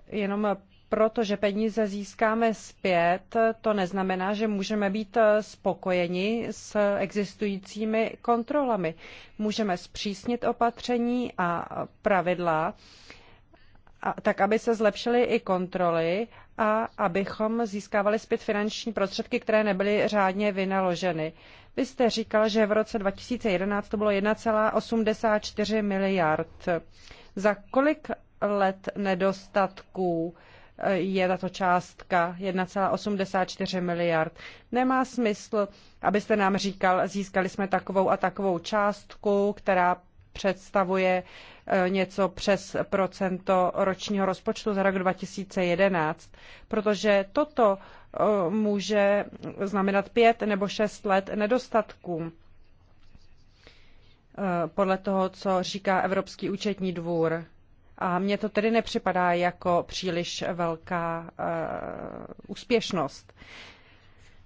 Jenom protože peníze získáme zpět, to neznamená, že můžeme být spokojeni s existujícími kontrolami. Můžeme zpřísnit opatření a pravidla, tak aby se zlepšily i kontroly a abychom získávali zpět finanční prostředky, které nebyly řádně vynaloženy. Vy jste říkal, že v roce 2011 to bylo 1,84 miliard. Za kolik let nedostatků je tato částka 1,84 miliard. Nemá smysl, abyste nám říkal, získali jsme takovou a takovou částku, která představuje e, něco přes procento ročního rozpočtu za rok 2011, protože toto e, může znamenat pět nebo šest let nedostatků e, podle toho, co říká Evropský účetní dvůr. A mně to tedy nepřipadá jako příliš velká uh, úspěšnost.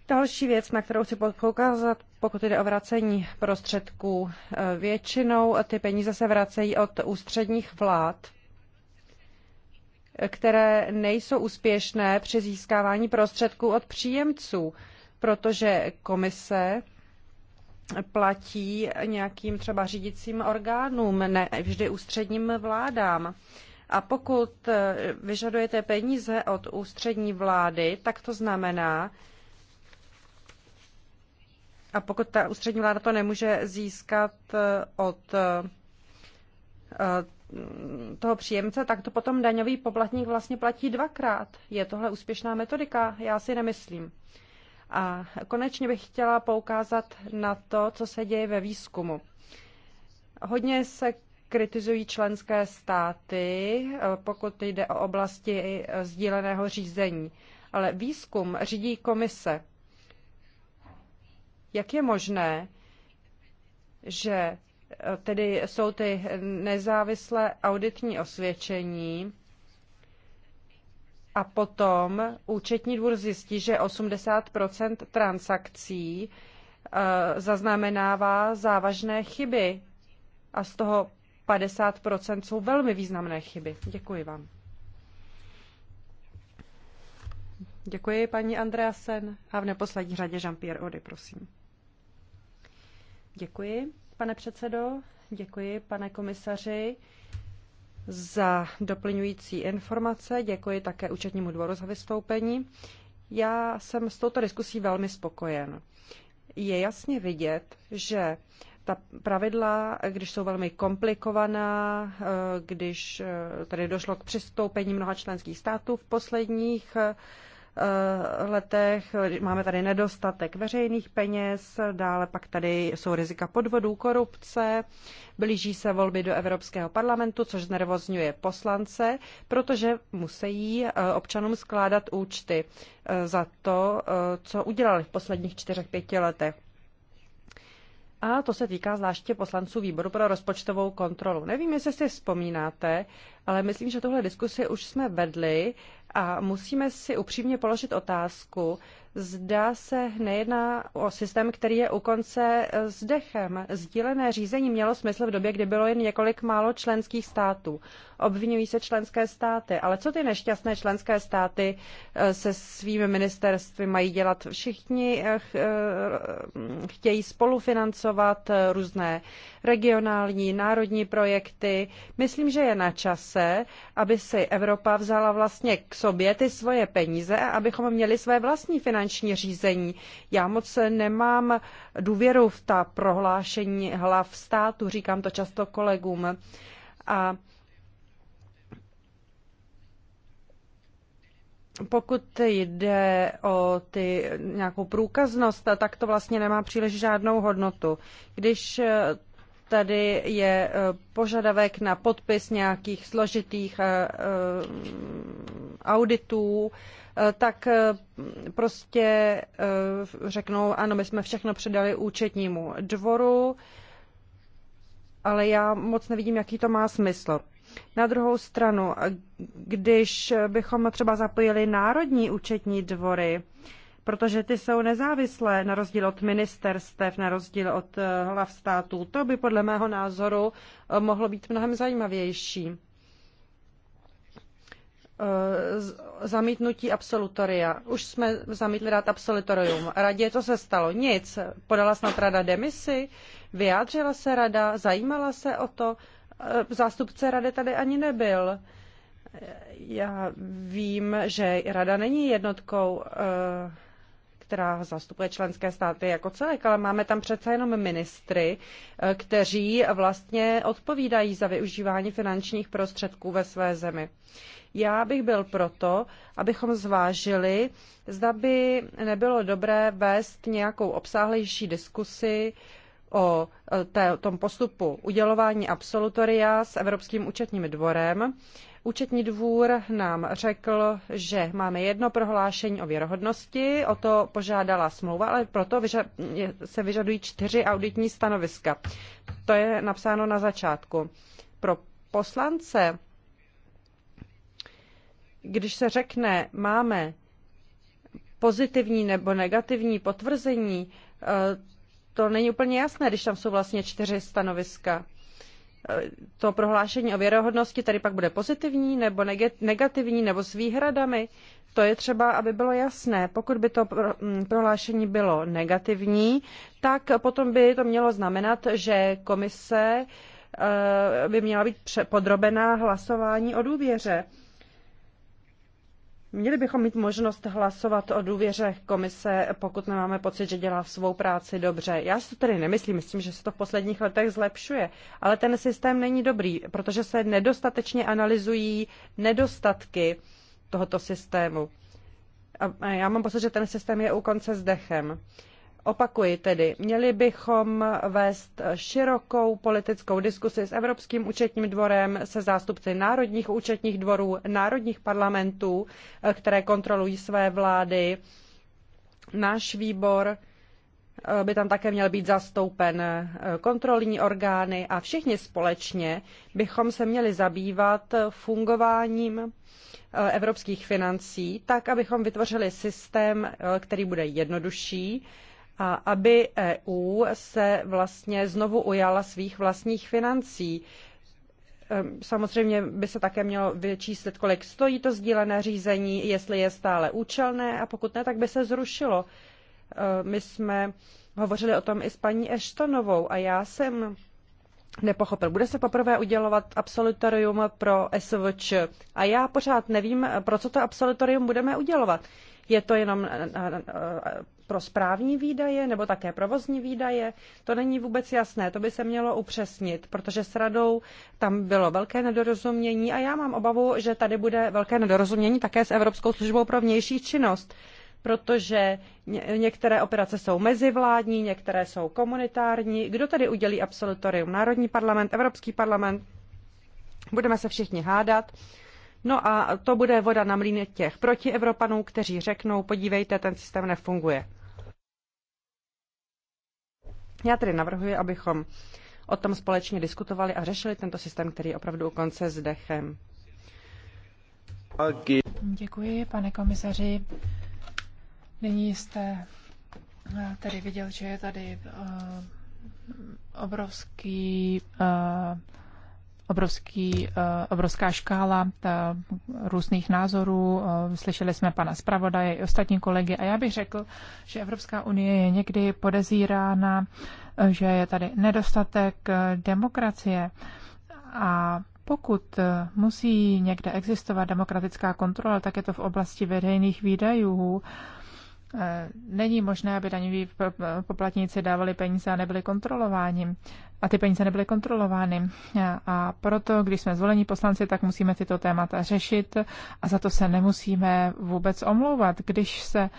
Další věc, na kterou chci poukázat, pokud jde o vracení prostředků, eh, většinou ty peníze se vracejí od ústředních vlád, které nejsou úspěšné při získávání prostředků od příjemců, protože komise platí nějakým třeba řídicím orgánům, ne vždy ústředním vládám. A pokud eh, vyžadujete peníze od ústřední vlády, tak to znamená, a pokud ta ústřední vláda to nemůže získat eh, od eh, toho příjemce, tak to potom daňový poplatník vlastně platí dvakrát. Je tohle úspěšná metodika? Já si nemyslím. A konečně bych chtěla poukázat na to, co se děje ve výzkumu. Hodně se kritizují členské státy, pokud jde o oblasti sdíleného řízení. Ale výzkum řídí komise. Jak je možné, že tedy jsou ty nezávislé auditní osvědčení, a potom účetní dvůr zjistí, že 80 transakcí eh, zaznamenává závažné chyby a z toho 50 jsou velmi významné chyby. Děkuji vám. Děkuji, paní Andreasen. A v neposlední řadě Jean-Pierre Ody, prosím. Děkuji, pane předsedo. Děkuji, pane komisaři za doplňující informace, děkuji také účetnímu dvoru za vystoupení. Já jsem s touto diskusí velmi spokojen. Je jasně vidět, že ta pravidla, když jsou velmi komplikovaná, eh, když eh, tady došlo k přistoupení mnoha členských států v posledních Eh, letech. Máme tady nedostatek veřejných peněz, dále pak tady jsou rizika podvodů, korupce, blíží se volby do Evropského parlamentu, což znervozňuje poslance, protože musí eh, občanům skládat účty eh, za to, co udělali v posledních čtyřech, pěti letech. A to se týká zvláště poslanců výboru pro rozpočtovou kontrolu. Nevím, jestli si vzpomínáte, ale myslím, že tohle diskusi už jsme vedli a musíme si upřímně položit otázku, Zdá se nejedná o systém, který je u konce eh, s dechem. Sdílené řízení mělo smysl v době, kdy bylo jen několik málo členských států. Obvinují se členské státy, ale co ty nešťastné členské státy eh, se svými ministerstvy mají dělat? Všichni eh, hm, chtějí spolufinancovat různé regionální, národní projekty. Myslím, že je na čase, aby si Evropa vzala vlastně k sobě ty svoje peníze a abychom měli své vlastní finanční finanční řízení. Já moc nemám důvěru v ta prohlášení hlav státu, říkám to často kolegům. A Pokud jde o ty nějakou průkaznost, tak to vlastně nemá příliš žádnou hodnotu. Když tady je eh, požadavek na podpis nějakých složitých eh, eh, auditů, tak prostě řeknou, ano, my jsme všechno předali účetnímu dvoru, ale já moc nevidím, jaký to má smysl. Na druhou stranu, když bychom třeba zapojili národní účetní dvory, protože ty jsou nezávislé na rozdíl od ministerstev, na rozdíl od eh, hlav států. To by podle mého názoru eh, mohlo být mnohem zajímavější. Eh, zamítnutí absolutoria. Už jsme zamítli dát absolutorium. Radě to se stalo. Nic. Podala snad rada demisi, vyjádřila se rada, zajímala se o to. Zástupce rady tady ani nebyl. Já vím, že rada není jednotkou uh, která zastupuje členské státy jako celek, ale máme tam přece jenom ministry, eh, kteří vlastně odpovídají za využívání finančních prostředků ve své zemi. Já bych byl proto, abychom zvážili, zda by nebylo dobré vést nějakou obsáhlejší diskusi o eh, té, tom postupu udělování absolutoria s Evropským účetním dvorem, Účetní dvůr nám řekl, že máme jedno prohlášení o věrohodnosti, o to požádala smlouva, ale proto se vyžadují čtyři auditní stanoviska. To je napsáno na začátku. Pro poslance, když se řekne, máme pozitivní nebo negativní potvrzení, eh, to není úplně jasné, když tam jsou vlastně čtyři stanoviska to prohlášení o věrohodnosti tady pak bude pozitivní nebo negativní nebo s výhradami. To je třeba, aby bylo jasné. Pokud by to mm, prohlášení bylo negativní, tak potom by to mělo znamenat, že komise eh, by měla být podrobená hlasování o důvěře. Měli bychom mít možnost hlasovat o důvěře komise, pokud nemáme pocit, že dělá svou práci dobře. Já si to tedy nemyslím, myslím, že se to v posledních letech zlepšuje, ale ten systém není dobrý, protože se nedostatečně analyzují nedostatky tohoto systému. A já mám pocit, že ten systém je u konce s dechem. Opakuji tedy, měli bychom vést širokou politickou diskusi s Evropským účetním dvorem, se zástupci národních účetních dvorů, národních parlamentů, které kontrolují své vlády. Náš výbor eh, by tam také měl být zastoupen eh, kontrolní orgány a všichni společně bychom se měli zabývat fungováním eh, evropských financí tak, abychom vytvořili systém, který bude jednodušší, a aby EU se vlastně znovu ujala svých vlastních financí. Ehm, samozřejmě by se také mělo vyčíslit, kolik stojí to sdílené řízení, jestli je stále účelné a pokud ne, tak by se zrušilo. Ehm, my jsme hovořili o tom i s paní Eštonovou a já jsem nepochopil. Bude se poprvé udělovat absolutorium pro SVČ a já pořád nevím, pro co to absolutorium budeme udělovat. Je to jenom eh, eh, pro správní výdaje nebo také provozní výdaje? To není vůbec jasné, to by se mělo upřesnit, protože s radou tam bylo velké nedorozumění a já mám obavu, že tady bude velké nedorozumění také s Evropskou službou pro vnější činnost protože některé operace jsou mezivládní, některé jsou komunitární. Kdo tedy udělí absolutorium? Národní parlament, Evropský parlament? Budeme se všichni hádat. No a to bude voda na mlín těch protievropanů, kteří řeknou, podívejte, ten systém nefunguje. Já tedy navrhuji, abychom o tom společně diskutovali a řešili tento systém, který je opravdu u konce s dechem. Děkuji, pane komisaři. Nyní jste eh, tedy viděl, že je tady uh, obrovský uh, obrovský, eh, obrovská škála eh, různých názorů. Eh, Slyšeli jsme pana zpravodaje i ostatní kolegy a já bych řekl, že Evropská unie je někdy podezírána, že je tady nedostatek demokracie a pokud musí někde existovat demokratická kontrola, tak je to v oblasti veřejných výdajů. Není možné, aby daňoví poplatníci dávali peníze a nebyli kontrolováni a ty peníze nebyly kontrolovány. A proto, když jsme zvolení poslanci, tak musíme tyto témata řešit a za to se nemusíme vůbec omlouvat. Když se e,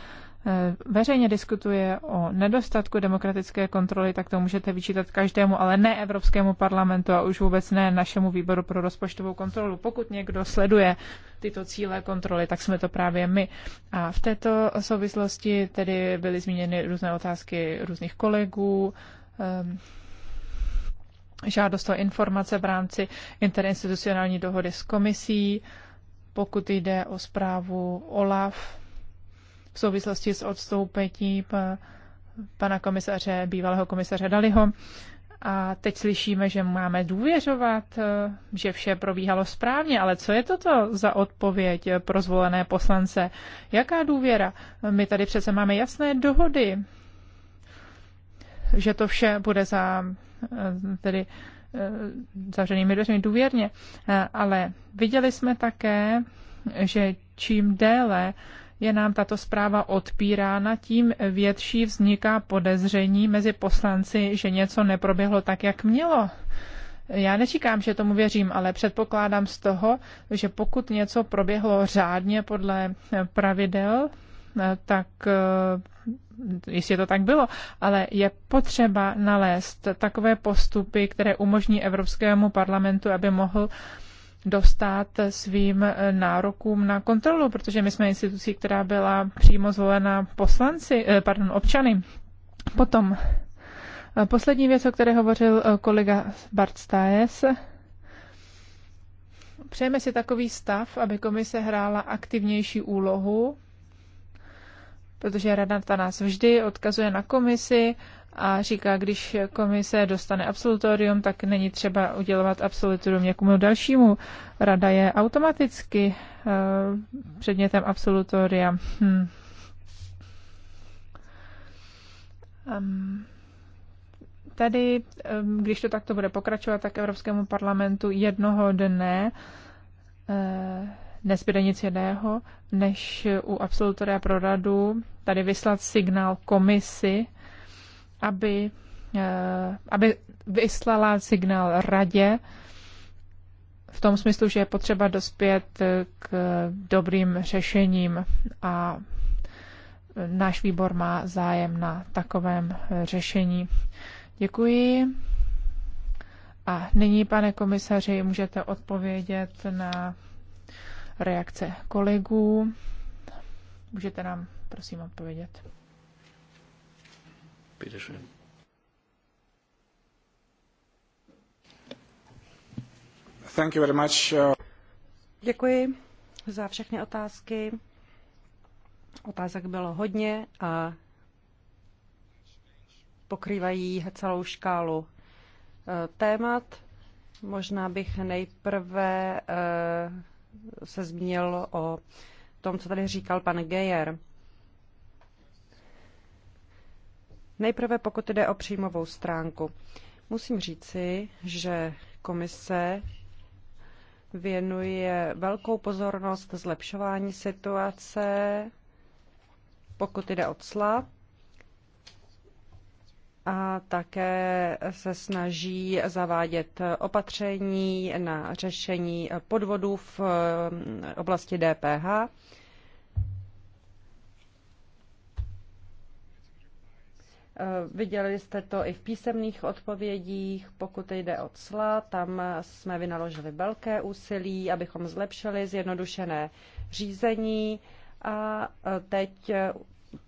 veřejně diskutuje o nedostatku demokratické kontroly, tak to můžete vyčítat každému, ale ne Evropskému parlamentu a už vůbec ne našemu výboru pro rozpočtovou kontrolu. Pokud někdo sleduje tyto cíle kontroly, tak jsme to právě my. A v této souvislosti tedy byly zmíněny různé otázky různých kolegů, ehm, žádost o informace v rámci interinstitucionální dohody s komisí, pokud jde o zprávu OLAF v souvislosti s odstoupením pana komisaře, bývalého komisaře Daliho. A teď slyšíme, že máme důvěřovat, eh, že vše probíhalo správně, ale co je toto za odpověď eh, pro zvolené poslance? Jaká důvěra? My tady přece máme jasné dohody že to vše bude za eh, tedy eh, zavřenými dveřmi důvěrně, eh, ale viděli jsme také, že čím déle je nám tato zpráva odpírána, tím větší vzniká podezření mezi poslanci, že něco neproběhlo tak, jak mělo. Já nečekám, že tomu věřím, ale předpokládám z toho, že pokud něco proběhlo řádně podle pravidel, tak jistě to tak bylo, ale je potřeba nalézt takové postupy, které umožní Evropskému parlamentu, aby mohl dostat svým nárokům na kontrolu, protože my jsme institucí, která byla přímo zvolena poslanci, eh, pardon, občany. Potom eh, poslední věc, o které hovořil eh, kolega Bart Stajes, Přejeme si takový stav, aby komise hrála aktivnější úlohu protože rada ta nás vždy odkazuje na komisi a říká, když komise dostane absolutorium, tak není třeba udělovat absolutorium někomu dalšímu. Rada je automaticky uh, předmětem absolutoria. Hmm. Um, tady, um, když to takto bude pokračovat, tak Evropskému parlamentu jednoho dne uh, nezbyde nic jiného, než u absolutoria pro radu tady vyslat signál komisi, aby, eh, aby vyslala signál radě v tom smyslu, že je potřeba dospět k dobrým řešením a náš výbor má zájem na takovém řešení. Děkuji. A nyní, pane komisaři, můžete odpovědět na reakce kolegů. Můžete nám, prosím, odpovědět. Thank you very much. Uh, Děkuji za všechny otázky. Otázek bylo hodně a pokrývají celou škálu uh, témat. Možná bych nejprve uh, se zmínil o tom, co tady říkal pan Geyer. Nejprve pokud jde o příjmovou stránku. Musím říci, že komise věnuje velkou pozornost zlepšování situace, pokud jde o cla a také se snaží zavádět opatření na řešení podvodů v eh, oblasti DPH. Eh, viděli jste to i v písemných odpovědích. Pokud jde o cla, tam jsme vynaložili velké úsilí, abychom zlepšili zjednodušené řízení a eh, teď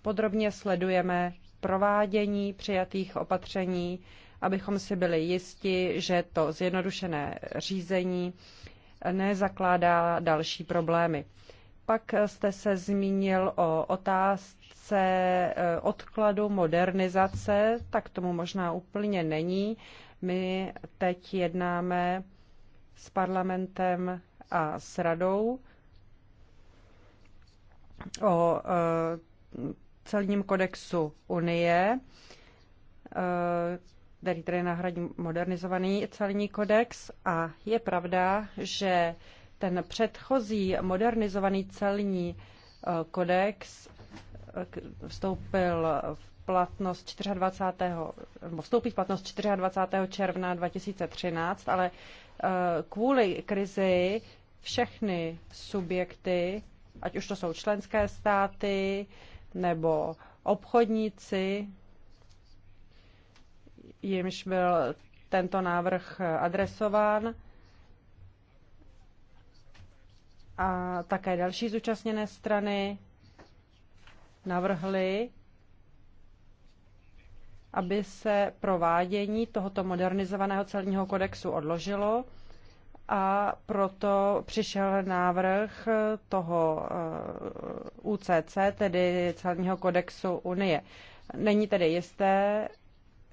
podrobně sledujeme provádění přijatých opatření, abychom si byli jisti, že to zjednodušené řízení nezakládá další problémy. Pak jste se zmínil o otázce eh, odkladu modernizace, tak tomu možná úplně není. My teď jednáme s parlamentem a s radou o eh, celním kodexu Unie, eh, který tedy nahradí modernizovaný celní kodex. A je pravda, že ten předchozí modernizovaný celní eh, kodex eh, vstoupil v platnost 24. vstoupí v platnost 24. června 2013, ale kvůli krizi všechny subjekty, ať už to jsou členské státy, nebo obchodníci, jimž byl tento návrh adresován, a také další zúčastněné strany navrhly, aby se provádění tohoto modernizovaného celního kodexu odložilo a proto přišel návrh toho eh, UCC, tedy celního kodexu Unie. Není tedy jisté,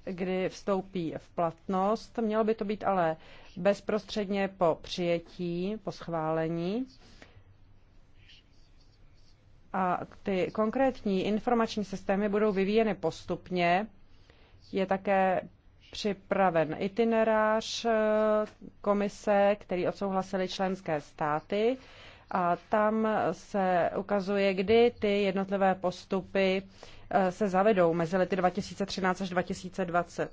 kdy vstoupí v platnost. Mělo by to být ale bezprostředně po přijetí, po schválení. A ty konkrétní informační systémy budou vyvíjeny postupně. Je také připraven itinerář eh, komise, který odsouhlasili členské státy a tam se ukazuje, kdy ty jednotlivé postupy eh, se zavedou mezi lety 2013 až 2020.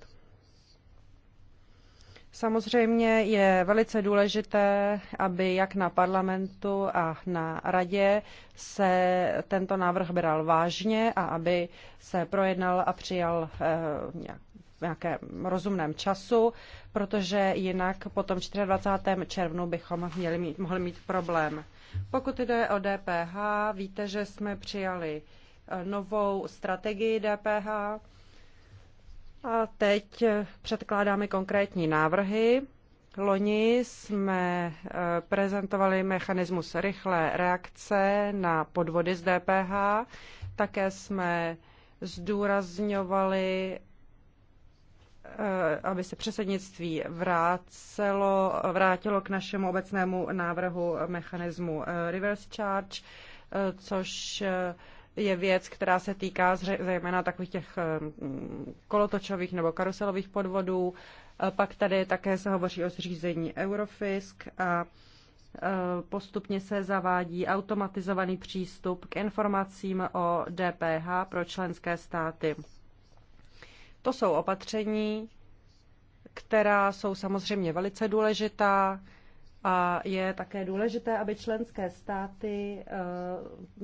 Samozřejmě je velice důležité, aby jak na parlamentu a na radě se tento návrh bral vážně a aby se projednal a přijal eh, nějak v nějakém rozumném času, protože jinak po tom 24. červnu bychom měli mít, mohli mít problém. Pokud jde o DPH, víte, že jsme přijali eh, novou strategii DPH a teď eh, předkládáme konkrétní návrhy. Loni jsme eh, prezentovali mechanismus rychlé reakce na podvody z DPH. Také jsme zdůrazňovali Eh, aby se předsednictví vrátilo, vrátilo k našemu obecnému návrhu mechanismu eh, reverse charge, eh, což je věc, která se týká zejména takových těch kolotočových nebo karuselových podvodů. Pak tady také se hovoří o zřízení Eurofisk a postupně se zavádí automatizovaný přístup k informacím o DPH pro členské státy. To jsou opatření, která jsou samozřejmě velice důležitá a je také důležité, aby členské státy eh,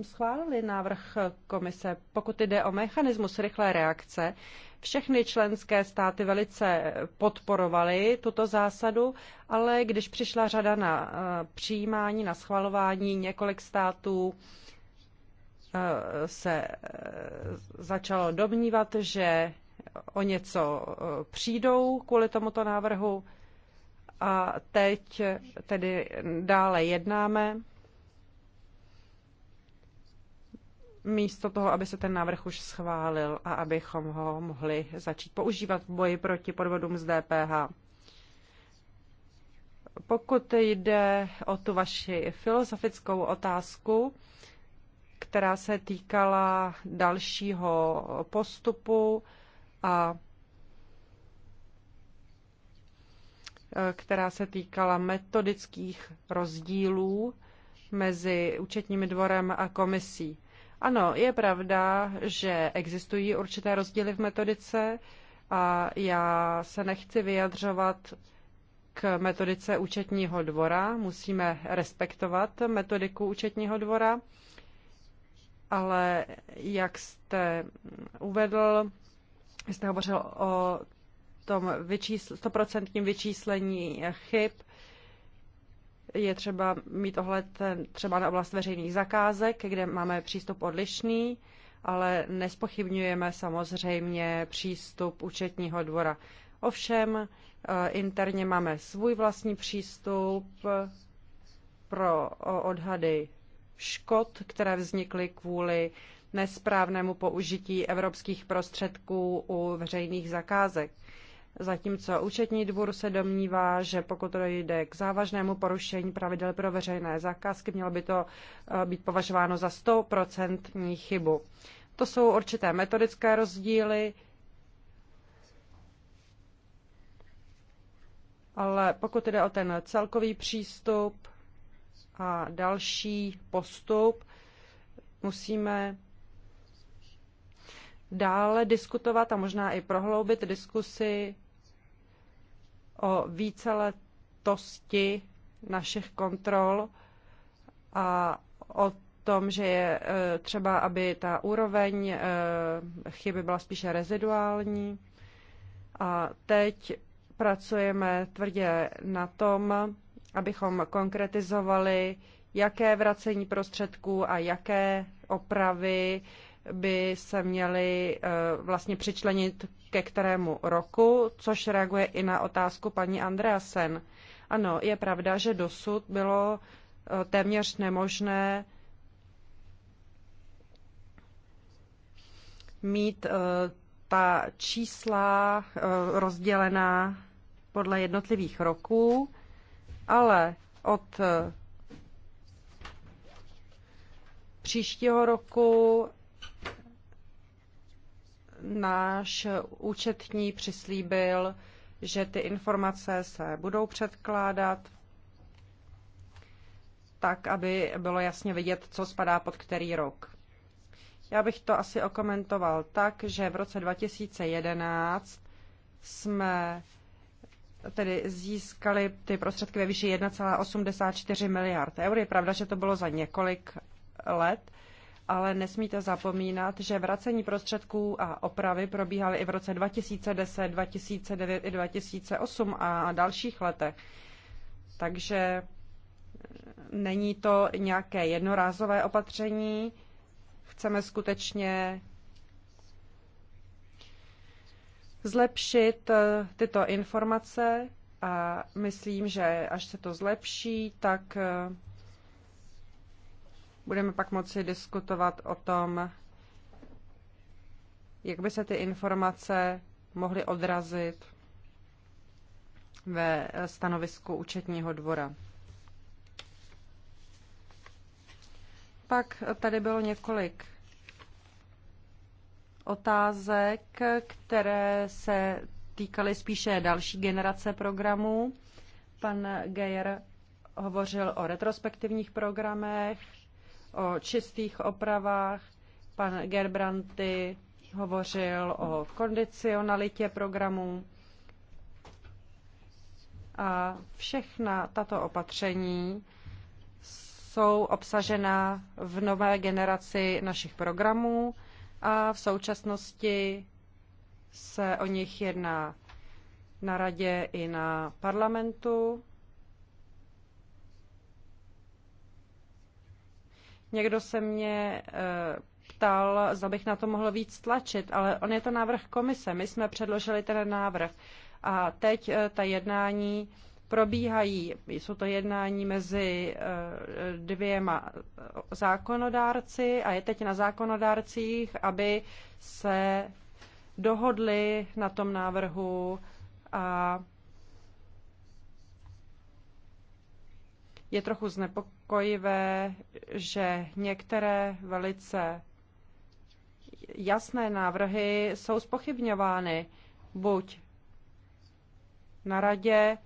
schválily návrh komise. Pokud jde o mechanismus rychlé reakce, všechny členské státy velice podporovaly tuto zásadu, ale když přišla řada na eh, přijímání, na schvalování, několik států eh, se začalo domnívat, že o něco e, přijdou kvůli tomuto návrhu a teď tedy dále jednáme. místo toho, aby se ten návrh už schválil a abychom ho mohli začít používat v boji proti podvodům z DPH. Pokud jde o tu vaši filozofickou otázku, která se týkala dalšího postupu, a e, která se týkala metodických rozdílů mezi účetním dvorem a komisí. Ano, je pravda, že existují určité rozdíly v metodice a já se nechci vyjadřovat k metodice účetního dvora. Musíme respektovat metodiku účetního dvora, ale jak jste uvedl, jste hovořil o tom stoprocentním 100% vyčíslení chyb. Je třeba mít ohled eh, třeba na oblast veřejných zakázek, kde máme přístup odlišný, ale nespochybňujeme samozřejmě přístup účetního dvora. Ovšem, eh, interně máme svůj vlastní přístup pro odhady škod, které vznikly kvůli nesprávnému použití evropských prostředků u veřejných zakázek. Zatímco účetní dvůr se domnívá, že pokud dojde k závažnému porušení pravidel pro veřejné zakázky, mělo by to eh, být považováno za 100% chybu. To jsou určité metodické rozdíly, ale pokud jde o ten celkový přístup a další postup, musíme dále diskutovat a možná i prohloubit diskusy o víceletosti našich kontrol a o tom, že je e, třeba, aby ta úroveň e, chyby byla spíše reziduální. A teď pracujeme tvrdě na tom, abychom konkretizovali, jaké vracení prostředků a jaké opravy by se měly eh, vlastně přičlenit ke kterému roku, což reaguje i na otázku paní Andreasen. Ano, je pravda, že dosud bylo eh, téměř nemožné mít eh, ta čísla rozdělená podle jednotlivých roků, ale od příštího roku náš účetní přislíbil, že ty informace se budou předkládat tak, aby bylo jasně vidět, co spadá pod který rok. Já bych to asi okomentoval tak, že v roce 2011 jsme tedy získali ty prostředky ve výši 1,84 miliard eur. Je pravda, že to bylo za několik let, ale nesmíte zapomínat, že vracení prostředků a opravy probíhaly i v roce 2010, 2009 i 2008 a dalších letech. Takže e, není to nějaké jednorázové opatření. Chceme skutečně zlepšit e, tyto informace a myslím, že až se to zlepší, tak e, Budeme pak moci diskutovat o tom, jak by se ty informace mohly odrazit ve stanovisku účetního dvora. Pak tady bylo několik otázek, které se týkaly spíše další generace programů. Pan Geyer hovořil o retrospektivních programech, o čistých opravách, pan Gerbranty hovořil o kondicionalitě programů a všechna tato opatření jsou obsažena v nové generaci našich programů a v současnosti se o nich jedná na radě i na parlamentu. Někdo se mě eh, ptal, zda bych na to mohl víc tlačit, ale on je to návrh komise. My jsme předložili ten návrh. A teď eh, ta jednání probíhají. Jsou to jednání mezi eh, dvěma zákonodárci a je teď na zákonodárcích, aby se dohodli na tom návrhu a je trochu znepokojené, znepokojivé, že některé velice jasné návrhy jsou spochybňovány buď na radě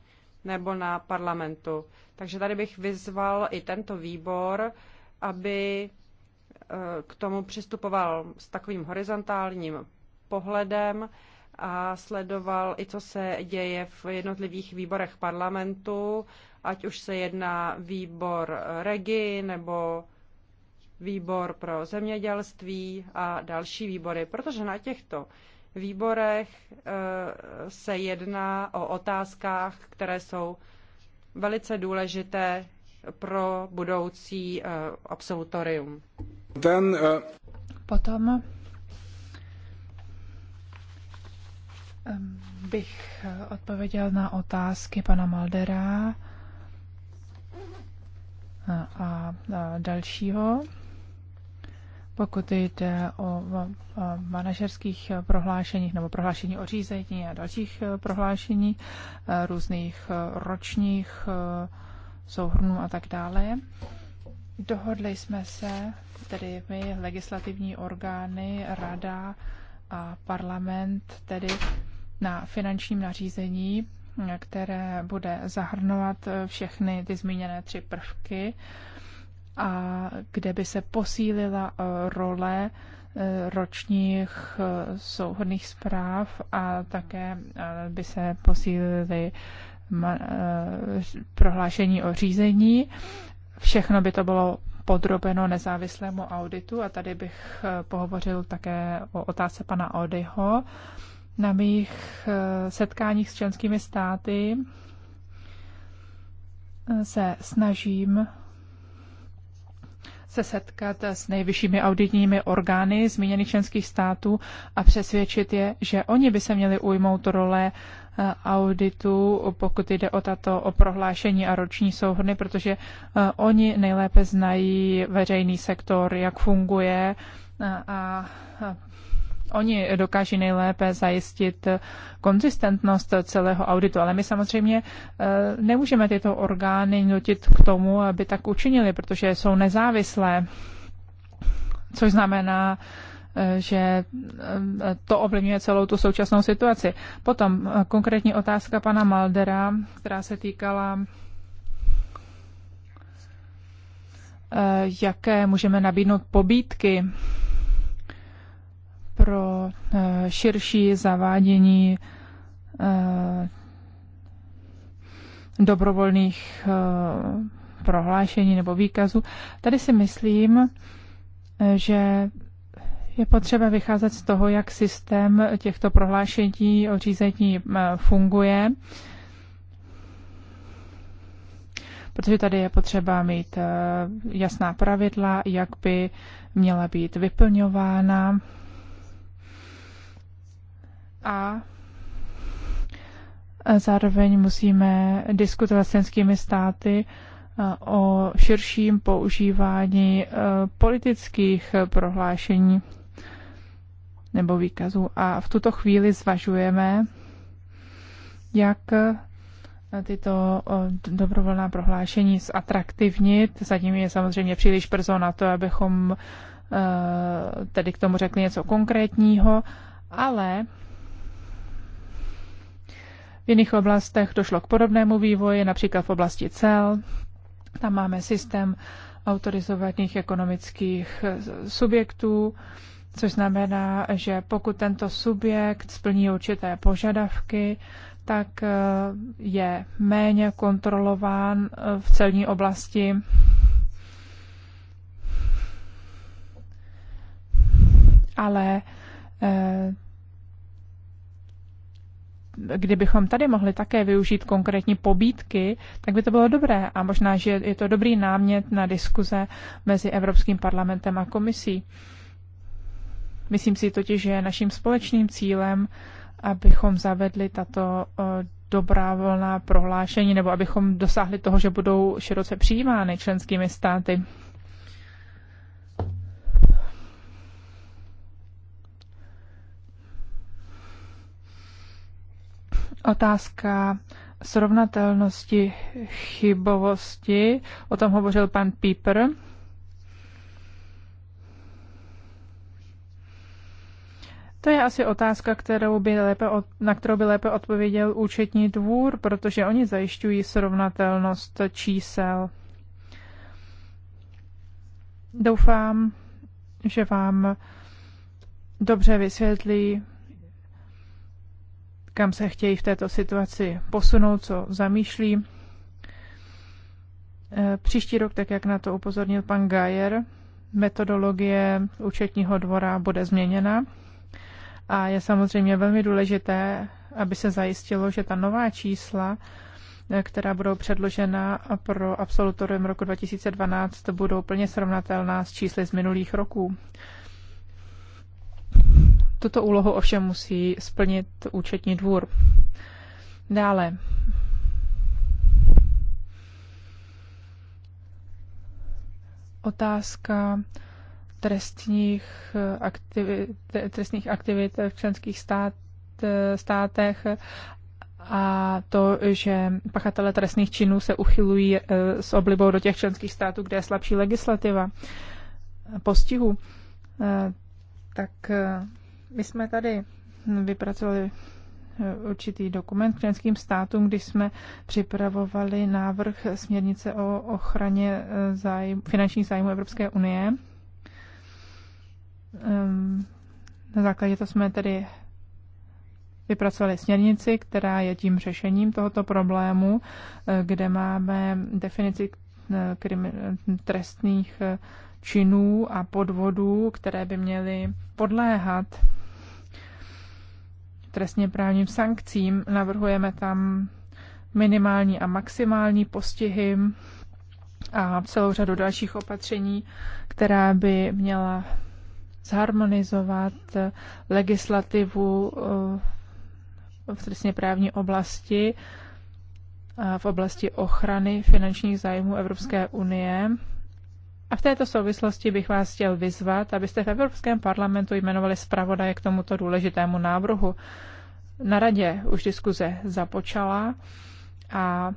nebo na parlamentu. Takže tady bych vyzval i tento výbor, aby eh, k tomu přistupoval s takovým horizontálním pohledem a sledoval i, co se děje v jednotlivých výborech parlamentu ať už se jedná výbor regi nebo výbor pro zemědělství a další výbory, protože na těchto výborech eh, se jedná o otázkách, které jsou velice důležité pro budoucí eh, absolutorium. Ten, uh... Potom bych odpověděl na otázky pana Maldera a dalšího. Pokud jde o manažerských prohlášeních nebo prohlášení o řízení a dalších e, prohlášení e, různých e, ročních souhrnů a tak dále, dohodli jsme se, tedy my, legislativní orgány, rada a parlament, tedy na finančním nařízení které bude zahrnovat všechny ty zmíněné tři prvky a kde by se posílila eh, role eh, ročních eh, souhodných zpráv a také by se posílily prohlášení o řízení. Všechno by to bylo podrobeno nezávislému auditu a tady bych pohovořil také o otázce pana Odyho na mých eh, setkáních s členskými státy eh, se snažím se setkat s nejvyššími auditními orgány zmíněných členských států a přesvědčit je, že oni by se měli ujmout role eh, auditu, pokud jde o tato o prohlášení a roční souhrny, protože oni nejlépe znají veřejný sektor, jak funguje a Oni dokáží nejlépe zajistit konzistentnost celého auditu, ale my samozřejmě eh, nemůžeme tyto orgány nutit k tomu, aby tak učinili, protože jsou nezávislé, což znamená, eh, že eh, to ovlivňuje celou tu současnou situaci. Potom konkrétní otázka pana Maldera, která se týkala jaké můžeme nabídnout pobídky pro eh, širší zavádění eh, dobrovolných eh, prohlášení nebo výkazů. Tady si myslím, že je potřeba vycházet z toho, jak systém těchto prohlášení o řízení funguje, protože tady je potřeba mít jasná pravidla, jak by měla být vyplňována a zároveň musíme diskutovat s členskými státy e, o širším používání e, politických prohlášení nebo výkazů. A v tuto chvíli zvažujeme, jak e, tyto dobrovolná prohlášení zatraktivnit. Zatím je samozřejmě příliš brzo na to, abychom tedy k tomu řekli něco konkrétního, ale v jiných oblastech došlo k podobnému vývoji, například v oblasti cel. Tam máme systém autorizovaných ekonomických subjektů, což znamená, že pokud tento subjekt splní určité požadavky, tak eh, je méně kontrolován eh, v celní oblasti. Ale eh, kdybychom tady mohli také využít konkrétní pobídky, tak by to bylo dobré a možná, že je to dobrý námět na diskuze mezi Evropským parlamentem a komisí. Myslím si totiž, že je naším společným cílem, abychom zavedli tato dobrá volná prohlášení, nebo abychom dosáhli toho, že budou široce přijímány členskými státy. Otázka srovnatelnosti chybovosti, o tom hovořil pan Pieper. To je asi otázka, kterou by lépe na kterou by lépe odpověděl účetní dvůr, protože oni zajišťují srovnatelnost čísel. Doufám, že vám dobře vysvětlí kam se chtějí v této situaci posunout, co zamýšlí. E, příští rok, tak jak na to upozornil pan Gajer, metodologie účetního dvora bude změněna a je samozřejmě velmi důležité, aby se zajistilo, že ta nová čísla, e, která budou předložena pro absolutorium roku 2012, budou plně srovnatelná s čísly z minulých roků. Tuto úlohu ovšem musí splnit účetní dvůr. Dále. Otázka trestních aktivit, trestních aktivit v členských stát, státech a to, že pachatele trestných činů se uchylují eh, s oblibou do těch členských států, kde je slabší legislativa postihu, eh, tak eh, my jsme tady vypracovali eh, určitý dokument k členským státům, když jsme připravovali návrh směrnice o ochraně eh, zájmu, finančních zájmů Evropské unie. Ehm, na základě to jsme tedy vypracovali směrnici, která je tím řešením tohoto problému, eh, kde máme definici trestných činů a podvodů, které by měly podléhat trestně právním sankcím. Navrhujeme tam minimální a maximální postihy a celou řadu dalších opatření, která by měla zharmonizovat legislativu eh, v trestně právní oblasti, v oblasti ochrany finančních zájmů Evropské unie a v této souvislosti bych vás chtěl vyzvat, abyste v Evropském parlamentu jmenovali zpravodaje k tomuto důležitému návrhu. Na radě už diskuze započala a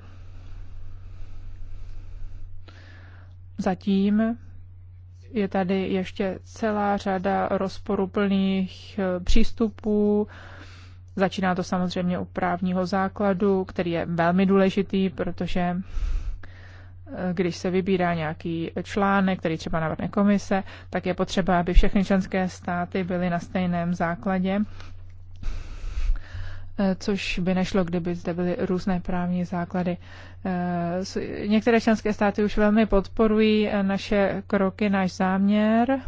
zatím je tady ještě celá řada rozporuplných eh, přístupů. Začíná to samozřejmě u právního základu, který je velmi důležitý, protože když se vybírá nějaký článek, který třeba navrhne komise, tak je potřeba, aby všechny členské státy byly na stejném základě, což by nešlo, kdyby zde byly různé právní základy. Některé členské státy už velmi podporují naše kroky, náš záměr.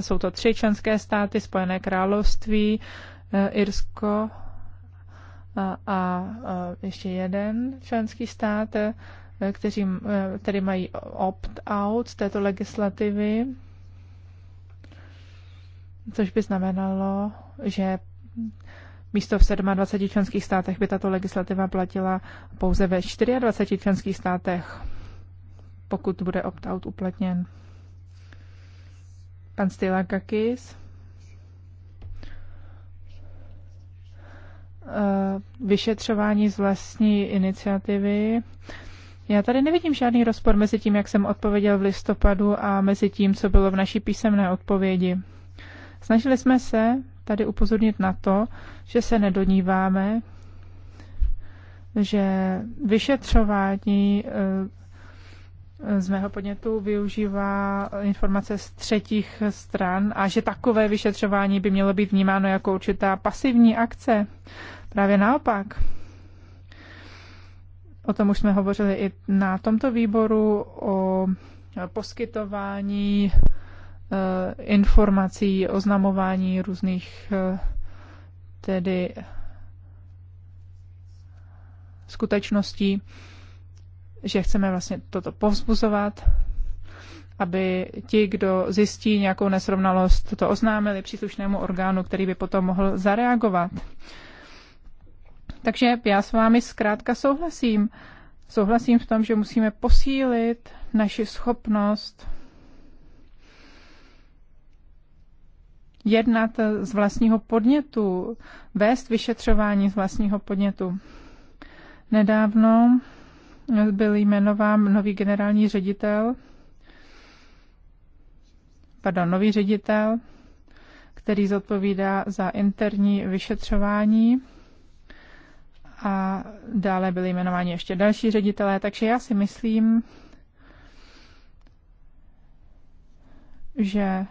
Jsou to tři členské státy, Spojené království, Irsko a, a ještě jeden členský stát Eh, kteří eh, tedy mají opt-out z této legislativy, což by znamenalo, že místo v 27 členských státech by tato legislativa platila pouze ve 24 členských státech, pokud bude opt-out uplatněn. Pan Stylakakis eh, vyšetřování z vlastní iniciativy. Já tady nevidím žádný rozpor mezi tím, jak jsem odpověděl v listopadu a mezi tím, co bylo v naší písemné odpovědi. Snažili jsme se tady upozornit na to, že se nedoníváme, že vyšetřování eh, z mého podnětu využívá informace z třetích stran a že takové vyšetřování by mělo být vnímáno jako určitá pasivní akce. Právě naopak, O tom už jsme hovořili i na tomto výboru o poskytování eh, informací, oznamování různých eh, tedy skutečností, že chceme vlastně toto povzbuzovat, aby ti, kdo zjistí nějakou nesrovnalost, to oznámili příslušnému orgánu, který by potom mohl zareagovat. Takže já s vámi zkrátka souhlasím. Souhlasím v tom, že musíme posílit naši schopnost jednat z vlastního podnětu, vést vyšetřování z vlastního podnětu. Nedávno byl jmenován nový generální ředitel, pardon, nový ředitel, který zodpovídá za interní vyšetřování a dále byli jmenováni ještě další ředitelé, takže já si myslím, že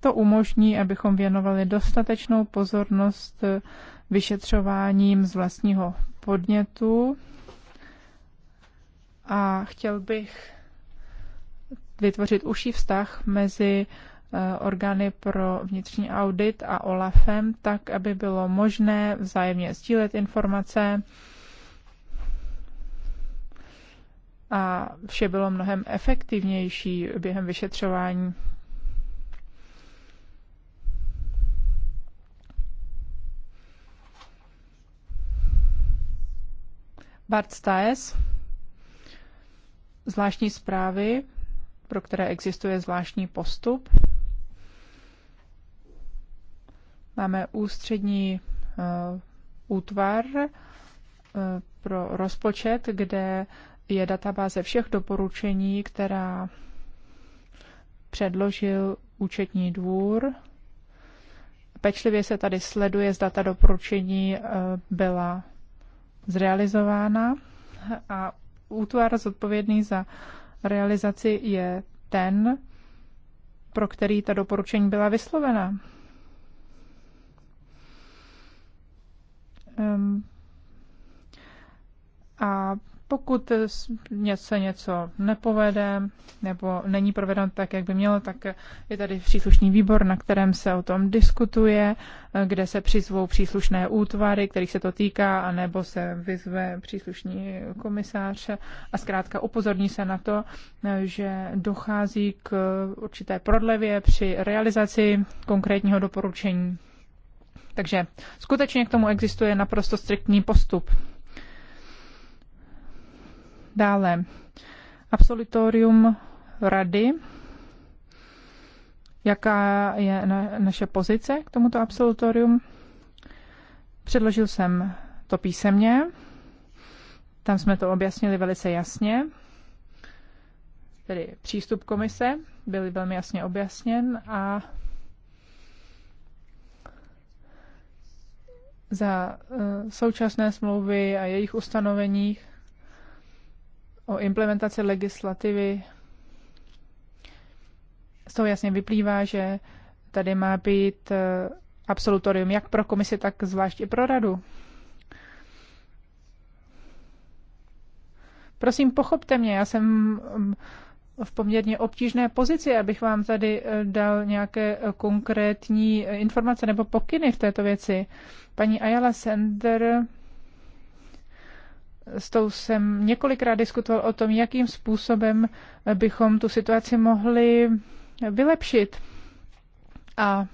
to umožní, abychom věnovali dostatečnou pozornost vyšetřováním z vlastního podnětu. A chtěl bych vytvořit užší vztah mezi Eh, orgány pro vnitřní audit a OLAFem, tak aby bylo možné vzájemně sdílet informace a vše bylo mnohem efektivnější během vyšetřování. Bart Staes, zvláštní zprávy, pro které existuje zvláštní postup. Máme ústřední eh, útvar eh, pro rozpočet, kde je databáze všech doporučení, která předložil účetní dvůr. Pečlivě se tady sleduje, zda ta doporučení eh, byla zrealizována a útvar zodpovědný za realizaci je ten, pro který ta doporučení byla vyslovena. a pokud něco, něco nepovede nebo není provedeno tak, jak by mělo, tak je tady příslušný výbor, na kterém se o tom diskutuje, eh, kde se přizvou příslušné útvary, kterých se to týká, anebo se vyzve příslušní komisář a zkrátka upozorní se na to, eh, že dochází k určité prodlevě při realizaci konkrétního doporučení takže skutečně k tomu existuje naprosto striktní postup. Dále, absolutorium rady. Jaká je na, naše pozice k tomuto absolutorium? Předložil jsem to písemně. Tam jsme to objasnili velice jasně. Tedy přístup komise byl velmi jasně objasněn a za eh, současné smlouvy a jejich ustanoveních o implementaci legislativy. Z toho jasně vyplývá, že tady má být eh, absolutorium jak pro komisi, tak zvlášť i pro radu. Prosím, pochopte mě, já jsem mm, v poměrně obtížné pozici, abych vám tady eh, dal nějaké eh, konkrétní eh, informace nebo pokyny v této věci. Paní Ayala Sender, s tou jsem několikrát diskutoval o tom, jakým způsobem bychom tu situaci mohli vylepšit. A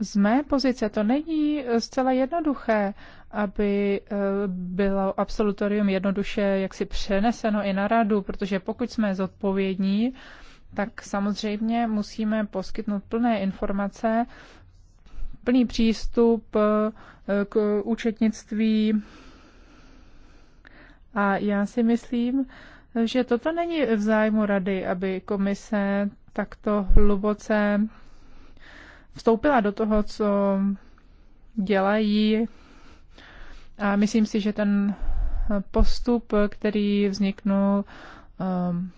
z mé pozice to není eh, zcela jednoduché, aby eh, bylo absolutorium jednoduše jaksi přeneseno i na radu, protože pokud jsme zodpovědní, tak samozřejmě musíme poskytnout plné informace, plný přístup eh, k účetnictví. A já si myslím, že toto není v zájmu rady, aby komise takto hluboce vstoupila do toho, co dělají. A myslím si, že ten postup, který vzniknul ehm,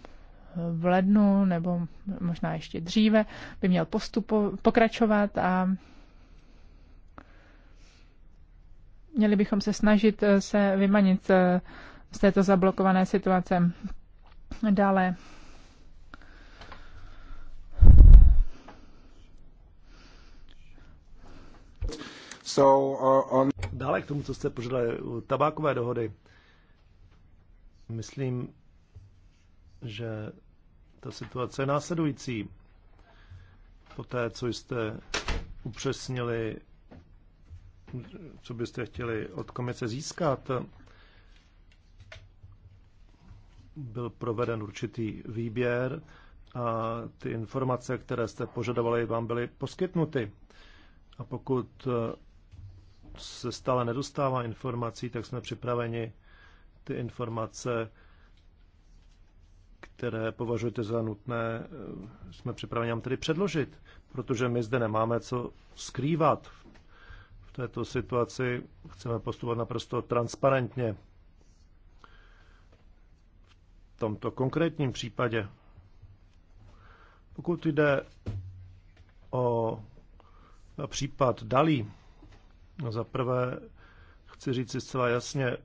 v lednu nebo možná ještě dříve, by měl postupo- pokračovat a měli bychom se snažit eh, se vymanit eh, z této zablokované situace. Dále So, uh, eh, on... Dále k tomu, co jste požadali, tabákové dohody. Myslím, že ta situace je následující. Poté, co jste upřesnili, co byste chtěli od komise získat, byl proveden určitý výběr a ty informace, které jste požadovali, vám byly poskytnuty. A pokud eh, se stále nedostává informací, tak jsme připraveni ty informace, které považujete za nutné, eh, jsme připraveni nám tedy předložit, protože my zde nemáme co skrývat. V této situaci chceme postupovat naprosto transparentně. V tomto konkrétním případě, pokud jde o případ Dalí, No, za prvé chci říct si zcela jasně,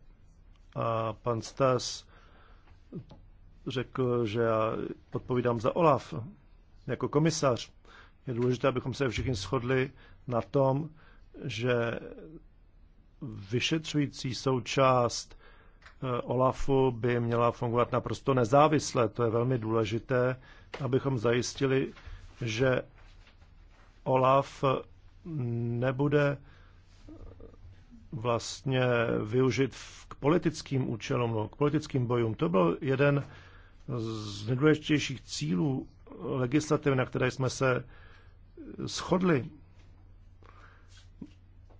a pan Stas řekl, že já odpovídám za OLAF jako komisař. Je důležité, abychom se všichni shodli na tom, že vyšetřující součást eh, OLAFu by měla fungovat naprosto nezávisle. To je velmi důležité, abychom zajistili, že OLAF nebude vlastně využit k politickým účelům, no, k politickým bojům. To byl jeden z nejdůležitějších cílů legislativy, na které jsme se shodli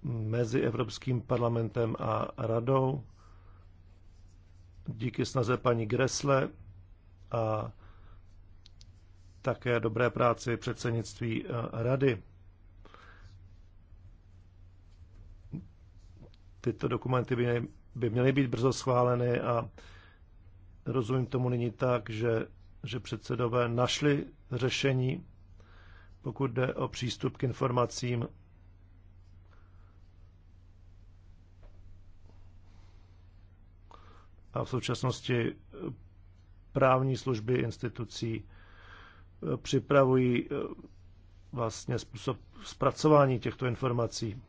mezi Evropským parlamentem a radou díky snaze paní Gresle a také dobré práci předsednictví eh, rady. Tyto dokumenty by, by měly být brzo schváleny a rozumím tomu nyní tak, že, že předsedové našli řešení, pokud jde o přístup k informacím. A v současnosti právní služby institucí eh, připravují eh, vlastně způsob zpracování těchto informací.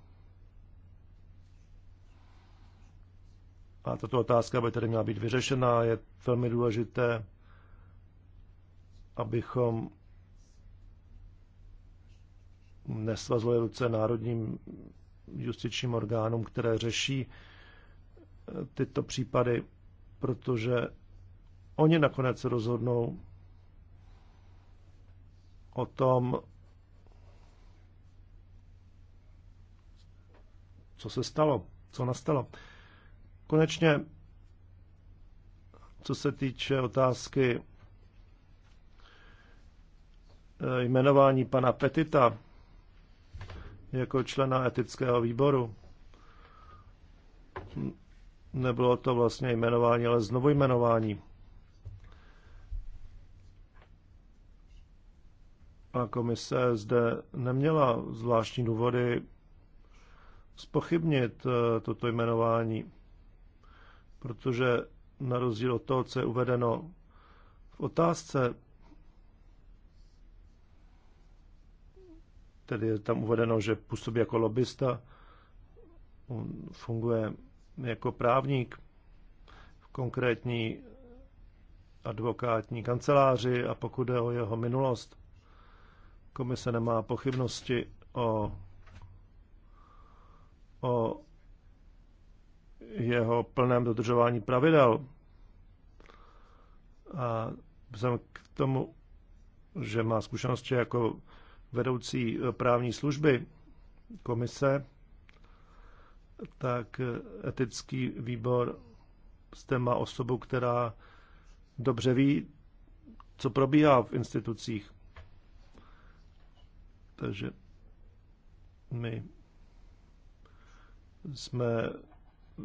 A tato otázka by tedy měla být vyřešena. Je velmi důležité, abychom nesvazuje ruce národním justičním orgánům, které řeší eh, tyto případy, protože oni nakonec rozhodnou o tom, co se stalo, co nastalo. Konečně, co se týče otázky eh, jmenování pana Petita jako člena etického výboru, nebylo to vlastně jmenování, ale znovu jmenování. A komise zde neměla zvláštní důvody spochybnit eh, toto jmenování protože na rozdíl od toho, co je uvedeno v otázce, tedy je tam uvedeno, že působí jako lobbysta, on funguje jako právník v konkrétní advokátní kanceláři a pokud jde o jeho minulost, komise nemá pochybnosti o, o jeho plném dodržování pravidel. A vzhledem k tomu, že má zkušenosti jako vedoucí právní služby komise, tak etický výbor zde má osobu, která dobře ví, co probíhá v institucích. Takže my jsme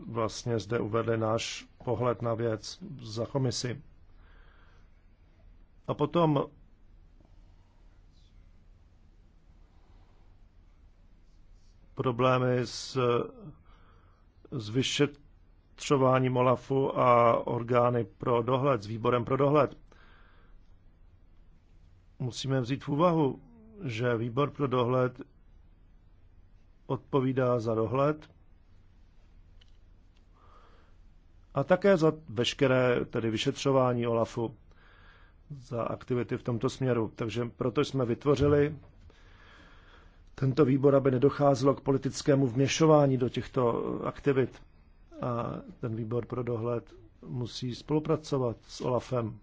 vlastně zde uvedli náš pohled na věc za komisi. A potom problémy s, s vyšetřováním OLAFu a orgány pro dohled, s výborem pro dohled. Musíme vzít v úvahu, že výbor pro dohled odpovídá za dohled a také za veškeré tedy vyšetřování OLAFu za aktivity v tomto směru. Takže proto jsme vytvořili tento výbor, aby nedocházelo k politickému vměšování do těchto aktivit. A ten výbor pro dohled musí spolupracovat s OLAFem,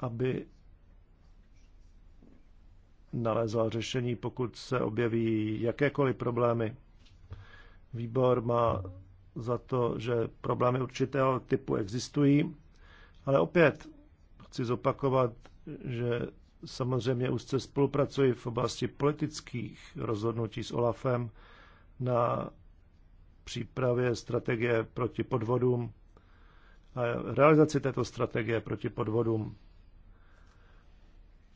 aby nalézal řešení, pokud se objeví jakékoliv problémy. Výbor má za to, že problémy určitého typu existují, ale opět chci zopakovat, že samozřejmě úzce spolupracuji v oblasti politických rozhodnutí s OLAFem na přípravě strategie proti podvodům a realizaci této strategie proti podvodům.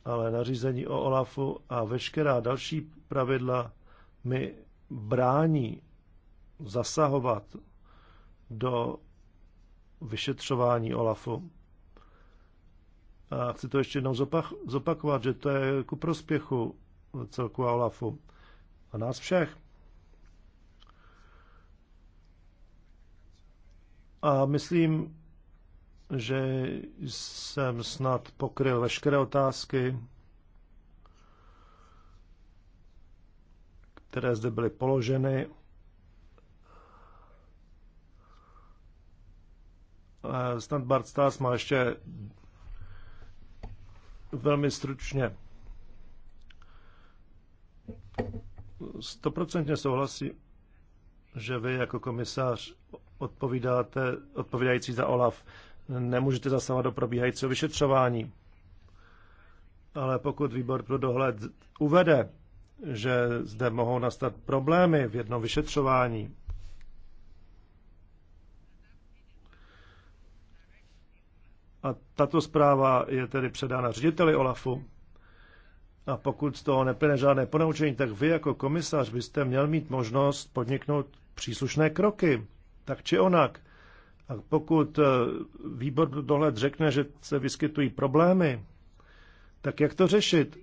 Ale nařízení o OLAFu a veškerá další pravidla mi brání zasahovat do vyšetřování OLAFu. A chci to ještě jednou zopakovat, že to je ku prospěchu celku a OLAFu a nás všech. A myslím, že jsem snad pokryl veškeré otázky, které zde byly položeny. Eh, Bart Stas má ještě velmi stručně. Stoprocentně souhlasím, že vy jako komisář odpovídáte, odpovídající za OLAF, nemůžete zasahovat do probíhajícího vyšetřování. Ale pokud výbor pro dohled uvede, že zde mohou nastat problémy v jednom vyšetřování, A tato zpráva je tedy předána řediteli OLAFu. A pokud z toho neplyne žádné ponaučení, tak vy jako komisař byste měl mít možnost podniknout příslušné kroky, tak či onak. A pokud eh, výbor dohled řekne, že se vyskytují problémy, tak jak to řešit?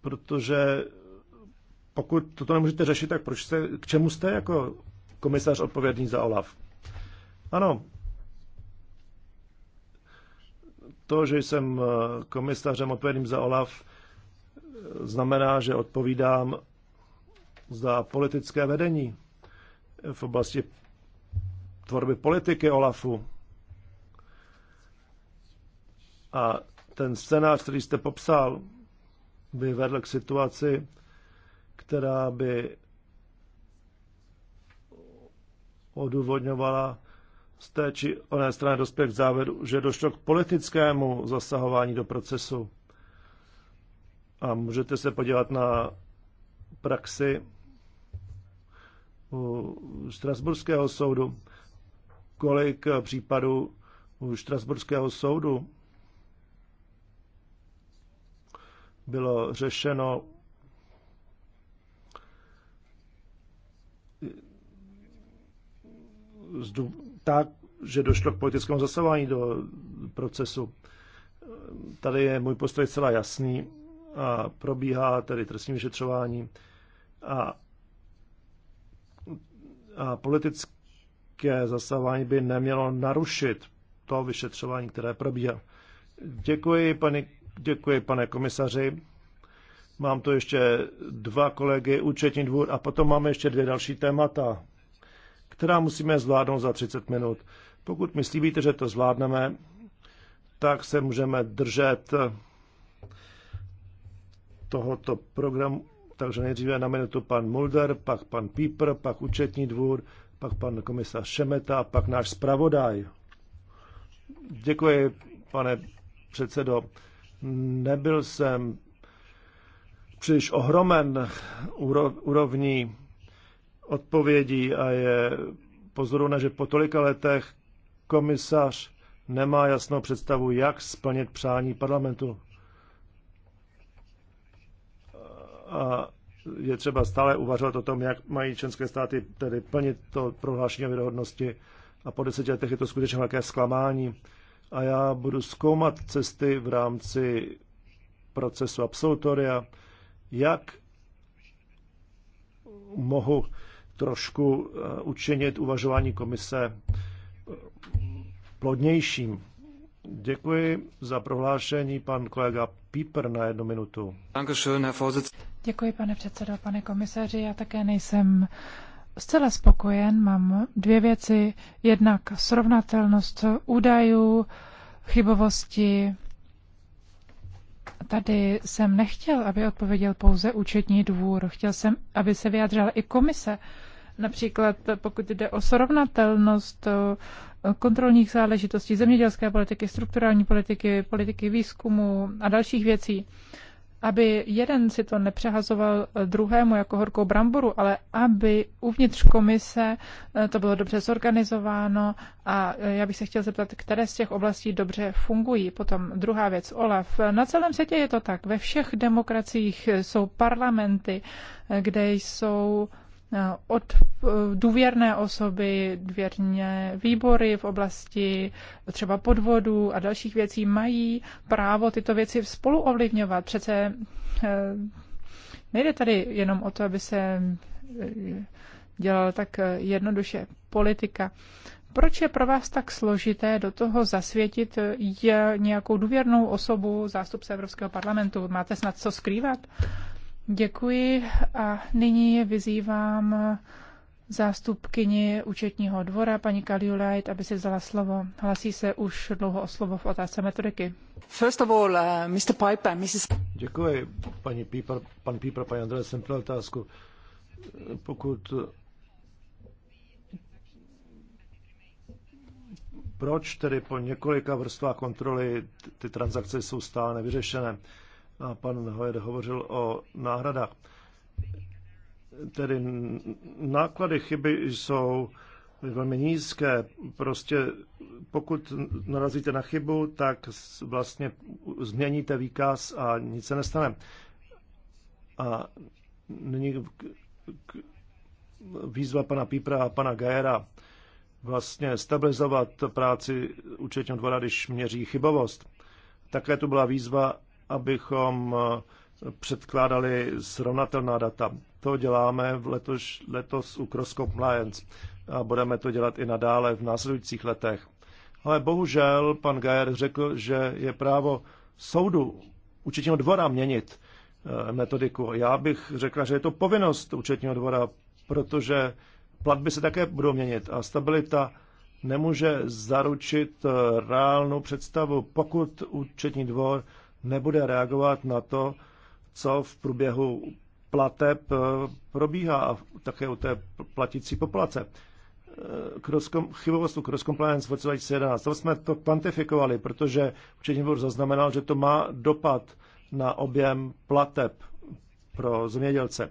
Protože pokud toto nemůžete řešit, tak proč jste, k čemu jste jako komisař odpovědný za OLAF? Ano, to, že jsem eh, komisařem odpovědným za OLAF, eh, znamená, že odpovídám za politické vedení v oblasti tvorby politiky OLAFu. A ten scénář, který jste popsal, by vedl k situaci, která by odůvodňovala z té či oné strany dospěl k závěru, že došlo k politickému zasahování do procesu. A můžete se podívat na praxi u Strasburského soudu, kolik případů u Strasburského soudu bylo řešeno tak, že došlo k politickému zasahování do procesu. Tady je můj postoj celá jasný a probíhá tedy trestní vyšetřování a, a politické zasahování by nemělo narušit to vyšetřování, které probíhá. Děkuji, pane, děkuji pane komisaři. Mám tu ještě dva kolegy, účetní dvůr a potom máme ještě dvě další témata která musíme zvládnout za 30 minut. Pokud myslíte, že to zvládneme, tak se můžeme držet tohoto programu. Takže nejdříve na minutu pan Mulder, pak pan Píper, pak účetní dvůr, pak pan komisař Šemeta, pak náš zpravodaj. Děkuji, pane předsedo. Nebyl jsem příliš ohromen úrovní odpovědí a je pozorovné, že po tolika letech komisař nemá jasnou představu, jak splnit přání parlamentu. A je třeba stále uvažovat o tom, jak mají členské státy tedy plnit to prohlášení o věrohodnosti. A po deseti letech je to skutečně velké zklamání. A já budu zkoumat cesty v rámci procesu absolutoria, jak mohu trošku eh, učinit uvažování komise eh, plodnějším. Děkuji za prohlášení pan kolega Píper na jednu minutu. Děkuji, pane předsedo, pane komisaři. Já také nejsem zcela spokojen. Mám dvě věci. Jednak srovnatelnost údajů, chybovosti Tady jsem nechtěl, aby odpověděl pouze účetní dvůr. Chtěl jsem, aby se vyjádřila i komise. Například pokud jde o srovnatelnost kontrolních záležitostí, zemědělské politiky, strukturální politiky, politiky výzkumu a dalších věcí aby jeden si to nepřehazoval druhému jako horkou bramboru, ale aby uvnitř komise eh, to bylo dobře zorganizováno a eh, já bych se chtěl zeptat, které z těch oblastí dobře fungují. Potom druhá věc, OLAF. Na celém světě je to tak. Ve všech demokraciích jsou parlamenty, eh, kde jsou Eh, od eh, důvěrné osoby, důvěrné výbory v oblasti třeba podvodů a dalších věcí mají právo tyto věci spolu ovlivňovat. Přece eh, nejde tady jenom o to, aby se dělala tak jednoduše politika. Proč je pro vás tak složité do toho zasvětit nějakou důvěrnou osobu zástupce Evropského parlamentu? Máte snad co skrývat? Děkuji a nyní vyzývám zástupkyni účetního dvora, paní Kaliulajt, aby si vzala slovo. Hlasí se už dlouho o slovo v otázce metodiky. First of all, uh, Mr. Piper, Mrs. Děkuji, paní Piper, pan Piper, paní Andrej, jsem pro otázku. Pokud proč tedy po několika vrstvách kontroly ty transakce jsou stále nevyřešené? a pan Hoyer hovořil o náhradách. Tedy náklady chyby jsou velmi nízké. Prostě pokud narazíte na chybu, tak vlastně změníte výkaz a nic se nestane. A nyní k, výzva pana Pípra a pana Gajera vlastně stabilizovat práci účetního dvora, když měří chybovost. Také tu byla výzva, abychom eh, předkládali srovnatelná data. To děláme v letoš, letos u Crosscope Lions a budeme to dělat i nadále v následujících letech. Ale bohužel pan Gajer řekl, že je právo soudu účetního dvora měnit eh, metodiku. Já bych řekla, že je to povinnost účetního dvora, protože platby se také budou měnit a stabilita nemůže zaručit eh, reálnou představu, pokud účetní dvor nebude reagovat na to, co v průběhu plateb eh, probíhá a také u té platící populace. Eh, chybovost u cross compliance v roce 2011. To jsme to kvantifikovali, protože určitě bych zaznamenal, že to má dopad na objem plateb pro zemědělce.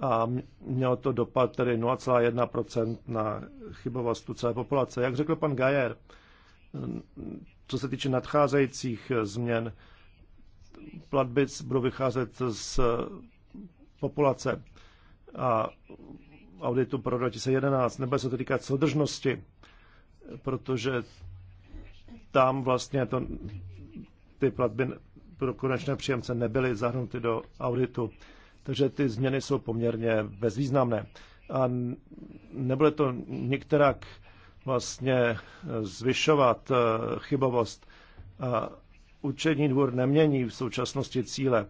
A mělo to dopad tedy 0,1% na chybovost u celé populace. Jak řekl pan Gajer, co se týče nadcházejících eh, změn, Platby budou vycházet z populace a auditu pro 2011. Nebude se to týkat soudržnosti, protože tam vlastně to, ty platby pro konečné příjemce nebyly zahrnuty do auditu. Takže ty změny jsou poměrně bezvýznamné. A nebude to některak vlastně zvyšovat eh, chybovost. A Učení dvůr nemění v současnosti cíle.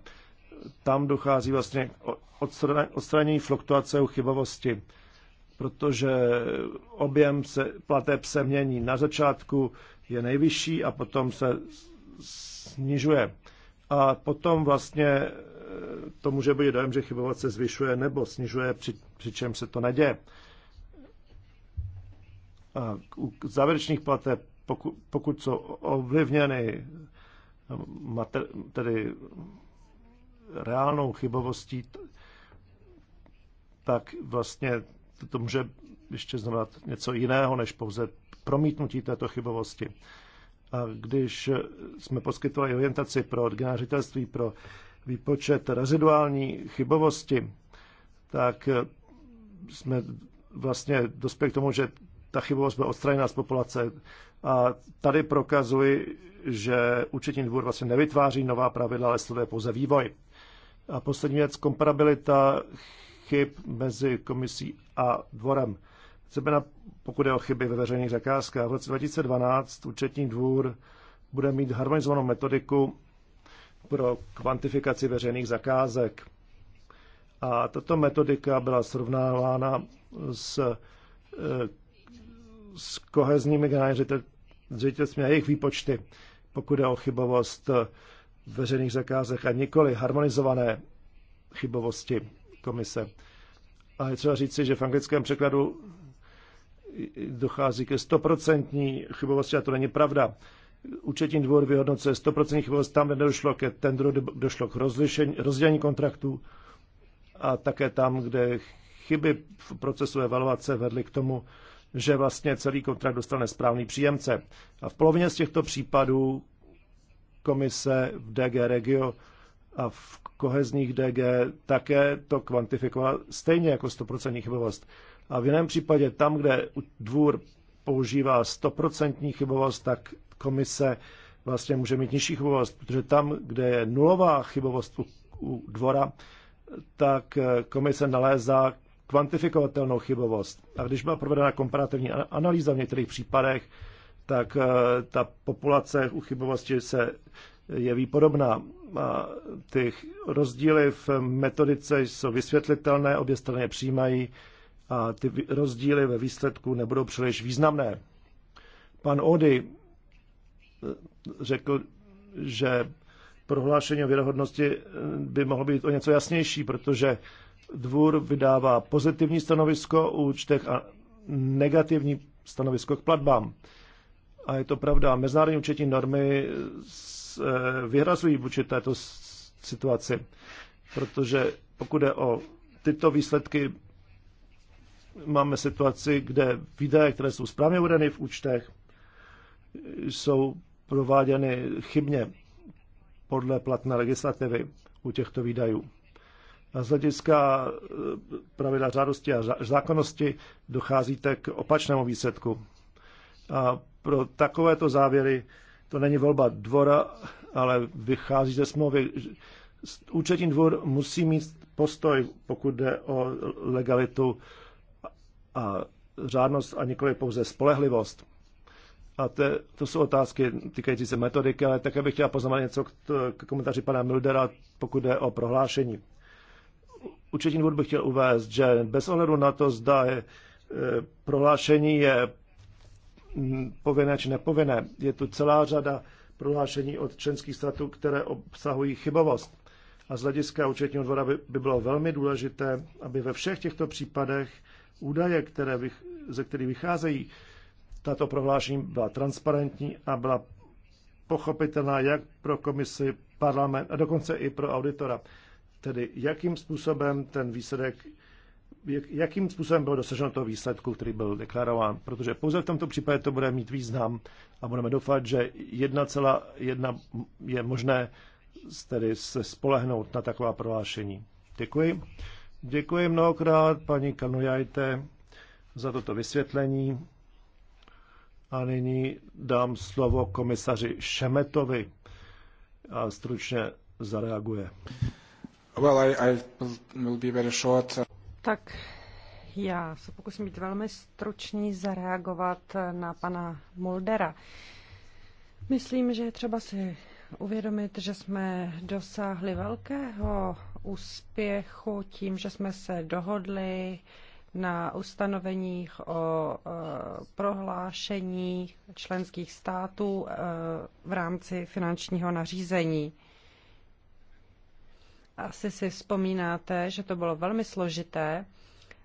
Tam dochází vlastně odstranění fluktuace u chybovosti, protože objem se, plateb se mění. Na začátku je nejvyšší a potom se snižuje. A potom vlastně eh, to může být dojem, že chybovat se zvyšuje nebo snižuje, při, přičem se to neděje. A u závěrečných plateb, poku, pokud jsou ovlivněny mater, tedy reálnou chybovostí, tak vlastně to může ještě znamenat něco jiného, než pouze promítnutí této chybovosti. A když jsme poskytovali orientaci pro generálitelství pro výpočet reziduální chybovosti, tak jsme vlastně dospěli k tomu, že ta chybovost byla odstraněna z populace. A tady prokazuji, že účetní dvůr vlastně nevytváří nová pravidla, ale sleduje pouze vývoj. A poslední věc, komparabilita chyb mezi komisí a dvorem. Zejména pokud je o chyby ve veřejných zakázkách. V roce 2012 účetní dvůr bude mít harmonizovanou metodiku pro kvantifikaci veřejných zakázek. A tato metodika byla srovnávána s eh, s kohezními generálními ředitelstvím a jejich výpočty, pokud je o chybovost eh, veřejných zakázek a nikoli harmonizované chybovosti komise. A je třeba říci, že v anglickém překladu dochází ke stoprocentní chybovosti a to není pravda. Účetní dvůr vyhodnocuje 100% chybovost tam, kde došlo ke tendru, došlo k rozlišení, rozdělení kontraktů a také tam, kde chyby v procesu evaluace vedly k tomu, že vlastně celý kontrakt dostane správný příjemce. A v polovině z těchto případů komise v DG Regio a v kohezních DG také to kvantifikovala stejně jako 100% chybovost. A v jiném případě tam, kde dvůr používá 100% chybovost, tak komise vlastně může mít nižší chybovost, protože tam, kde je nulová chybovost u, u dvora, tak komise nalézá kvantifikovatelnou chybovost. A když byla provedena komparativní analýza v některých případech, tak eh, ta populace u chybovosti se jeví podobná. A ty rozdíly v metodice jsou vysvětlitelné, obě strany je přijímají a ty rozdíly ve výsledku nebudou příliš významné. Pan Ody eh, řekl, že prohlášení o věrohodnosti eh, by mohlo být o něco jasnější, protože dvůr vydává pozitivní stanovisko u účtech a negativní stanovisko k platbám. A je to pravda, mezinárodní účetní normy eh, vyhrazují vůči této situaci, protože pokud je o tyto výsledky, máme situaci, kde výdaje, které jsou správně uvedeny v účtech, jsou prováděny chybně podle platné legislativy u těchto výdajů z hlediska eh, pravidla řádosti a zákonnosti docházíte k opačnému výsledku. A pro takovéto závěry to není volba dvora, ale vychází ze smlouvy. Účetní dvor musí mít postoj, pokud jde o legalitu a řádnost a nikoli pouze spolehlivost. A to, to jsou otázky týkající se metodiky, ale také bych chtěla poznamenat něco k, k komentáři pana Mildera, pokud jde o prohlášení. Účetní dvůr bych chtěl uvést, že bez ohledu na to, zda je, e, prohlášení je povinné či nepovinné, je tu celá řada prohlášení od členských států, které obsahují chybovost. A z hlediska účetního dvora by, by bylo velmi důležité, aby ve všech těchto případech údaje, které vych, ze kterých vycházejí tato prohlášení, byla transparentní a byla pochopitelná jak pro komisi, parlament a dokonce i pro auditora. Tedy jakým způsobem ten výsledek, jakým způsobem bylo dosaženo toho výsledku, který byl deklarován, protože pouze v tomto případě to bude mít význam a budeme doufat, že 1,1 je možné tedy se spolehnout na taková prohlášení. Děkuji. Děkuji mnohokrát paní Kanujajte za toto vysvětlení. A nyní dám slovo komisaři Šemetovi a stručně zareaguje. Well, I, I will be very short. Tak já se pokusím být velmi stručný zareagovat na pana Muldera. Myslím, že je třeba si uvědomit, že jsme dosáhli velkého úspěchu tím, že jsme se dohodli na ustanoveních o e, prohlášení členských států e, v rámci finančního nařízení. Asi si vzpomínáte, že to bylo velmi složité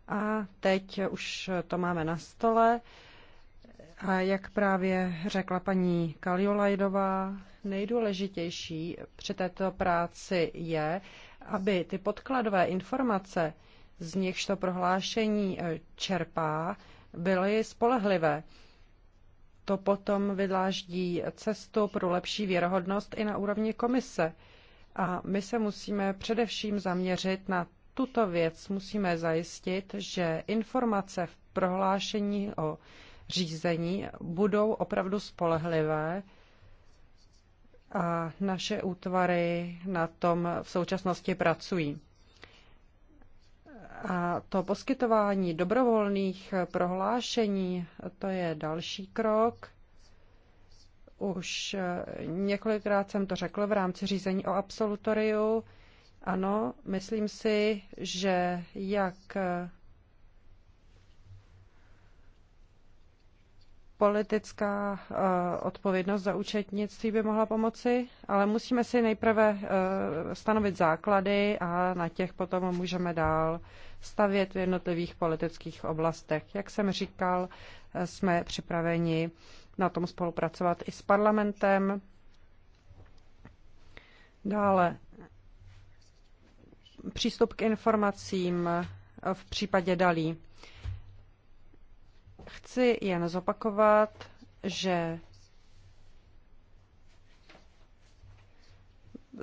a teď už to máme na stole. A jak právě řekla paní Kaliolajdová, nejdůležitější při této práci je, aby ty podkladové informace, z nichž to prohlášení e, čerpá, byly spolehlivé. To potom vydláždí cestu pro lepší věrohodnost i na úrovni komise. A my se musíme především zaměřit na tuto věc. Musíme zajistit, že informace v prohlášení o řízení budou opravdu spolehlivé a naše útvary na tom v současnosti pracují. A to poskytování dobrovolných prohlášení, to je další krok. Už eh, několikrát jsem to řekl v rámci řízení o absolutoriu. Ano, myslím si, že jak eh, politická eh, odpovědnost za účetnictví by mohla pomoci, ale musíme si nejprve stanovit základy a na těch potom můžeme dál stavět v jednotlivých politických oblastech. Jak jsem říkal, jsme připraveni na tom spolupracovat i s parlamentem. Dále přístup k informacím v případě dalí. Chci jen zopakovat, že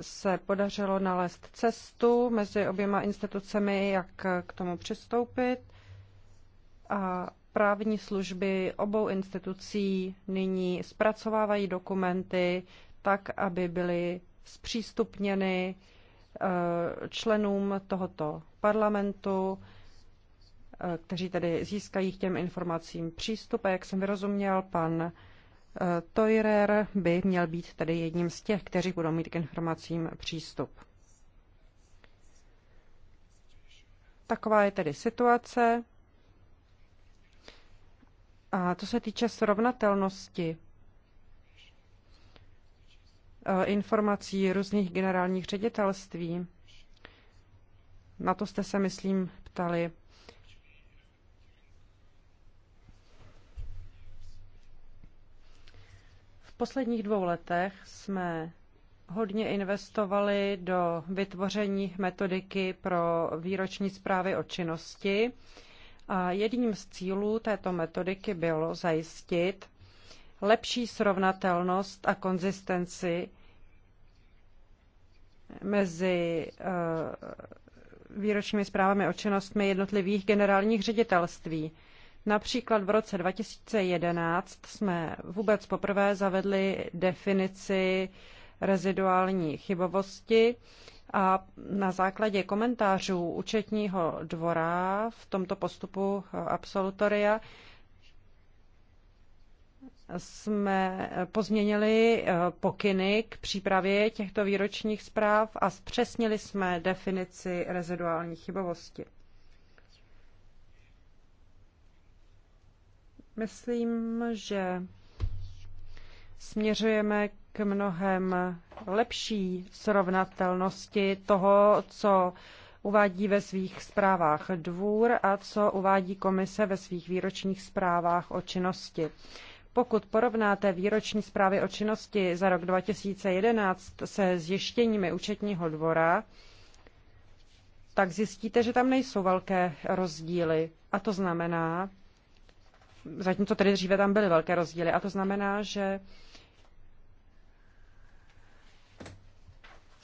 se podařilo nalézt cestu mezi oběma institucemi, jak k tomu přistoupit. A právní služby obou institucí nyní zpracovávají dokumenty tak, aby byly zpřístupněny eh, členům tohoto parlamentu, eh, kteří tedy získají k těm informacím přístup. A jak jsem vyrozuměl, pan eh, Toirer by měl být tedy jedním z těch, kteří budou mít k informacím přístup. Taková je tedy situace. A to se týče srovnatelnosti e, informací různých generálních ředitelství, na to jste se, myslím, ptali. V posledních dvou letech jsme hodně investovali do vytvoření metodiky pro výroční zprávy o činnosti. A jedním z cílů této metodiky bylo zajistit lepší srovnatelnost a konzistenci mezi eh, výročními zprávami o činnostmi jednotlivých generálních ředitelství. Například v roce 2011 jsme vůbec poprvé zavedli definici reziduální chybovosti a na základě komentářů účetního dvora v tomto postupu eh, absolutoria jsme pozměnili eh, pokyny k přípravě těchto výročních zpráv a zpřesnili jsme definici reziduální chybovosti. Myslím, že směřujeme k mnohem lepší srovnatelnosti toho, co uvádí ve svých zprávách dvůr a co uvádí komise ve svých výročních zprávách o činnosti. Pokud porovnáte výroční zprávy o činnosti za rok 2011 se zjištěními účetního dvora, tak zjistíte, že tam nejsou velké rozdíly. A to znamená, zatímco tedy dříve tam byly velké rozdíly, a to znamená, že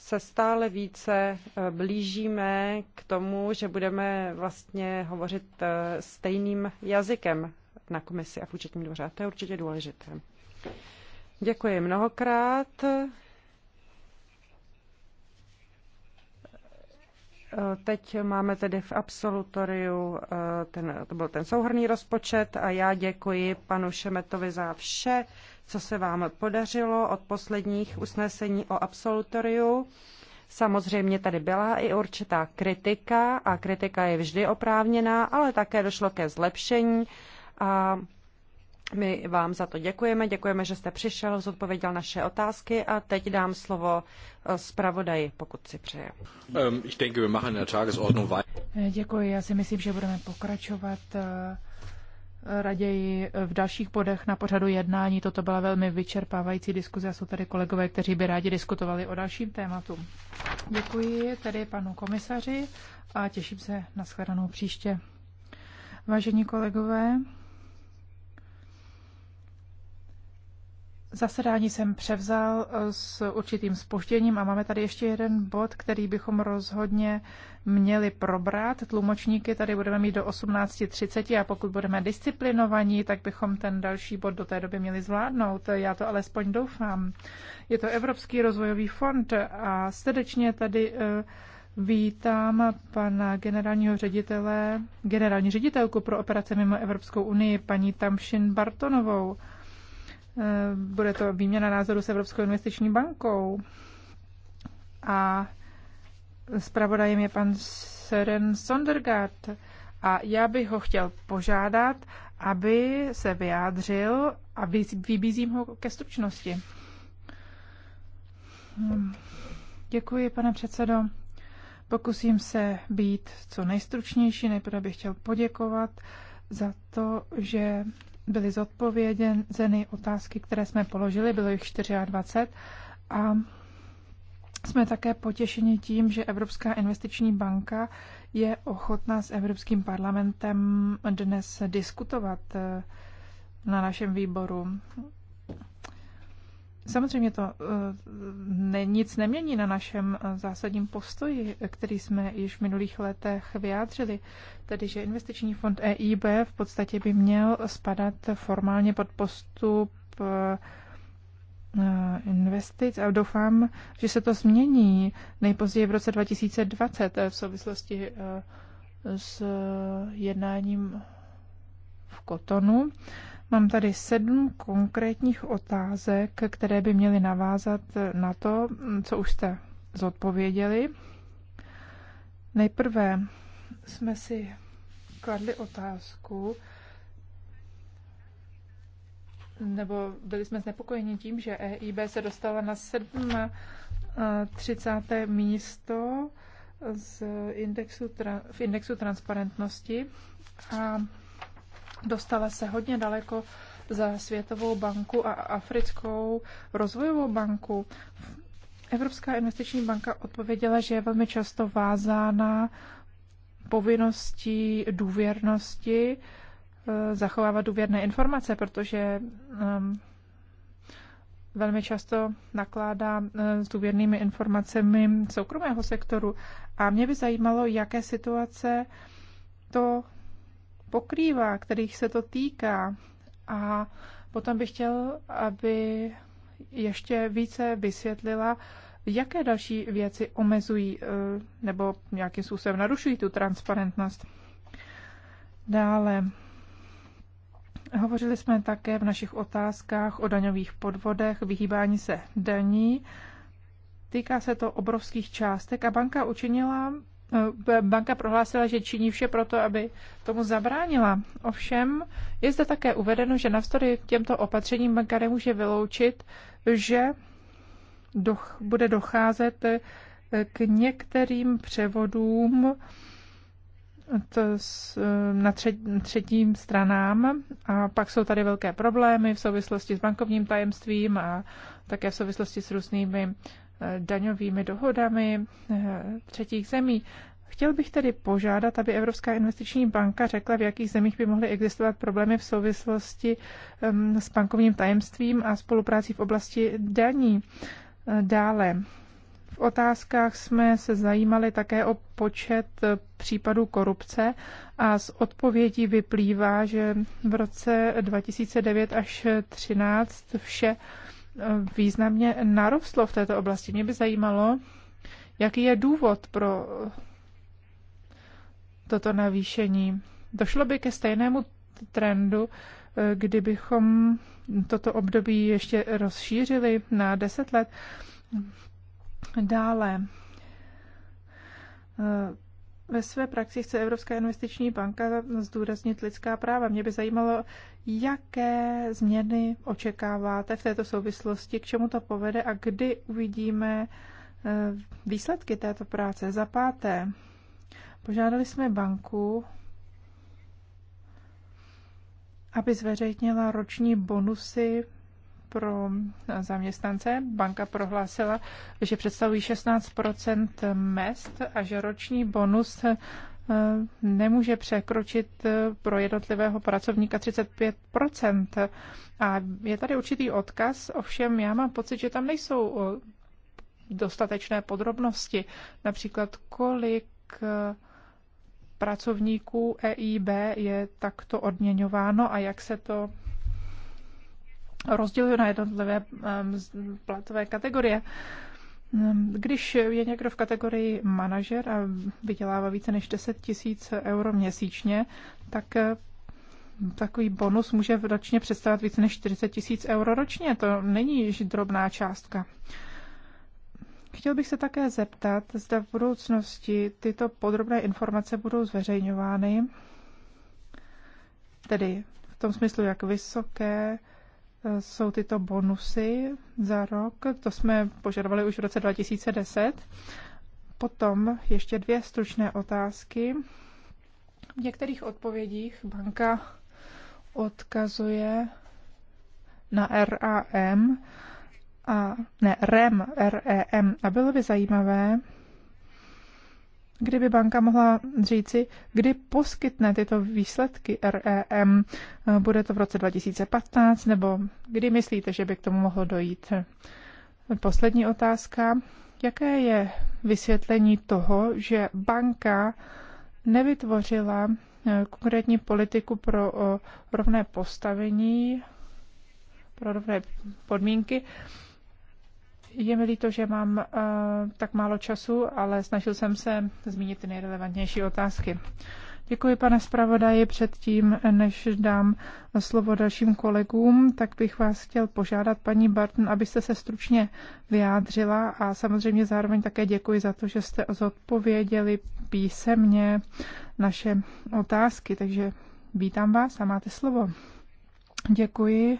se stále více eh, blížíme k tomu, že budeme vlastně hovořit eh, stejným jazykem na komisi a v účetním dvoře. A to je určitě důležité. Děkuji mnohokrát. Teď máme tedy v absolutoriu, eh, ten, to byl ten souhrný rozpočet a já děkuji panu Šemetovi za vše, co se vám podařilo od posledních usnesení o absolutoriu. Samozřejmě tady byla i určitá kritika a kritika je vždy oprávněná, ale také došlo ke zlepšení a my vám za to děkujeme, děkujeme, že jste přišel, zodpověděl naše otázky a teď dám slovo eh, zpravodaji, pokud si přeje. Um, eh, děkuji, já si myslím, že budeme pokračovat eh, raději v dalších bodech na pořadu jednání. Toto byla velmi vyčerpávající diskuze a jsou tady kolegové, kteří by rádi diskutovali o dalším tématu. Děkuji tedy panu komisaři a těším se na shledanou příště. Vážení kolegové, Zasedání jsem převzal eh, s určitým spožděním a máme tady ještě jeden bod, který bychom rozhodně měli probrat. Tlumočníky tady budeme mít do 18.30 a pokud budeme disciplinovaní, tak bychom ten další bod do té doby měli zvládnout. Já to alespoň doufám. Je to Evropský rozvojový fond a srdečně tady eh, vítám pana generálního ředitele, generální ředitelku pro operace mimo Evropskou unii, paní Tamšin Bartonovou. Eh, bude to výměna názoru s Evropskou investiční bankou. A zpravodajem je pan Seren Sondergaard. A já bych ho chtěl požádat, aby se vyjádřil a vybízím ho ke stručnosti. Hmm. Děkuji, pane předsedo. Pokusím se být co nejstručnější. Nejprve bych chtěl poděkovat za to, že byly zodpovězeny otázky, které jsme položili, bylo jich 24 a jsme také potěšeni tím, že Evropská investiční banka je ochotná s Evropským parlamentem dnes diskutovat eh, na našem výboru. Samozřejmě to eh, ne, nic nemění na našem eh, zásadním postoji, který jsme již v minulých letech vyjádřili, tedy že investiční fond EIB v podstatě by měl spadat formálně pod postup eh, investic a doufám, že se to změní nejpozději v roce 2020 v souvislosti s jednáním v Kotonu. Mám tady sedm konkrétních otázek, které by měly navázat na to, co už jste zodpověděli. Nejprve jsme si kladli otázku, nebo byli jsme znepokojeni tím, že EIB se dostala na 37. místo z indexu, v indexu transparentnosti a Dostala se hodně daleko za Světovou banku a Africkou rozvojovou banku. Evropská investiční banka odpověděla, že je velmi často vázána povinností důvěrnosti eh, zachovávat důvěrné informace, protože ehm, velmi často nakládá eh, s důvěrnými informacemi soukromého sektoru. A mě by zajímalo, jaké situace to pokrývá, kterých se to týká. A potom bych chtěl, aby ještě více vysvětlila, jaké další věci omezují eh, nebo nějakým způsobem narušují tu transparentnost. Dále hovořili jsme také v našich otázkách o daňových podvodech, vyhýbání se daní. Týká se to obrovských částek a banka učinila Eh, banka prohlásila, že činí vše proto, aby tomu zabránila. Ovšem je zde také uvedeno, že navzdory těmto opatřením banka nemůže vyloučit, že doch, bude docházet eh, k některým převodům to s, eh, na třetím stranám. A pak jsou tady velké problémy v souvislosti s bankovním tajemstvím a také v souvislosti s různými daňovými dohodami eh, třetích zemí. Chtěl bych tedy požádat, aby Evropská investiční banka řekla, v jakých zemích by mohly existovat problémy v souvislosti ehm, s bankovním tajemstvím a spoluprácí v oblasti daní. Eh, dále, v otázkách jsme se zajímali také o počet eh, případů korupce a z odpovědí vyplývá, že v roce 2009 až 2013 vše významně narostlo v této oblasti. Mě by zajímalo, jaký je důvod pro toto navýšení. Došlo by ke stejnému trendu, kdybychom toto období ještě rozšířili na 10 let. Dále ve své praxi chce Evropská investiční banka zdůraznit lidská práva. Mě by zajímalo, jaké změny očekáváte v této souvislosti, k čemu to povede a kdy uvidíme eh, výsledky této práce. Za páté, požádali jsme banku, aby zveřejnila roční bonusy pro zaměstnance. Banka prohlásila, že představují 16 mest a že roční bonus eh, nemůže překročit eh, pro jednotlivého pracovníka 35 A je tady určitý odkaz, ovšem já mám pocit, že tam nejsou eh, dostatečné podrobnosti, například kolik pracovníků EIB je takto odměňováno a jak se to rozdělují na jednotlivé platové kategorie. Když je někdo v kategorii manažer a vydělává více než 10 tisíc euro měsíčně, tak eh, takový bonus může ročně představovat více než 40 tisíc euro ročně. To není již drobná částka. Chtěl bych se také zeptat, zda v budoucnosti tyto podrobné informace budou zveřejňovány, tedy v tom smyslu, jak vysoké jsou tyto bonusy za rok. To jsme požadovali už v roce 2010. Potom ještě dvě stručné otázky. V některých odpovědích banka odkazuje na RAM a ne REM, REM. A bylo by zajímavé, kdyby banka mohla říci, kdy poskytne tyto výsledky REM, bude to v roce 2015, nebo kdy myslíte, že by k tomu mohlo dojít? Poslední otázka. Jaké je vysvětlení toho, že banka nevytvořila eh, konkrétní politiku pro eh, rovné postavení, pro rovné podmínky, je mi líto, že mám uh, tak málo času, ale snažil jsem se zmínit ty nejrelevantnější otázky. Děkuji, pane zpravodaji. Předtím, než dám slovo dalším kolegům, tak bych vás chtěl požádat, paní Barton, abyste se stručně vyjádřila a samozřejmě zároveň také děkuji za to, že jste zodpověděli písemně naše otázky. Takže vítám vás a máte slovo. Děkuji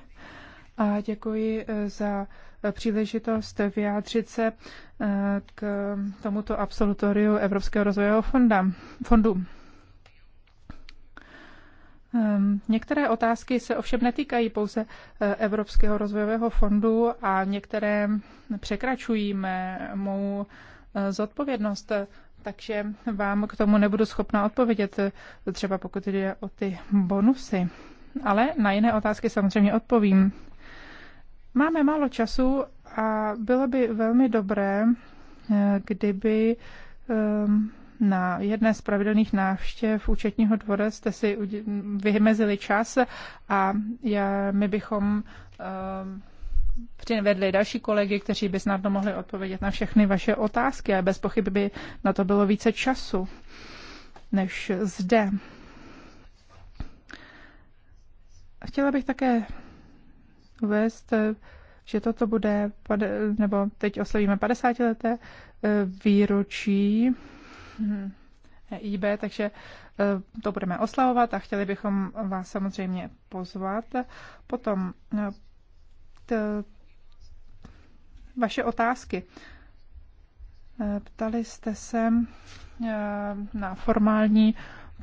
a děkuji eh, za příležitost vyjádřit se eh, k tomuto absolutoriu Evropského rozvojového fonda, fondu. Ehm, některé otázky se ovšem netýkají pouze eh, Evropského rozvojového fondu a některé překračují mou eh, zodpovědnost, takže vám k tomu nebudu schopna odpovědět, třeba pokud jde o ty bonusy. Ale na jiné otázky samozřejmě odpovím. Máme málo času a bylo by velmi dobré, eh, kdyby ehm, na jedné z pravidelných návštěv účetního dvora jste si vymezili čas a já, my bychom ehm, přivedli další kolegy, kteří by snadno mohli odpovědět na všechny vaše otázky a bez pochyby by na to bylo více času než zde. Chtěla bych také uvést, eh, že toto bude, nebo teď oslavíme 50 leté eh, výročí hm, e IB, takže eh, to budeme oslavovat a chtěli bychom vás samozřejmě pozvat. Potom t, vaše otázky. Ptali jste se na formální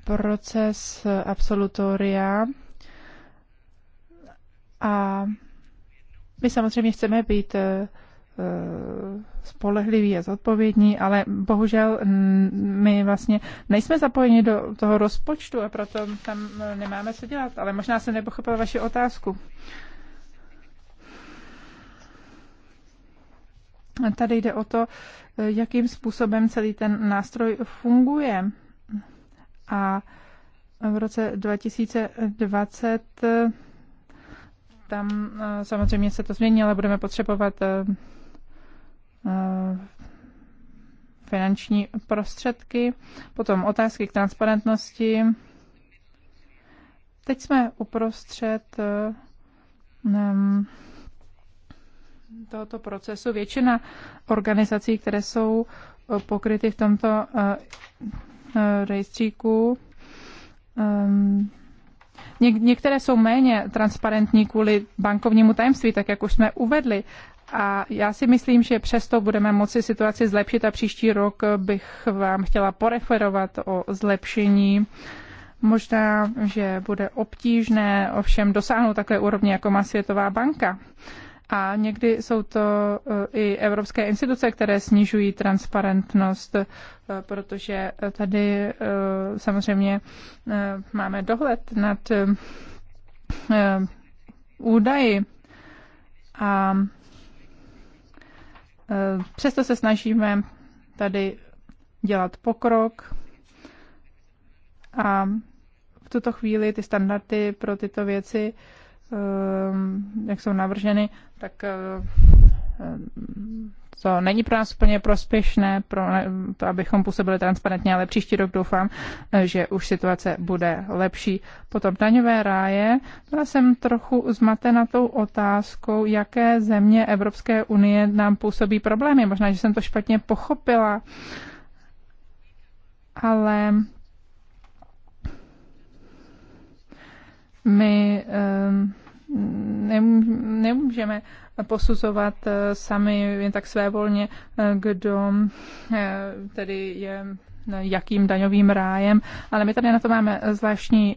proces absolutoria a my samozřejmě chceme být eh, eh, spolehliví a zodpovědní, ale bohužel my vlastně nejsme zapojeni do toho rozpočtu a proto tam eh, nemáme co dělat. Ale možná jsem nepochopila vaši otázku. Tady jde o to, jakým způsobem celý ten nástroj funguje. A v roce 2020 tam eh, samozřejmě se to změní, ale budeme potřebovat eh, eh, finanční prostředky, potom otázky k transparentnosti. Teď jsme uprostřed tohoto procesu. Většina organizací, které jsou pokryty v tomto rejstříku, ehm, Něk- některé jsou méně transparentní kvůli bankovnímu tajemství, tak jak už jsme uvedli. A já si myslím, že přesto budeme moci situaci zlepšit a příští rok bych vám chtěla poreferovat o zlepšení. Možná, že bude obtížné ovšem dosáhnout takové úrovně, jako má Světová banka. A někdy jsou to eh, i evropské instituce, které snižují transparentnost, eh, protože tady eh, samozřejmě máme dohled nad údaji a přesto se snažíme tady dělat pokrok a v tuto chvíli ty standardy pro tyto věci, jak jsou navrženy, tak eh, eh, to není pro nás úplně prospěšné, pro to, abychom působili transparentně, ale příští rok doufám, eh, že už situace bude lepší. Potom daňové ráje. Byla jsem trochu zmatena tou otázkou, jaké země Evropské unie nám působí problémy. Možná, že jsem to špatně pochopila, ale my um, nemůžeme posuzovat eh, sami jen tak svévolně, eh, kdo eh, tedy je jakým daňovým rájem, ale my tady na to máme zvláštní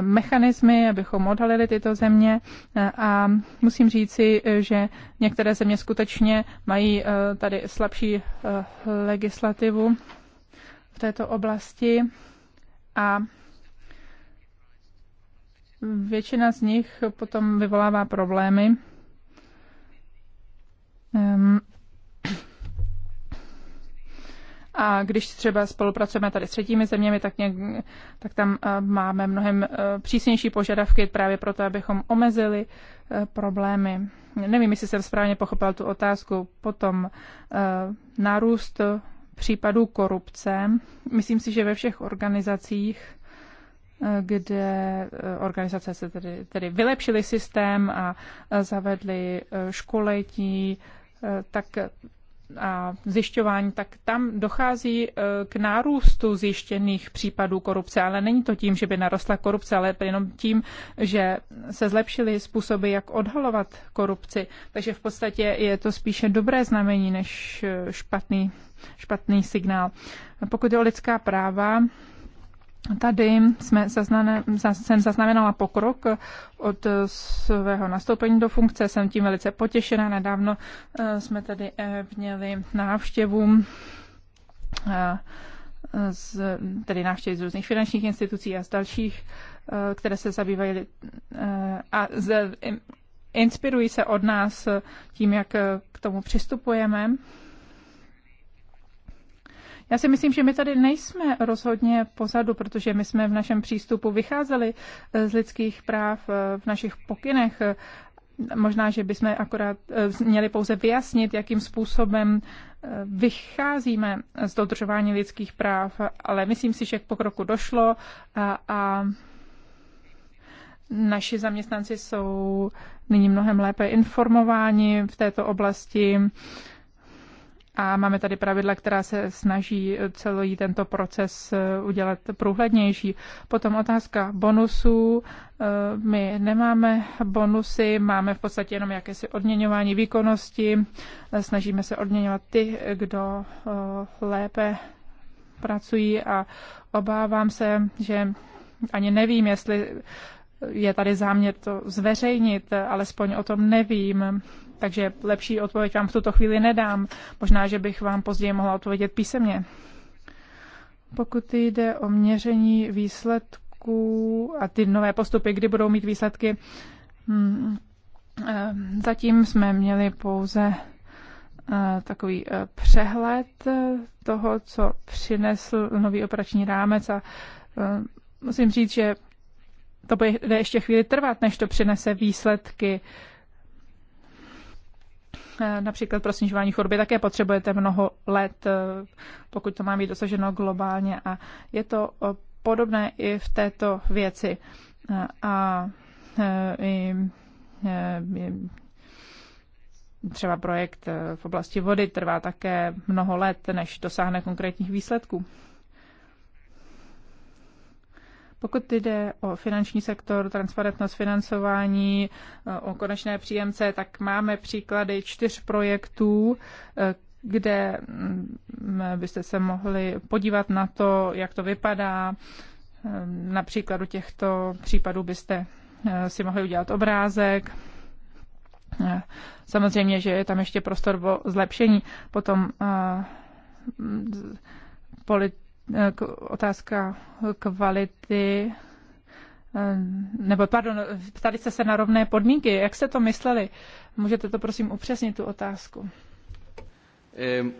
mechanismy, abychom odhalili tyto země a musím říci, že některé země skutečně mají tady slabší legislativu v této oblasti a Většina z nich potom vyvolává problémy. A když třeba spolupracujeme tady s třetími zeměmi, tak, nějak, tak tam eh, máme mnohem eh, přísnější požadavky právě proto, abychom omezili eh, problémy. Nevím, jestli jsem správně pochopil tu otázku. Potom nárůst případů korupce. Myslím si, že ve všech organizacích kde eh, organizace se tedy, tedy vylepšily systém a zavedly eh, školetí eh, tak a zjišťování, tak tam dochází k nárůstu zjištěných případů korupce, ale není to tím, že by narostla korupce, ale jenom tím, že se zlepšily způsoby, jak odhalovat korupci. Takže v podstatě je to spíše dobré znamení než špatný, špatný signál. Pokud je o lidská práva, Tady jsme zaznane, jsem zaznamenala pokrok od svého nastoupení do funkce, jsem tím velice potěšena. Nedávno eh, jsme tady eh, měli návštěvu eh, z, tedy návštěvy z různých finančních institucí a z dalších, které se zabývají a z, inspirují se od nás tím, jak k tomu přistupujeme. Já si myslím, že my tady nejsme rozhodně pozadu, protože my jsme v našem přístupu vycházeli eh, z lidských práv eh, v našich pokynech. Možná, že bychom akorát eh, měli pouze vyjasnit, jakým způsobem vycházíme z dodržování lidských práv, ale myslím si, že k pokroku došlo a, a naši zaměstnanci jsou nyní mnohem lépe informováni v této oblasti a máme tady pravidla, která se snaží celý tento proces eh, udělat průhlednější. Potom otázka bonusů. Eh, my nemáme bonusy, máme v podstatě jenom jakési odměňování výkonnosti. Eh, snažíme se odměňovat ty, kdo lépe pracují a obávám se, že ani nevím, jestli je tady záměr to zveřejnit, alespoň o tom nevím takže lepší odpověď vám v tuto chvíli nedám. Možná, že bych vám později mohla odpovědět písemně. Pokud jde o měření výsledků a ty nové postupy, kdy budou mít výsledky, hmm, eh, zatím jsme měli pouze eh, takový eh, přehled toho, co přinesl nový operační rámec a musím říct, že to bude ještě chvíli trvat, než to přinese výsledky. Eh, například pro snižování choroby také potřebujete mnoho let, eh, pokud to má být dosaženo globálně. A je to eh, podobné i v této věci. A i, třeba projekt v oblasti vody trvá také mnoho let, než dosáhne konkrétních výsledků. Pokud jde o finanční sektor, transparentnost financování, eh, o konečné příjemce, tak máme příklady čtyř projektů, eh, kde mm, eh, byste se mohli podívat na to, jak to vypadá. Na příkladu těchto případů byste si mohli udělat obrázek. Samozřejmě, že je tam ještě prostor o zlepšení. Potom polit otázka kvality, eh, nebo pardon, ptali jste se na rovné podmínky. Jak jste to mysleli? Můžete to prosím upřesnit, tu otázku? Um,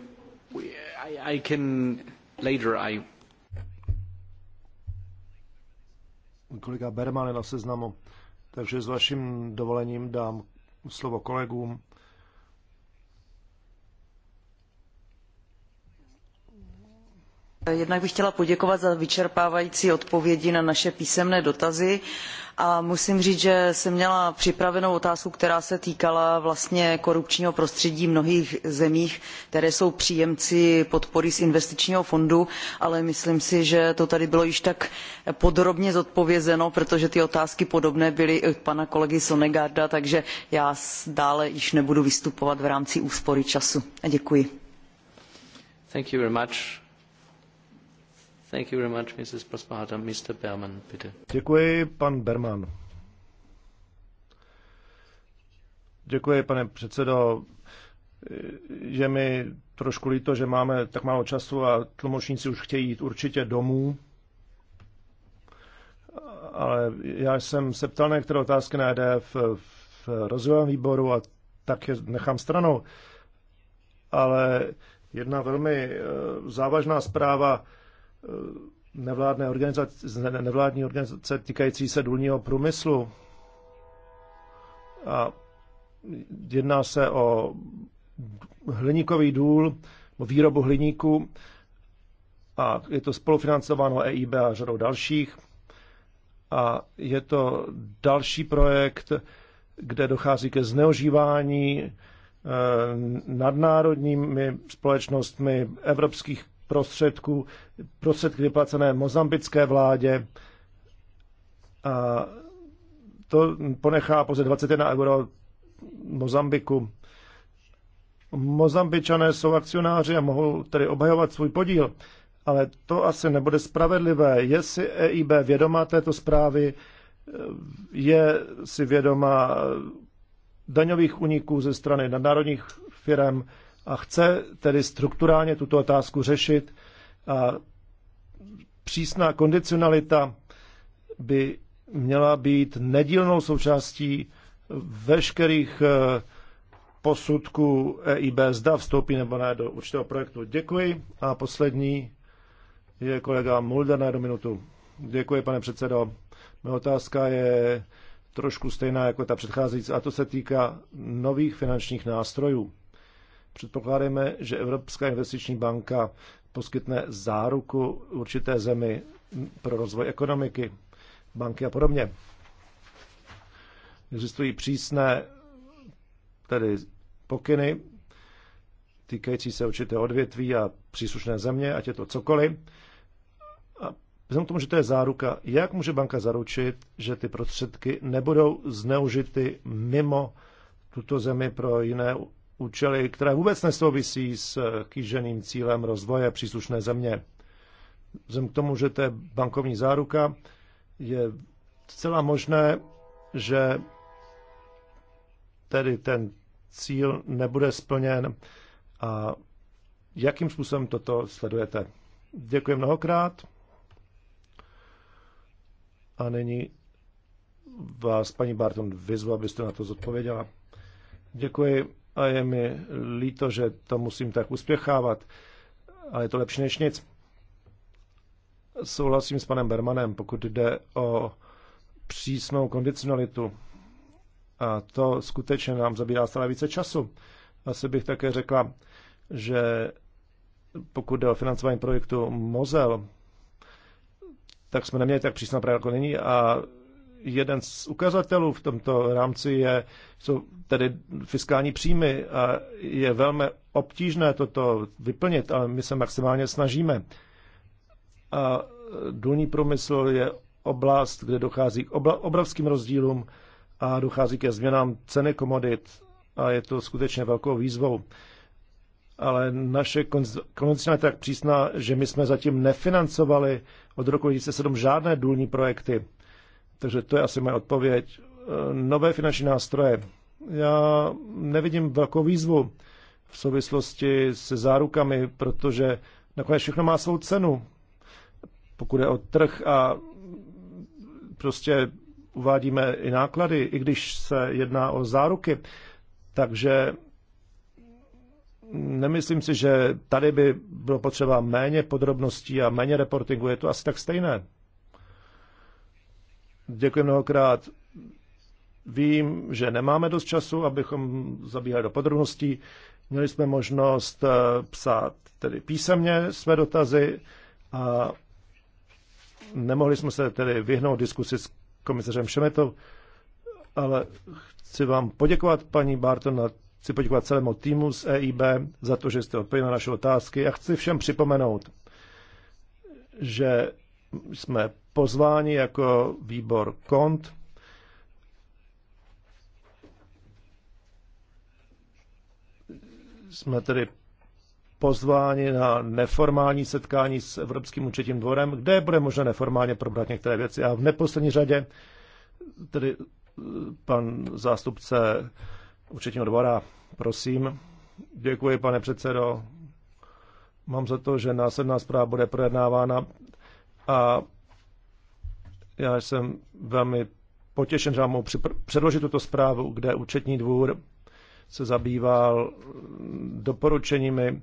I, I can later I... Kolega Berman na seznamu, takže s vaším dovolením dám slovo kolegům Jednak bych chtěla poděkovat za vyčerpávající odpovědi na naše písemné dotazy a musím říct, že jsem měla připravenou otázku, která se týkala vlastně korupčního prostředí v mnohých zemích, které jsou příjemci podpory z investičního fondu, ale myslím si, že to tady bylo již tak podrobně zodpovězeno, protože ty otázky podobné byly od pana kolegy Sonegarda, takže já dále již nebudu vystupovat v rámci úspory času. Děkuji. Thank you very much, Mrs. Prospata. Mr. Berman, bitte. Děkuji, pan Berman. Děkuji, pane předsedo. Je mi trošku líto, že máme tak málo času a tlumočníci už chtějí jít určitě domů. Ale já jsem se ptal na některé otázky na EDF v rozvojovém výboru a tak je nechám stranou. Ale jedna velmi eh, závažná zpráva Eh, nevládné organizace, nevládní organizace týkající se důlního průmyslu. A jedná se o hliníkový důl, o výrobu hliníku a je to spolufinancováno EIB a řadou dalších. A je to další projekt, kde dochází ke zneužívání eh, nadnárodními společnostmi evropských prostředků, prostředky vyplacené mozambické vládě a to ponechá pouze 21 euro Mozambiku. Mozambičané jsou akcionáři a mohou tedy obhajovat svůj podíl, ale to asi nebude spravedlivé. Je si EIB vědomá této zprávy, je si vědomá daňových uniků ze strany nadnárodních firm, a chce tedy strukturálně tuto otázku řešit. A přísná kondicionalita by měla být nedílnou součástí veškerých eh, posudků EIB, zda vstoupí nebo ne do určitého projektu. Děkuji. A poslední je kolega Mulder na jednu minutu. Děkuji, pane předsedo. Moje otázka je trošku stejná jako ta předcházející, a to se týká nových finančních nástrojů. Předpokládáme, že Evropská investiční banka poskytne záruku určité zemi pro rozvoj ekonomiky, banky a podobně. Existují přísné tedy pokyny týkající se určité odvětví a příslušné země, ať je to cokoliv. A vzhledem k tomu, že to je záruka, jak může banka zaručit, že ty prostředky nebudou zneužity mimo tuto zemi pro jiné účely, které vůbec nesouvisí s eh, kýženým cílem rozvoje příslušné země. Vzhledem k tomu, že to je bankovní záruka, je zcela možné, že tedy ten cíl nebude splněn a jakým způsobem toto sledujete. Děkuji mnohokrát a nyní vás paní Barton vyzvu, abyste na to zodpověděla. Děkuji a je mi líto, že to musím tak uspěchávat, ale je to lepší než nic. Souhlasím s panem Bermanem, pokud jde o přísnou kondicionalitu. A to skutečně nám zabírá stále více času. Asi bych také řekla, že pokud jde o financování projektu Mozel, tak jsme neměli tak přísná pravidla jako nyní a jeden z ukazatelů v tomto rámci je, jsou tedy fiskální příjmy a je velmi obtížné toto vyplnit, ale my se maximálně snažíme. A důlní průmysl je oblast, kde dochází k obla, obrovským rozdílům a dochází ke změnám ceny komodit a je to skutečně velkou výzvou. Ale naše konvenční je tak přísná, že my jsme zatím nefinancovali od roku 2007 žádné důlní projekty takže to je asi moje odpověď. E, nové finanční nástroje. Já nevidím velkou výzvu v souvislosti se zárukami, protože nakonec všechno má svou cenu. Pokud je o trh a prostě uvádíme i náklady, i když se jedná o záruky. Takže nemyslím si, že tady by bylo potřeba méně podrobností a méně reportingu. Je to asi tak stejné. Děkuji mnohokrát. Vím, že nemáme dost času, abychom zabíhali do podrobností. Měli jsme možnost eh, psát tedy písemně své dotazy a nemohli jsme se tedy vyhnout diskusi s komisařem Šemetou, ale chci vám poděkovat, paní Barton, a chci poděkovat celému týmu z EIB za to, že jste odpověděli na naše otázky a chci všem připomenout, že jsme pozváni jako výbor KONT. Jsme tedy pozváni na neformální setkání s Evropským účetním dvorem, kde bude možné neformálně probrat některé věci. A v neposlední řadě tedy eh, pan zástupce účetního dvora, prosím. Děkuji, pane předsedo. Mám za to, že následná zpráva bude projednávána a já jsem velmi potěšen, že vám mohu předložit tuto zprávu, kde účetní dvůr se zabýval doporučeními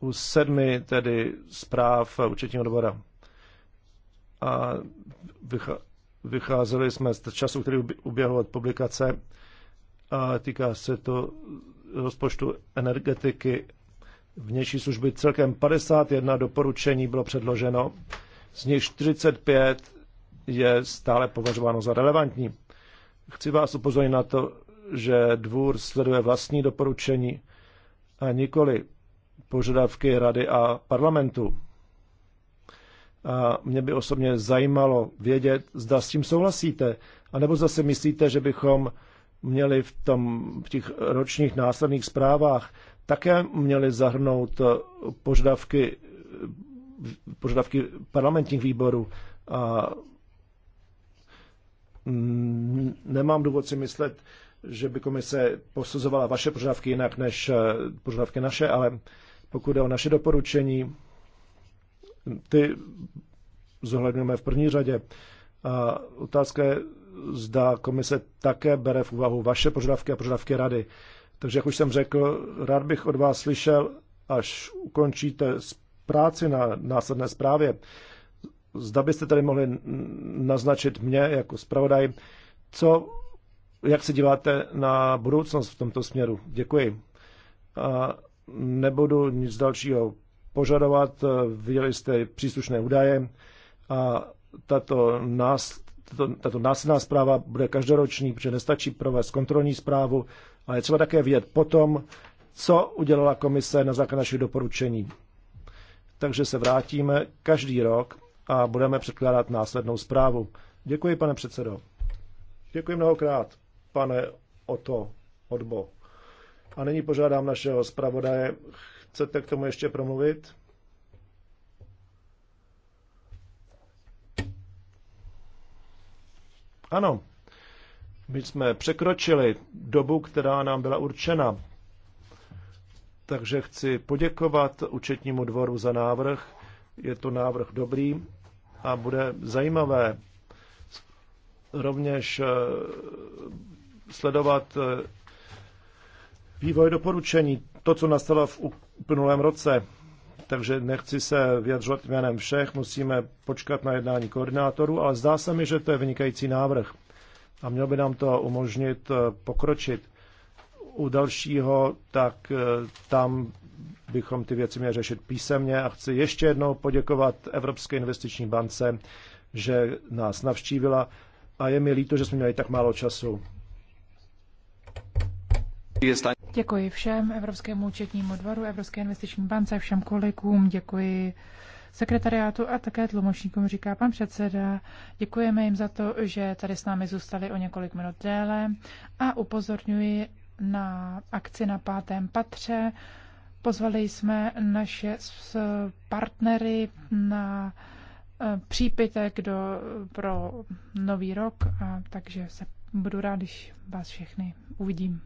u sedmi tedy zpráv účetního dvora. A vycházeli jsme z času, který uběhl od publikace. A týká se to rozpočtu energetiky vnější služby. Celkem 51 doporučení bylo předloženo z nich 45 je stále považováno za relevantní. Chci vás upozornit na to, že dvůr sleduje vlastní doporučení a nikoli požadavky rady a parlamentu. A mě by osobně zajímalo vědět, zda s tím souhlasíte, anebo zase myslíte, že bychom měli v, tom, v těch ročních následných zprávách také měli zahrnout požadavky požadavky parlamentních výborů a nemám důvod si myslet, že by komise posuzovala vaše požadavky jinak než eh, požadavky naše, ale pokud jde o naše doporučení, ty zohledňujeme v první řadě. A otázka je, zda komise také bere v úvahu vaše požadavky a požadavky rady. Takže, jak už jsem řekl, rád bych od vás slyšel, až ukončíte práci na následné zprávě. Zda byste tady mohli naznačit mě jako zpravodaj, co, jak se díváte na budoucnost v tomto směru. Děkuji. A nebudu nic dalšího požadovat, viděli jste příslušné údaje a tato, nás, tato, tato následná zpráva bude každoroční, protože nestačí provést kontrolní zprávu, ale je třeba také vědět potom, co udělala komise na základě našich doporučení takže se vrátíme každý rok a budeme předkládat následnou zprávu. Děkuji, pane předsedo. Děkuji mnohokrát, pane Oto Odbo. A nyní požádám našeho zpravodaje. Chcete k tomu ještě promluvit? Ano, my jsme překročili dobu, která nám byla určena. Takže chci poděkovat účetnímu dvoru za návrh. Je to návrh dobrý a bude zajímavé rovněž eh, sledovat eh, vývoj doporučení, to, co nastalo v uplynulém roce. Takže nechci se vyjadřovat jménem všech, musíme počkat na jednání koordinátorů, ale zdá se mi, že to je vynikající návrh a mělo by nám to umožnit eh, pokročit u dalšího, tak eh, tam bychom ty věci měli řešit písemně a chci ještě jednou poděkovat Evropské investiční bance, že nás navštívila a je mi líto, že jsme měli tak málo času. Děkuji všem Evropskému účetnímu dvoru, Evropské investiční bance, všem kolegům, děkuji sekretariátu a také tlumočníkům, říká pan předseda. Děkujeme jim za to, že tady s námi zůstali o několik minut déle a upozorňuji na akci na pátém patře. Pozvali jsme naše partnery na e, přípitek do, pro nový rok, a takže se budu rád, když vás všechny uvidím.